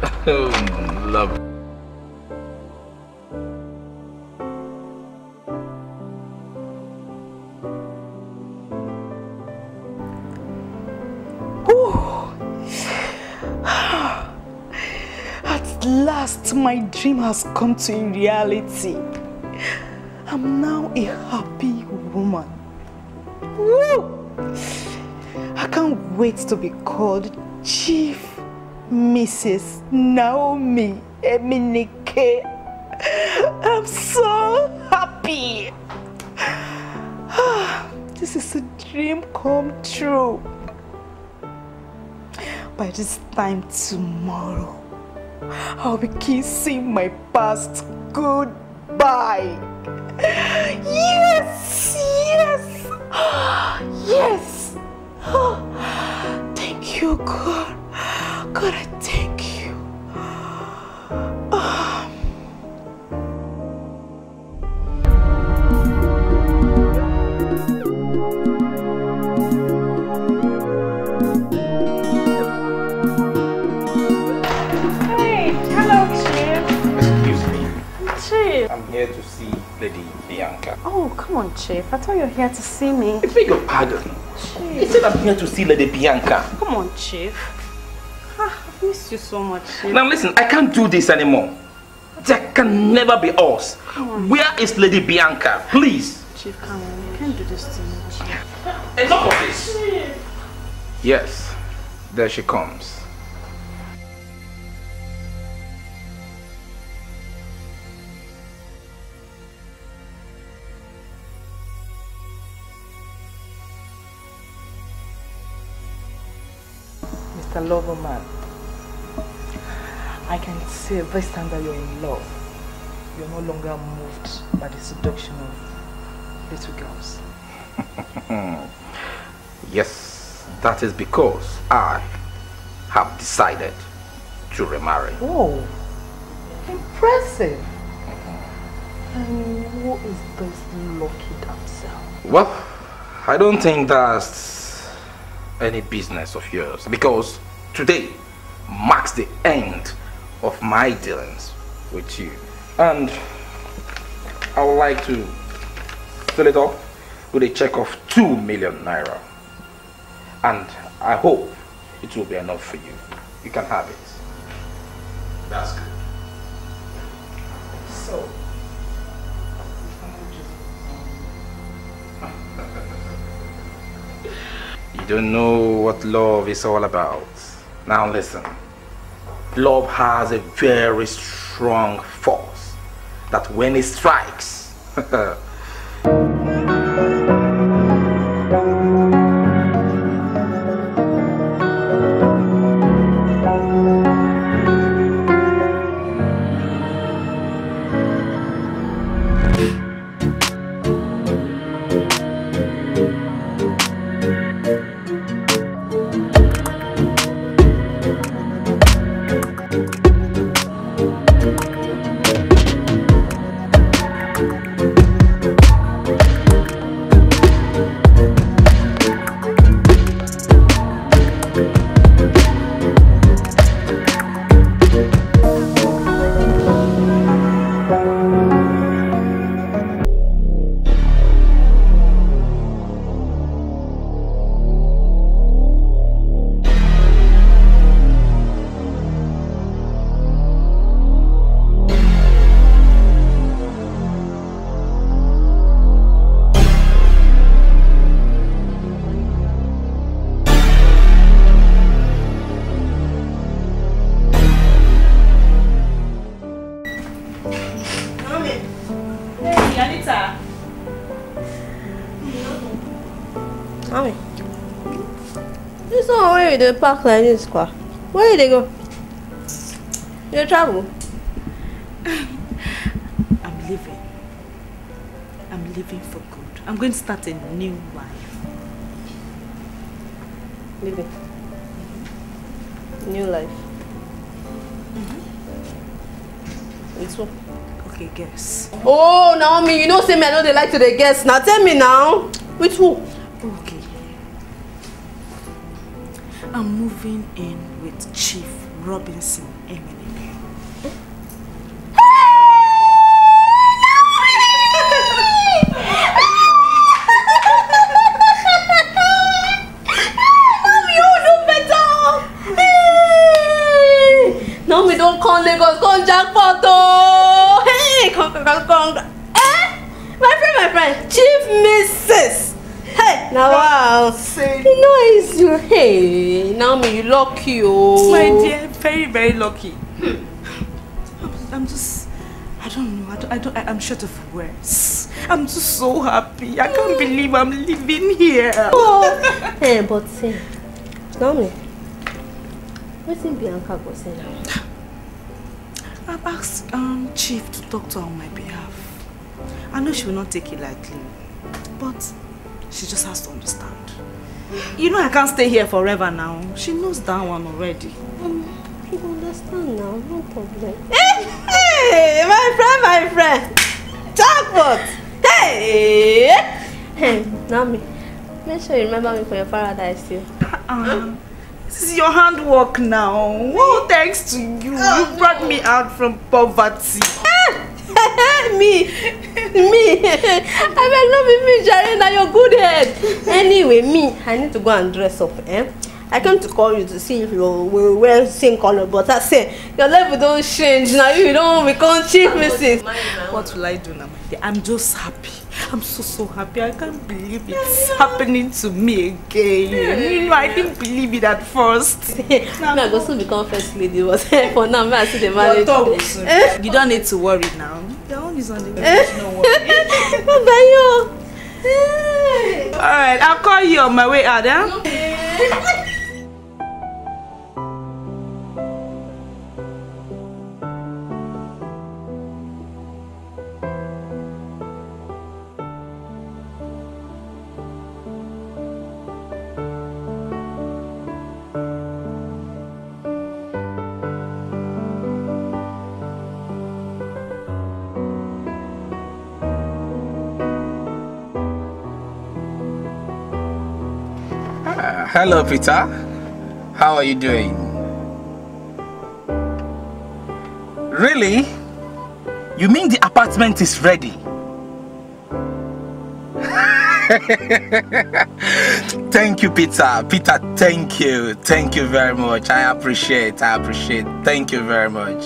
[SPEAKER 2] Hmm,
[SPEAKER 4] love. At
[SPEAKER 3] last, my dream has come to reality. I'm now a happy woman. Woo! I can't wait to be called Chief Mrs. Naomi Eminike. I'm so happy. This is a dream come true. By this time tomorrow, I'll be kissing my past goodbye.
[SPEAKER 4] Yes, yes, yes. Oh, thank you, God. God, I thank you. Hey, hello, Chief. Excuse me. Chief. I'm
[SPEAKER 7] here to see Lady Bianca.
[SPEAKER 3] Oh, come on, Chief. I thought you were here to see me. I beg your pardon. Chief. You said
[SPEAKER 7] I'm here to see Lady Bianca.
[SPEAKER 3] Come on, Chief. Ah, I miss you so much, Chief. Now listen, I
[SPEAKER 7] can't do this anymore. There can never be us. Where is Lady Bianca? Please.
[SPEAKER 3] Chief, come on. You can't do this to me, Chief.
[SPEAKER 4] Enough of this. Chief.
[SPEAKER 7] Yes. There she comes.
[SPEAKER 3] A lover man. I can see every time that you're in love, you're no longer moved by the seduction of little girls.
[SPEAKER 7] yes, that is because I have decided to remarry.
[SPEAKER 3] Oh, impressive. Mm-hmm. And who is this lucky damsel?
[SPEAKER 7] Well, I don't think that's any business of yours because today marks the end of my dealings with you. And I would like to fill it up with a check of 2 million naira. And I hope it will be enough for you. You can have it. That's good. So, You don't know what love is all about. Now listen, love has a very strong force that when it strikes,
[SPEAKER 3] the park like this, quoi.
[SPEAKER 5] Where they go? They travel.
[SPEAKER 3] I'm leaving. I'm leaving
[SPEAKER 4] for good.
[SPEAKER 3] I'm going to start a new life. Leaving. New life. Mm -hmm. Okay, guess. Oh, Naomi, you know, say me, I know they like to the guess. Now tell me now. Which who? lucky, oh. My dear, very, very lucky. Hmm. I'm just, I don't know, I don't, I don't I, am short of words. I'm just so happy. I can't believe I'm living here. Oh. Eh, hey, but say, tell me, what's in Bianca go say now? I've asked um, Chief to talk to her on my behalf. I know she will not take it lightly, but she just has to understand. You know I can't stay here forever now. She knows that one already. Um, you understand now, no problem. Hey, eh, eh, hey, my friend, my friend. Jackpot! Hey! Hey, Naomi, make sure you remember me for your paradise too. Uh-uh. This is your handwork now. Oh, thanks to you. You ah. brought me out from poverty. me! Me! abeg no be me jare na your good head anyway me i need to go and dress up eh i came to call you to see if you were wear same colour but i say your level don't change Now you don't become chief mrs. what will i do now i'm just happy i'm so so happy i can't believe it's happening to me again you know i didn't believe it at first. now i go soon become first lady but for now may i still dey manage. you don't need to worry now. doggies on the Alright, I'll call you on my way out,
[SPEAKER 4] huh?
[SPEAKER 7] Hello, Peter. How are you doing? Really? You mean the apartment is ready? thank you, Peter. Peter, thank you. Thank you very much. I appreciate. I appreciate. Thank you very much.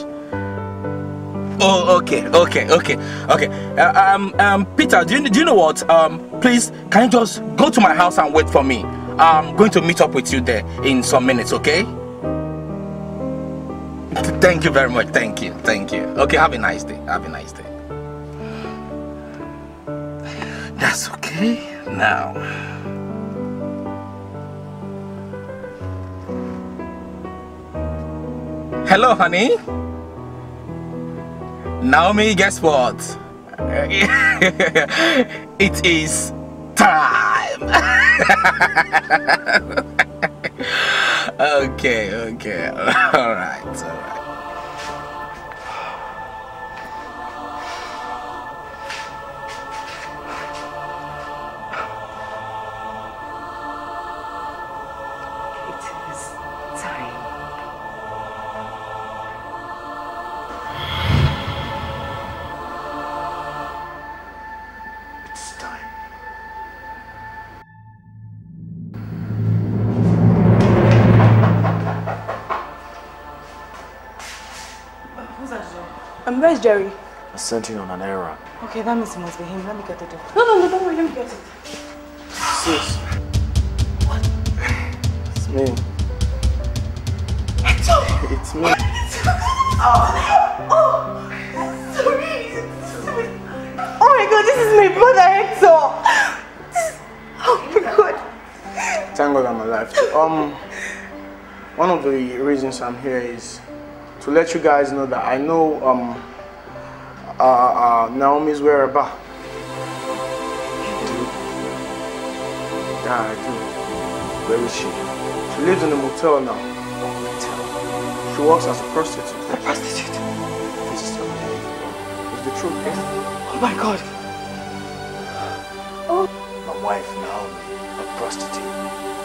[SPEAKER 7] Oh, okay, okay, okay, okay. Uh, um, um, Peter, do you, do you know what? Um, please, can you just go to my house and wait for me? I'm going to meet up with you there in some minutes, okay? Thank you very much. Thank you. Thank you. Okay, have a nice day. Have a nice day.
[SPEAKER 4] That's okay.
[SPEAKER 7] Now. Hello, honey. Naomi, guess what? it is time. okay, okay. All right, all
[SPEAKER 4] right.
[SPEAKER 3] Where's Jerry?
[SPEAKER 2] I sent him on an errand.
[SPEAKER 3] Okay, that means it must be him. Let me get the door. No, no, no, don't worry. Let me get it. Sis.
[SPEAKER 2] What? It's me.
[SPEAKER 7] Hector! It's me. oh. Oh.
[SPEAKER 4] Sorry. Sorry. Oh my god, this is my brother Hector.
[SPEAKER 7] Oh my god. Thank God I'm alive. Um, one of the reasons I'm here is to let you guys know that I know um uh, uh, Naomi's whereabouts.
[SPEAKER 4] Yeah, I do. Where is she? She
[SPEAKER 7] lives in a motel now. Motel? She works as a prostitute. A prostitute? This is
[SPEAKER 2] unbelievable. It's the truth, yes? Eh?
[SPEAKER 4] Oh my god! Oh.
[SPEAKER 2] My wife, Naomi, a prostitute.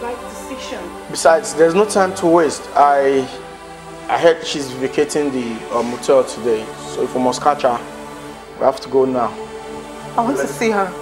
[SPEAKER 3] right
[SPEAKER 4] decision.
[SPEAKER 7] Besides, there's no time to waste. I I heard she's vacating the um, motel today, so if we must catch her, we have to go now. I want to see her.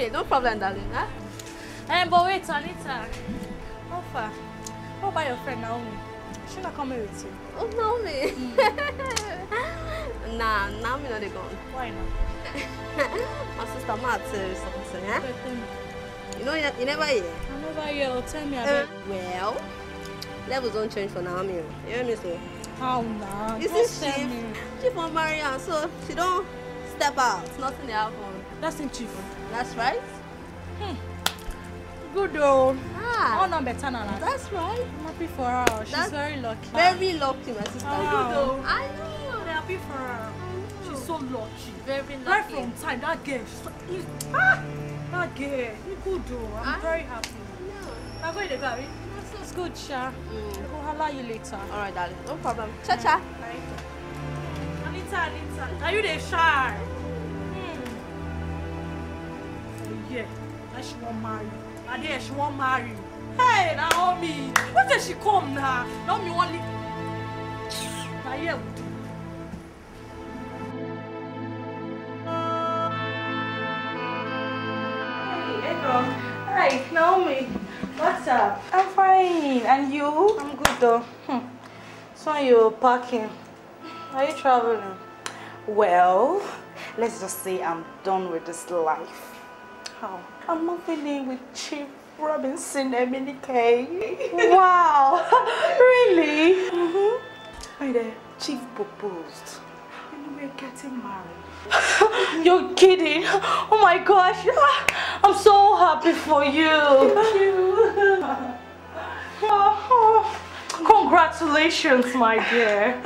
[SPEAKER 3] okay, no problem, darling. Huh? Um, but wait, Anita. How far? What about your friend Naomi? She not coming with you. Oh, Naomi. Mm. nah, Naomi not gone. Why not? My sister not tell you something, eh? You know, you never hear. I never hear. tell me uh, about uh, Well, levels don't change for Naomi. Oh. You hear me, so? How now? Nah? Isn't she? Me. She from Maria, so she don't step out. Nothing happened. That's in chief. That's right. Hmm. Good though. Ah. Oh, no, better than that. That's right. I'm happy for her. She's That's very lucky. Very lucky, my sister. Oh. Good though. I know. I'm happy for her. She's so lucky. Very lucky. Right from time, that girl. So, you, ah, that girl. Good though. I'm I, ah. very happy. No. I'm going to car. It's good, Sha. Mm. We'll allow you later. All right, darling. No problem. Cha-cha.
[SPEAKER 5] Bye.
[SPEAKER 3] Anita, Anita. Are you the shy? Yeah, and she won't marry na there she won't marry hey Naomi, What did she come now? Naomi only. wan leave na here we dey. Hi, Naomi. What's up? I'm fine. And you? I'm good though. Hmm. So you're packing. Are you traveling? Well, let's just say I'm done with this life. How? I'm moving in with Chief Robinson Kay. Wow, really? Mm -hmm. there, Chief proposed. And we're getting married. You're kidding. Oh my gosh. I'm so happy for you. Thank
[SPEAKER 4] you.
[SPEAKER 3] Oh, oh. Congratulations, my dear.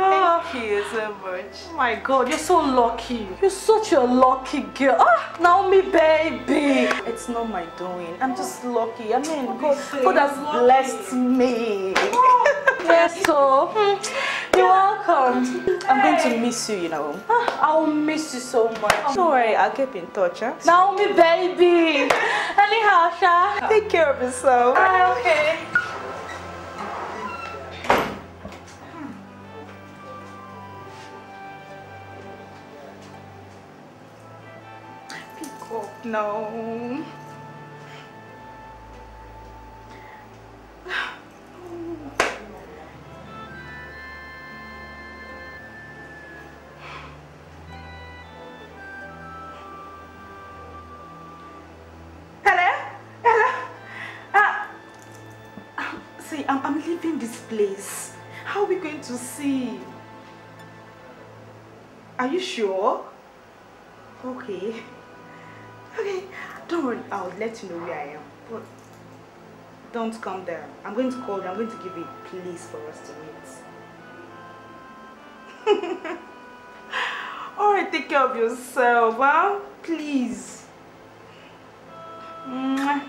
[SPEAKER 3] Ah. Thank you so much. Oh my god, you're so lucky. You're such a lucky girl. Ah, Naomi, baby. It's not my doing. I'm just lucky. I mean, God, God has blessed me. Oh, yes, so hmm. you're welcome. I'm going to miss you, you know. Ah. I'll miss you so much. Oh. Don't worry, I'll keep in touch. Huh? Naomi, baby. Anyhow, Sha. Take care of yourself. Bye, ah, okay. No. Ah. I'm, I'm, leaving this place. How are we going to see? Are you sure? Okay. Okay, don't worry, I'll let you know where I am. But don't come there. I'm going to call you. I'm going to give you a place for us to meet. Alright, take care of yourself, huh? Please. Mwah.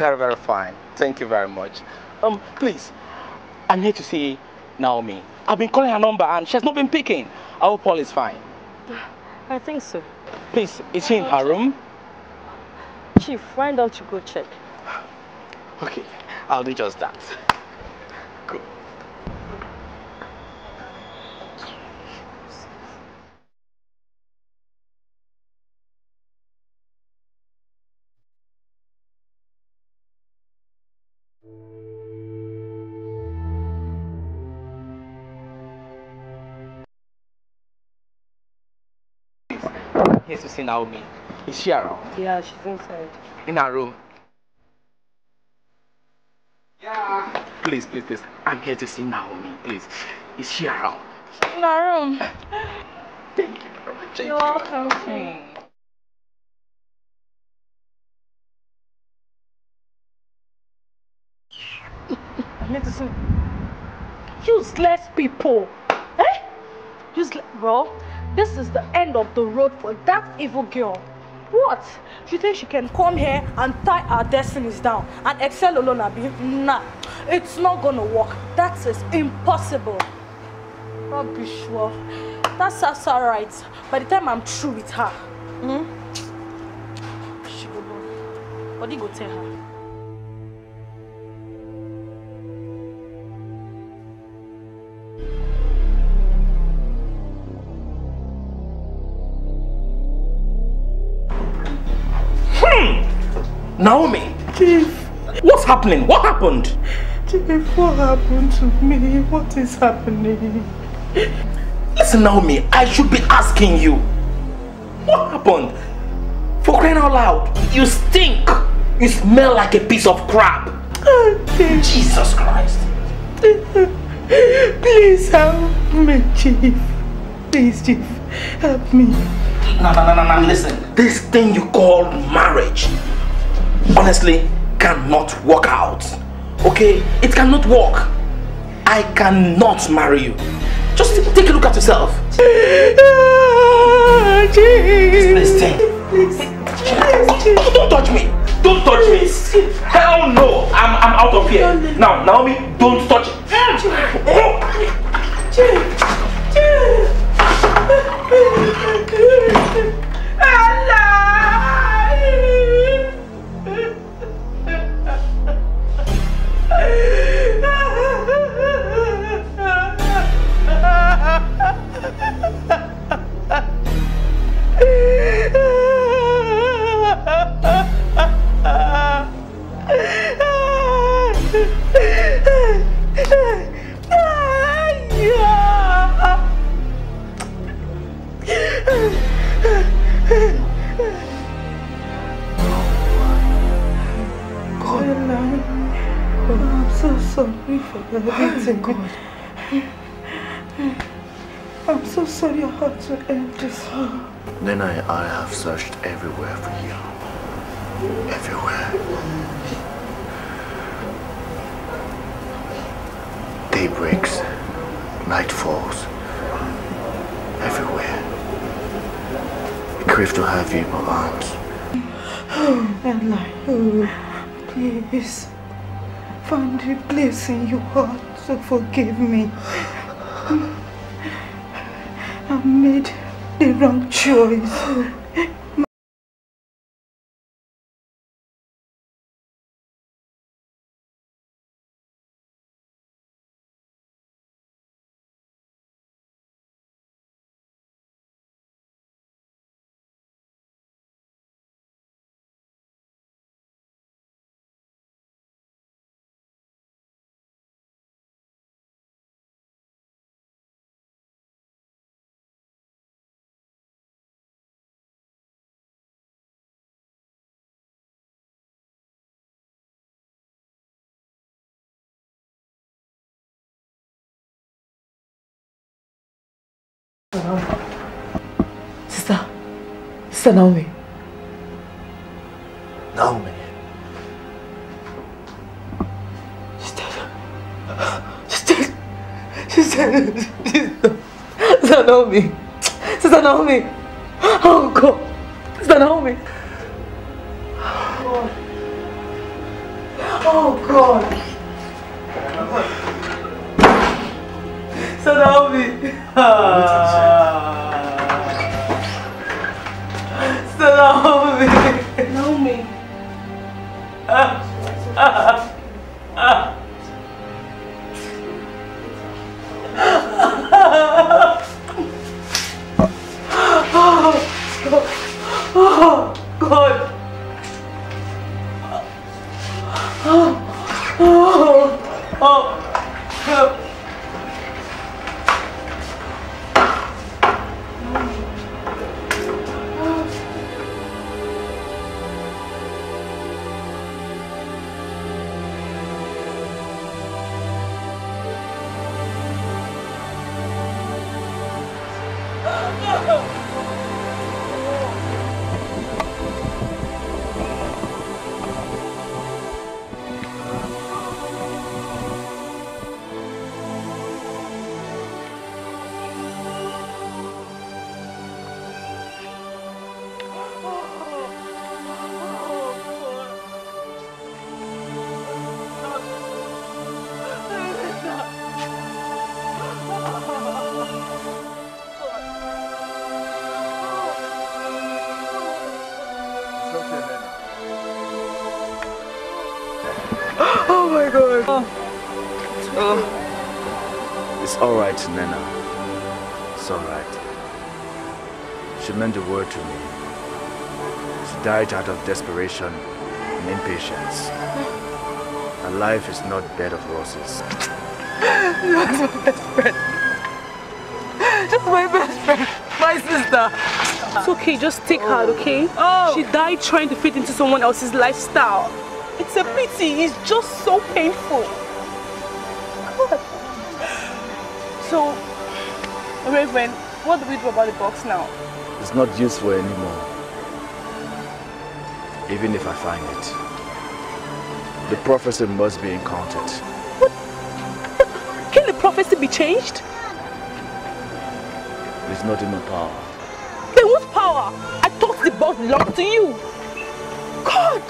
[SPEAKER 7] very, very fine. Thank you very much. Um, please, i need to see Naomi. I've been calling her number and she has not been picking. I hope Paul is fine. I think so. Please, is he in her room?
[SPEAKER 3] Chief, find out to go check.
[SPEAKER 6] Okay, I'll do just that.
[SPEAKER 3] see Naomi? Is she around?
[SPEAKER 4] Yeah, she's inside.
[SPEAKER 7] In her room. Yeah. Please, please, please. I'm here to see Naomi, please. Is she around?
[SPEAKER 4] She's in her room. Thank you very much. You're you. welcome. Mm. Listen,
[SPEAKER 3] useless people. Eh? Useless. Well, This is the end of the road for that evil girl. What? She thinks she can come here and tie our destinies down and excel alone, Abi? Nah, it's not gonna work. That is impossible. I'll be sure. That's sounds alright. By the time I'm through with her, hmm?
[SPEAKER 4] she go go.
[SPEAKER 3] What do you go tell her?
[SPEAKER 7] Naomi! Chief! What's happening? What happened?
[SPEAKER 6] Chief, what happened to me? What is happening?
[SPEAKER 7] Listen, Naomi, I should be asking you. What happened? For crying out loud, you stink! You smell like a piece of crap! Oh, Jesus Christ!
[SPEAKER 4] Please help me, Chief. Please, Chief,
[SPEAKER 3] help me.
[SPEAKER 7] No, no, no, no, no, listen. This thing you call marriage honestly cannot work out. Okay? It cannot work. I cannot marry you. Just take a look at yourself. Please, please, please, please. Don't touch me. Don't touch me. Hell no. I'm, I'm out of here. Now, Naomi, don't touch
[SPEAKER 4] it. Oh. sorry for everything.
[SPEAKER 3] Oh, God. I'm so sorry I had to
[SPEAKER 4] end this.
[SPEAKER 2] Then I, I have searched everywhere for you. Everywhere. Day breaks, night falls. Everywhere. I crave to have you in my arms.
[SPEAKER 4] Oh,
[SPEAKER 3] like, please found a place in your heart,
[SPEAKER 4] so forgive me. I made the wrong choice. Sister Naomi. Sister. Sister Naomi. Naomi. She's dead. She's dead. She's dead. Sister Naomi. Sister Naomi. Oh God. Sister Naomi. Oh God. sister Naomi. Ah.
[SPEAKER 2] Nana, Nena. It's alright. She meant the word to me. She died out of desperation and impatience. Her life is not bed of roses.
[SPEAKER 4] That's my best friend. Just my best friend. My
[SPEAKER 3] sister. It's okay, just take oh. her, okay? Oh. She died trying to fit into someone else's lifestyle. It's a pity, it's just so painful. what do we do about the box now?
[SPEAKER 2] It's not useful anymore. Even if I find it. The prophecy must be encountered. What?
[SPEAKER 3] Can the prophecy be changed?
[SPEAKER 2] It's not in my power.
[SPEAKER 3] Then whose power? I thought the box belonged to you. God!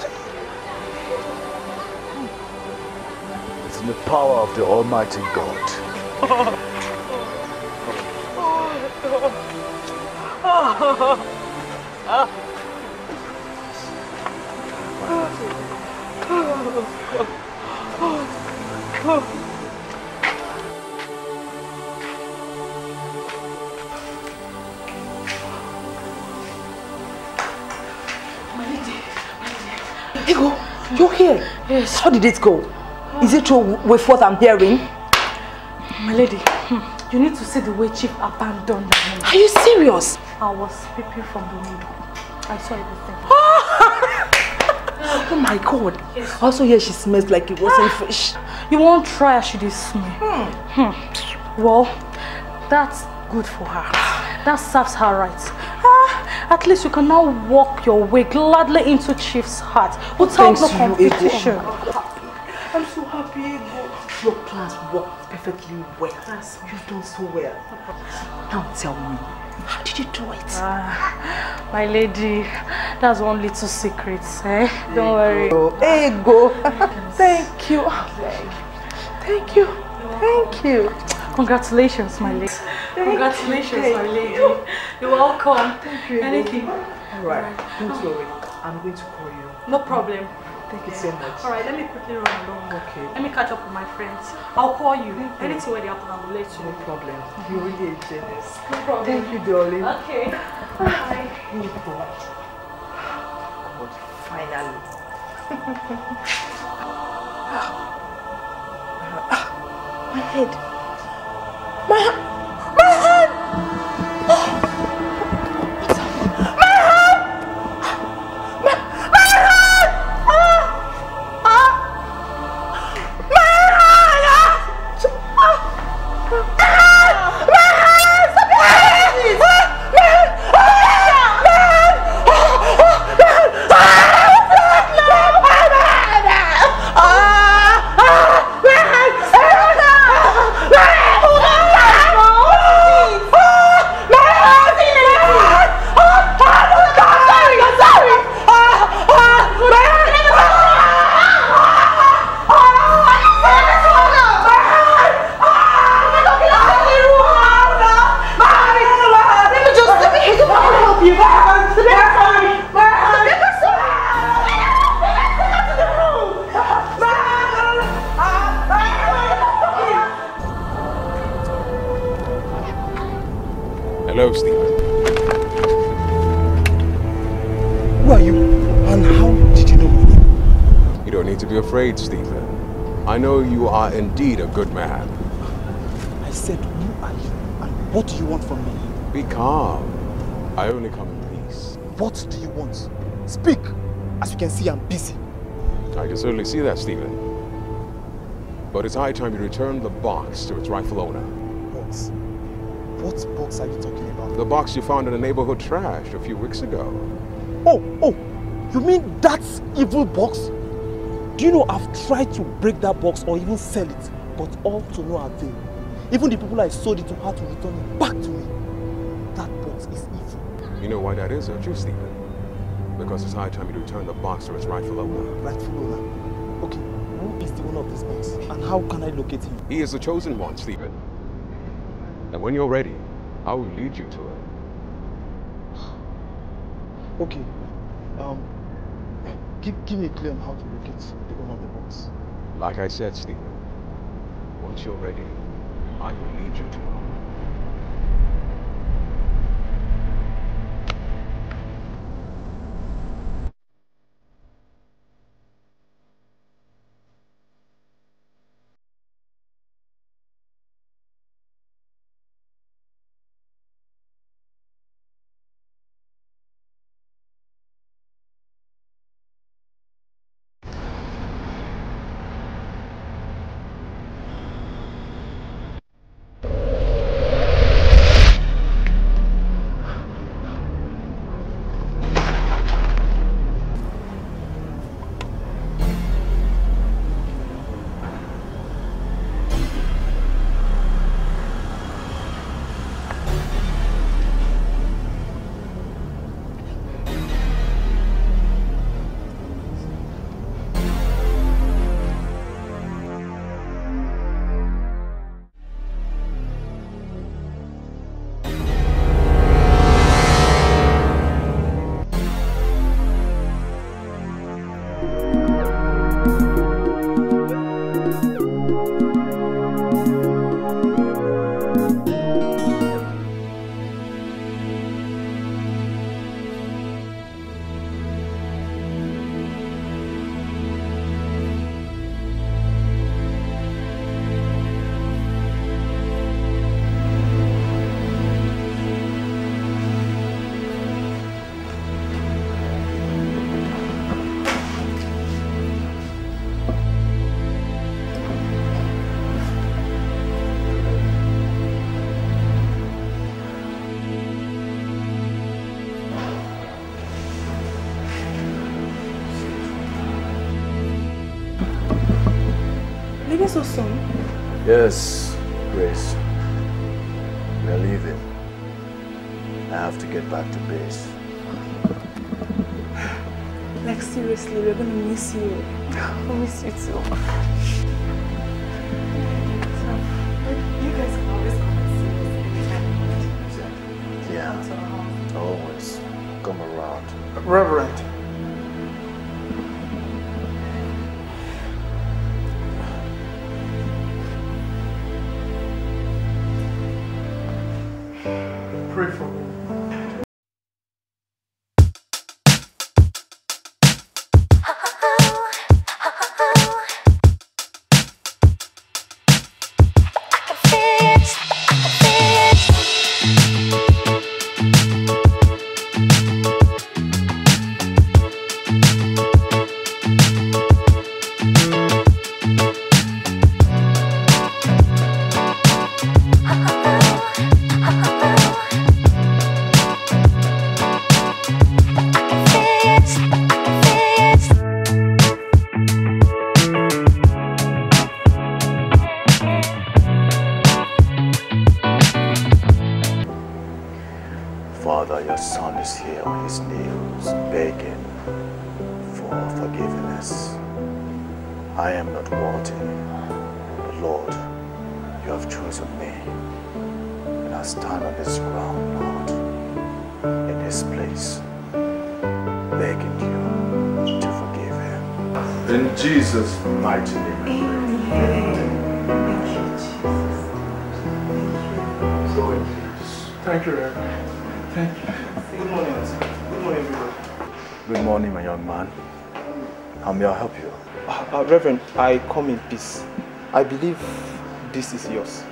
[SPEAKER 2] It's in the power of the Almighty
[SPEAKER 4] God.
[SPEAKER 3] Yes. How did it go? Is it true with what I'm hearing? My lady, you need to see the way Chief abandoned me. Are you serious? I was peeping from the window. I saw everything. oh my god. Yes. Also, here yeah, she smells like it wasn't fish. You won't try as she did smell. Hmm. Hmm. Well, that's good for her. That serves her right. Ah, at least you can now walk your way gladly into Chief's heart without no competition. You, I'm so happy, Ego. Your plans perfectly well. That's You've done so well. Now tell me, how did you do it? Ah, my lady, that's one little secret, eh? Don't worry. Go. go. Thank you. Thank you. Thank you. Congratulations, my lady. Thank Congratulations, you. my lady. You're welcome. Thank you. Anything. All right. Don't worry. I'm going to call you. No problem. Thank you so much. All right, let me quickly run along. Okay. Let me catch up with my friends. I'll call you. Thank Anything where they happen, I will let you. No problem. You're really a genius. No problem. Thank you, darling. Okay. Bye. Thank God. God, finally.
[SPEAKER 4] my head. My head.
[SPEAKER 1] I know you are indeed a good man.
[SPEAKER 7] I said, who are you and what do you want from me?
[SPEAKER 1] Be calm. I only come in peace.
[SPEAKER 7] What do you want? Speak. As you can see, I'm busy.
[SPEAKER 1] I can certainly see that, Stephen. But it's high time you return the box to its rightful owner. Box? What box are you talking about? The box you found in a neighborhood trash a few weeks ago.
[SPEAKER 7] Oh, oh! You mean that evil box? Do you know I've tried to break that box or even sell it, but all to no avail. Even the people I sold it to had to return it back to me. That box is
[SPEAKER 1] evil. You know why that is, don't you, Stephen? Because it's high time you return the box to its rightful owner. Rightful owner? Okay, who is the owner of this box, and how can I locate him? He is the chosen one, Stephen. And when you're ready, I will lead you to him.
[SPEAKER 2] Okay. Um, give, give me a clue
[SPEAKER 1] on how to locate. Like I said, Stephen, once you're ready, I will lead you to
[SPEAKER 3] is so
[SPEAKER 2] Yes. I come in peace. I believe this is
[SPEAKER 7] yours.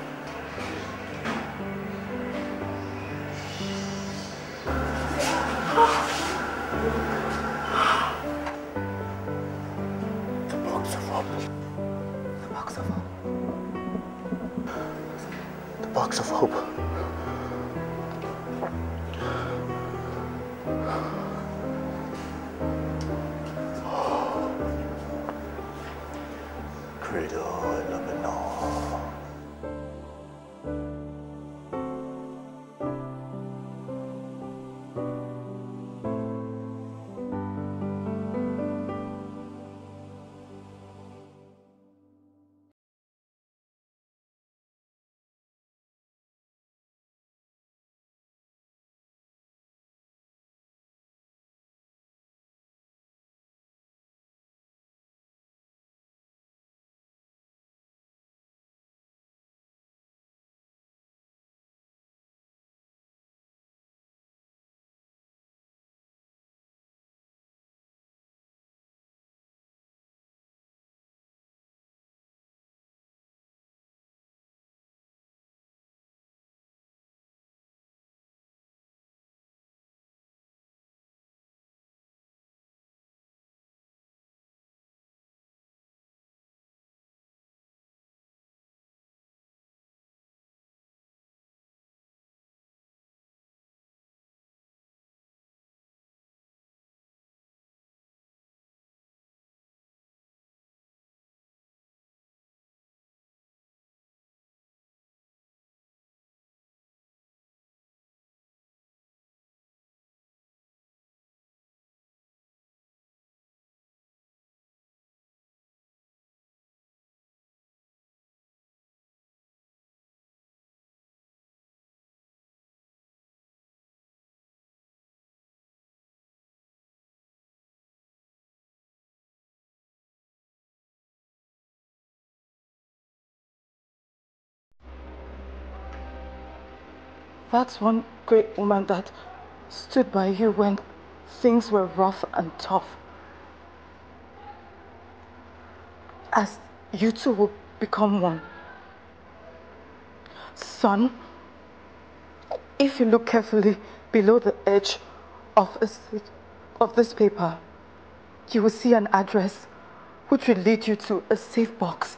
[SPEAKER 3] That's one great woman that stood by you when things were rough and tough. As you two will become one. Son, if you look carefully below the edge of, of this paper, you will see an address which will lead you to a safe box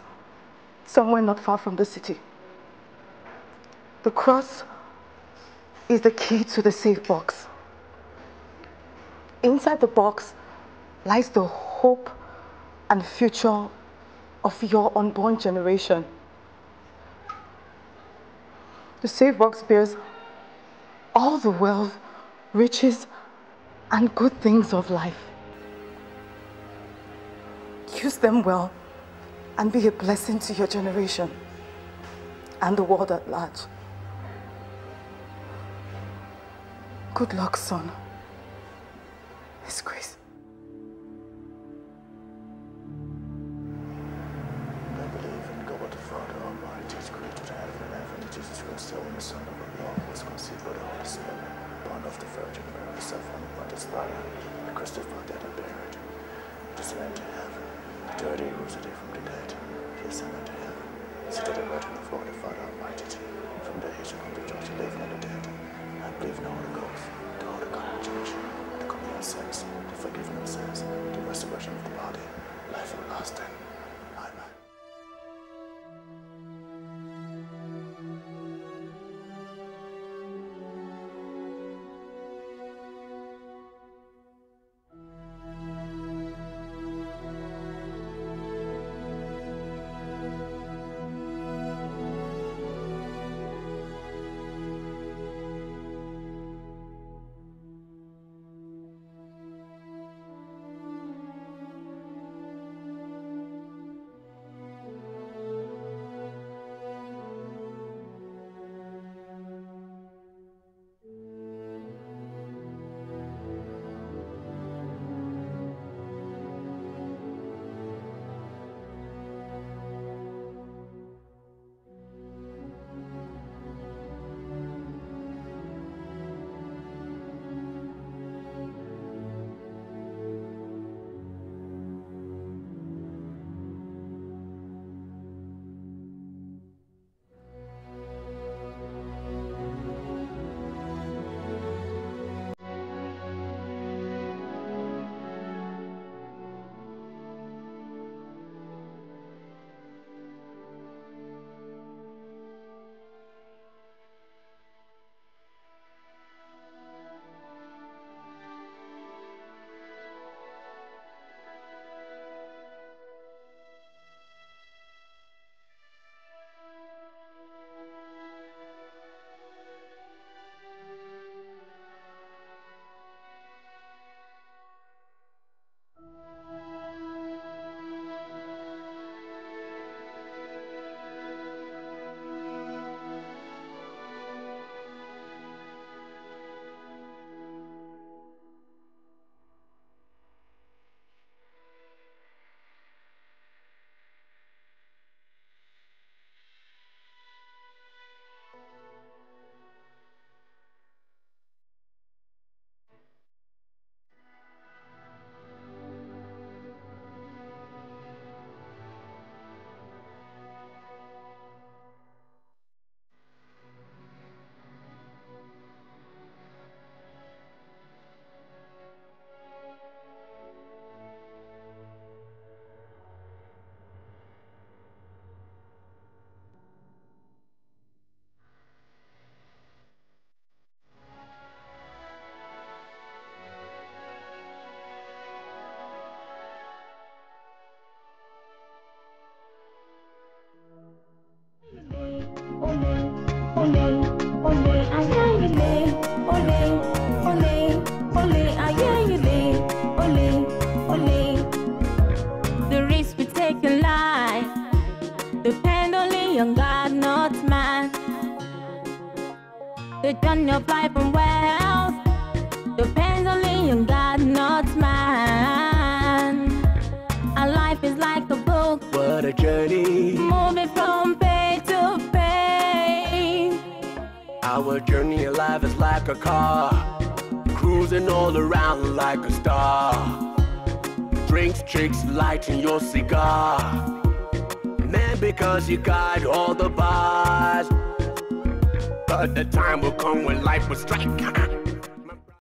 [SPEAKER 3] somewhere not far from the city. The cross is the key to the safe box. Inside the box lies the hope and future of your unborn generation. The safe box bears all the wealth, riches, and good things of life. Use them well and be a blessing to your generation and the world at large. Good luck, son. Miss Grace.
[SPEAKER 7] life is like a car, cruising all around like a star. Drinks, chicks, lighting your cigar. Man, because you got all the bars, but the time will come when life will strike.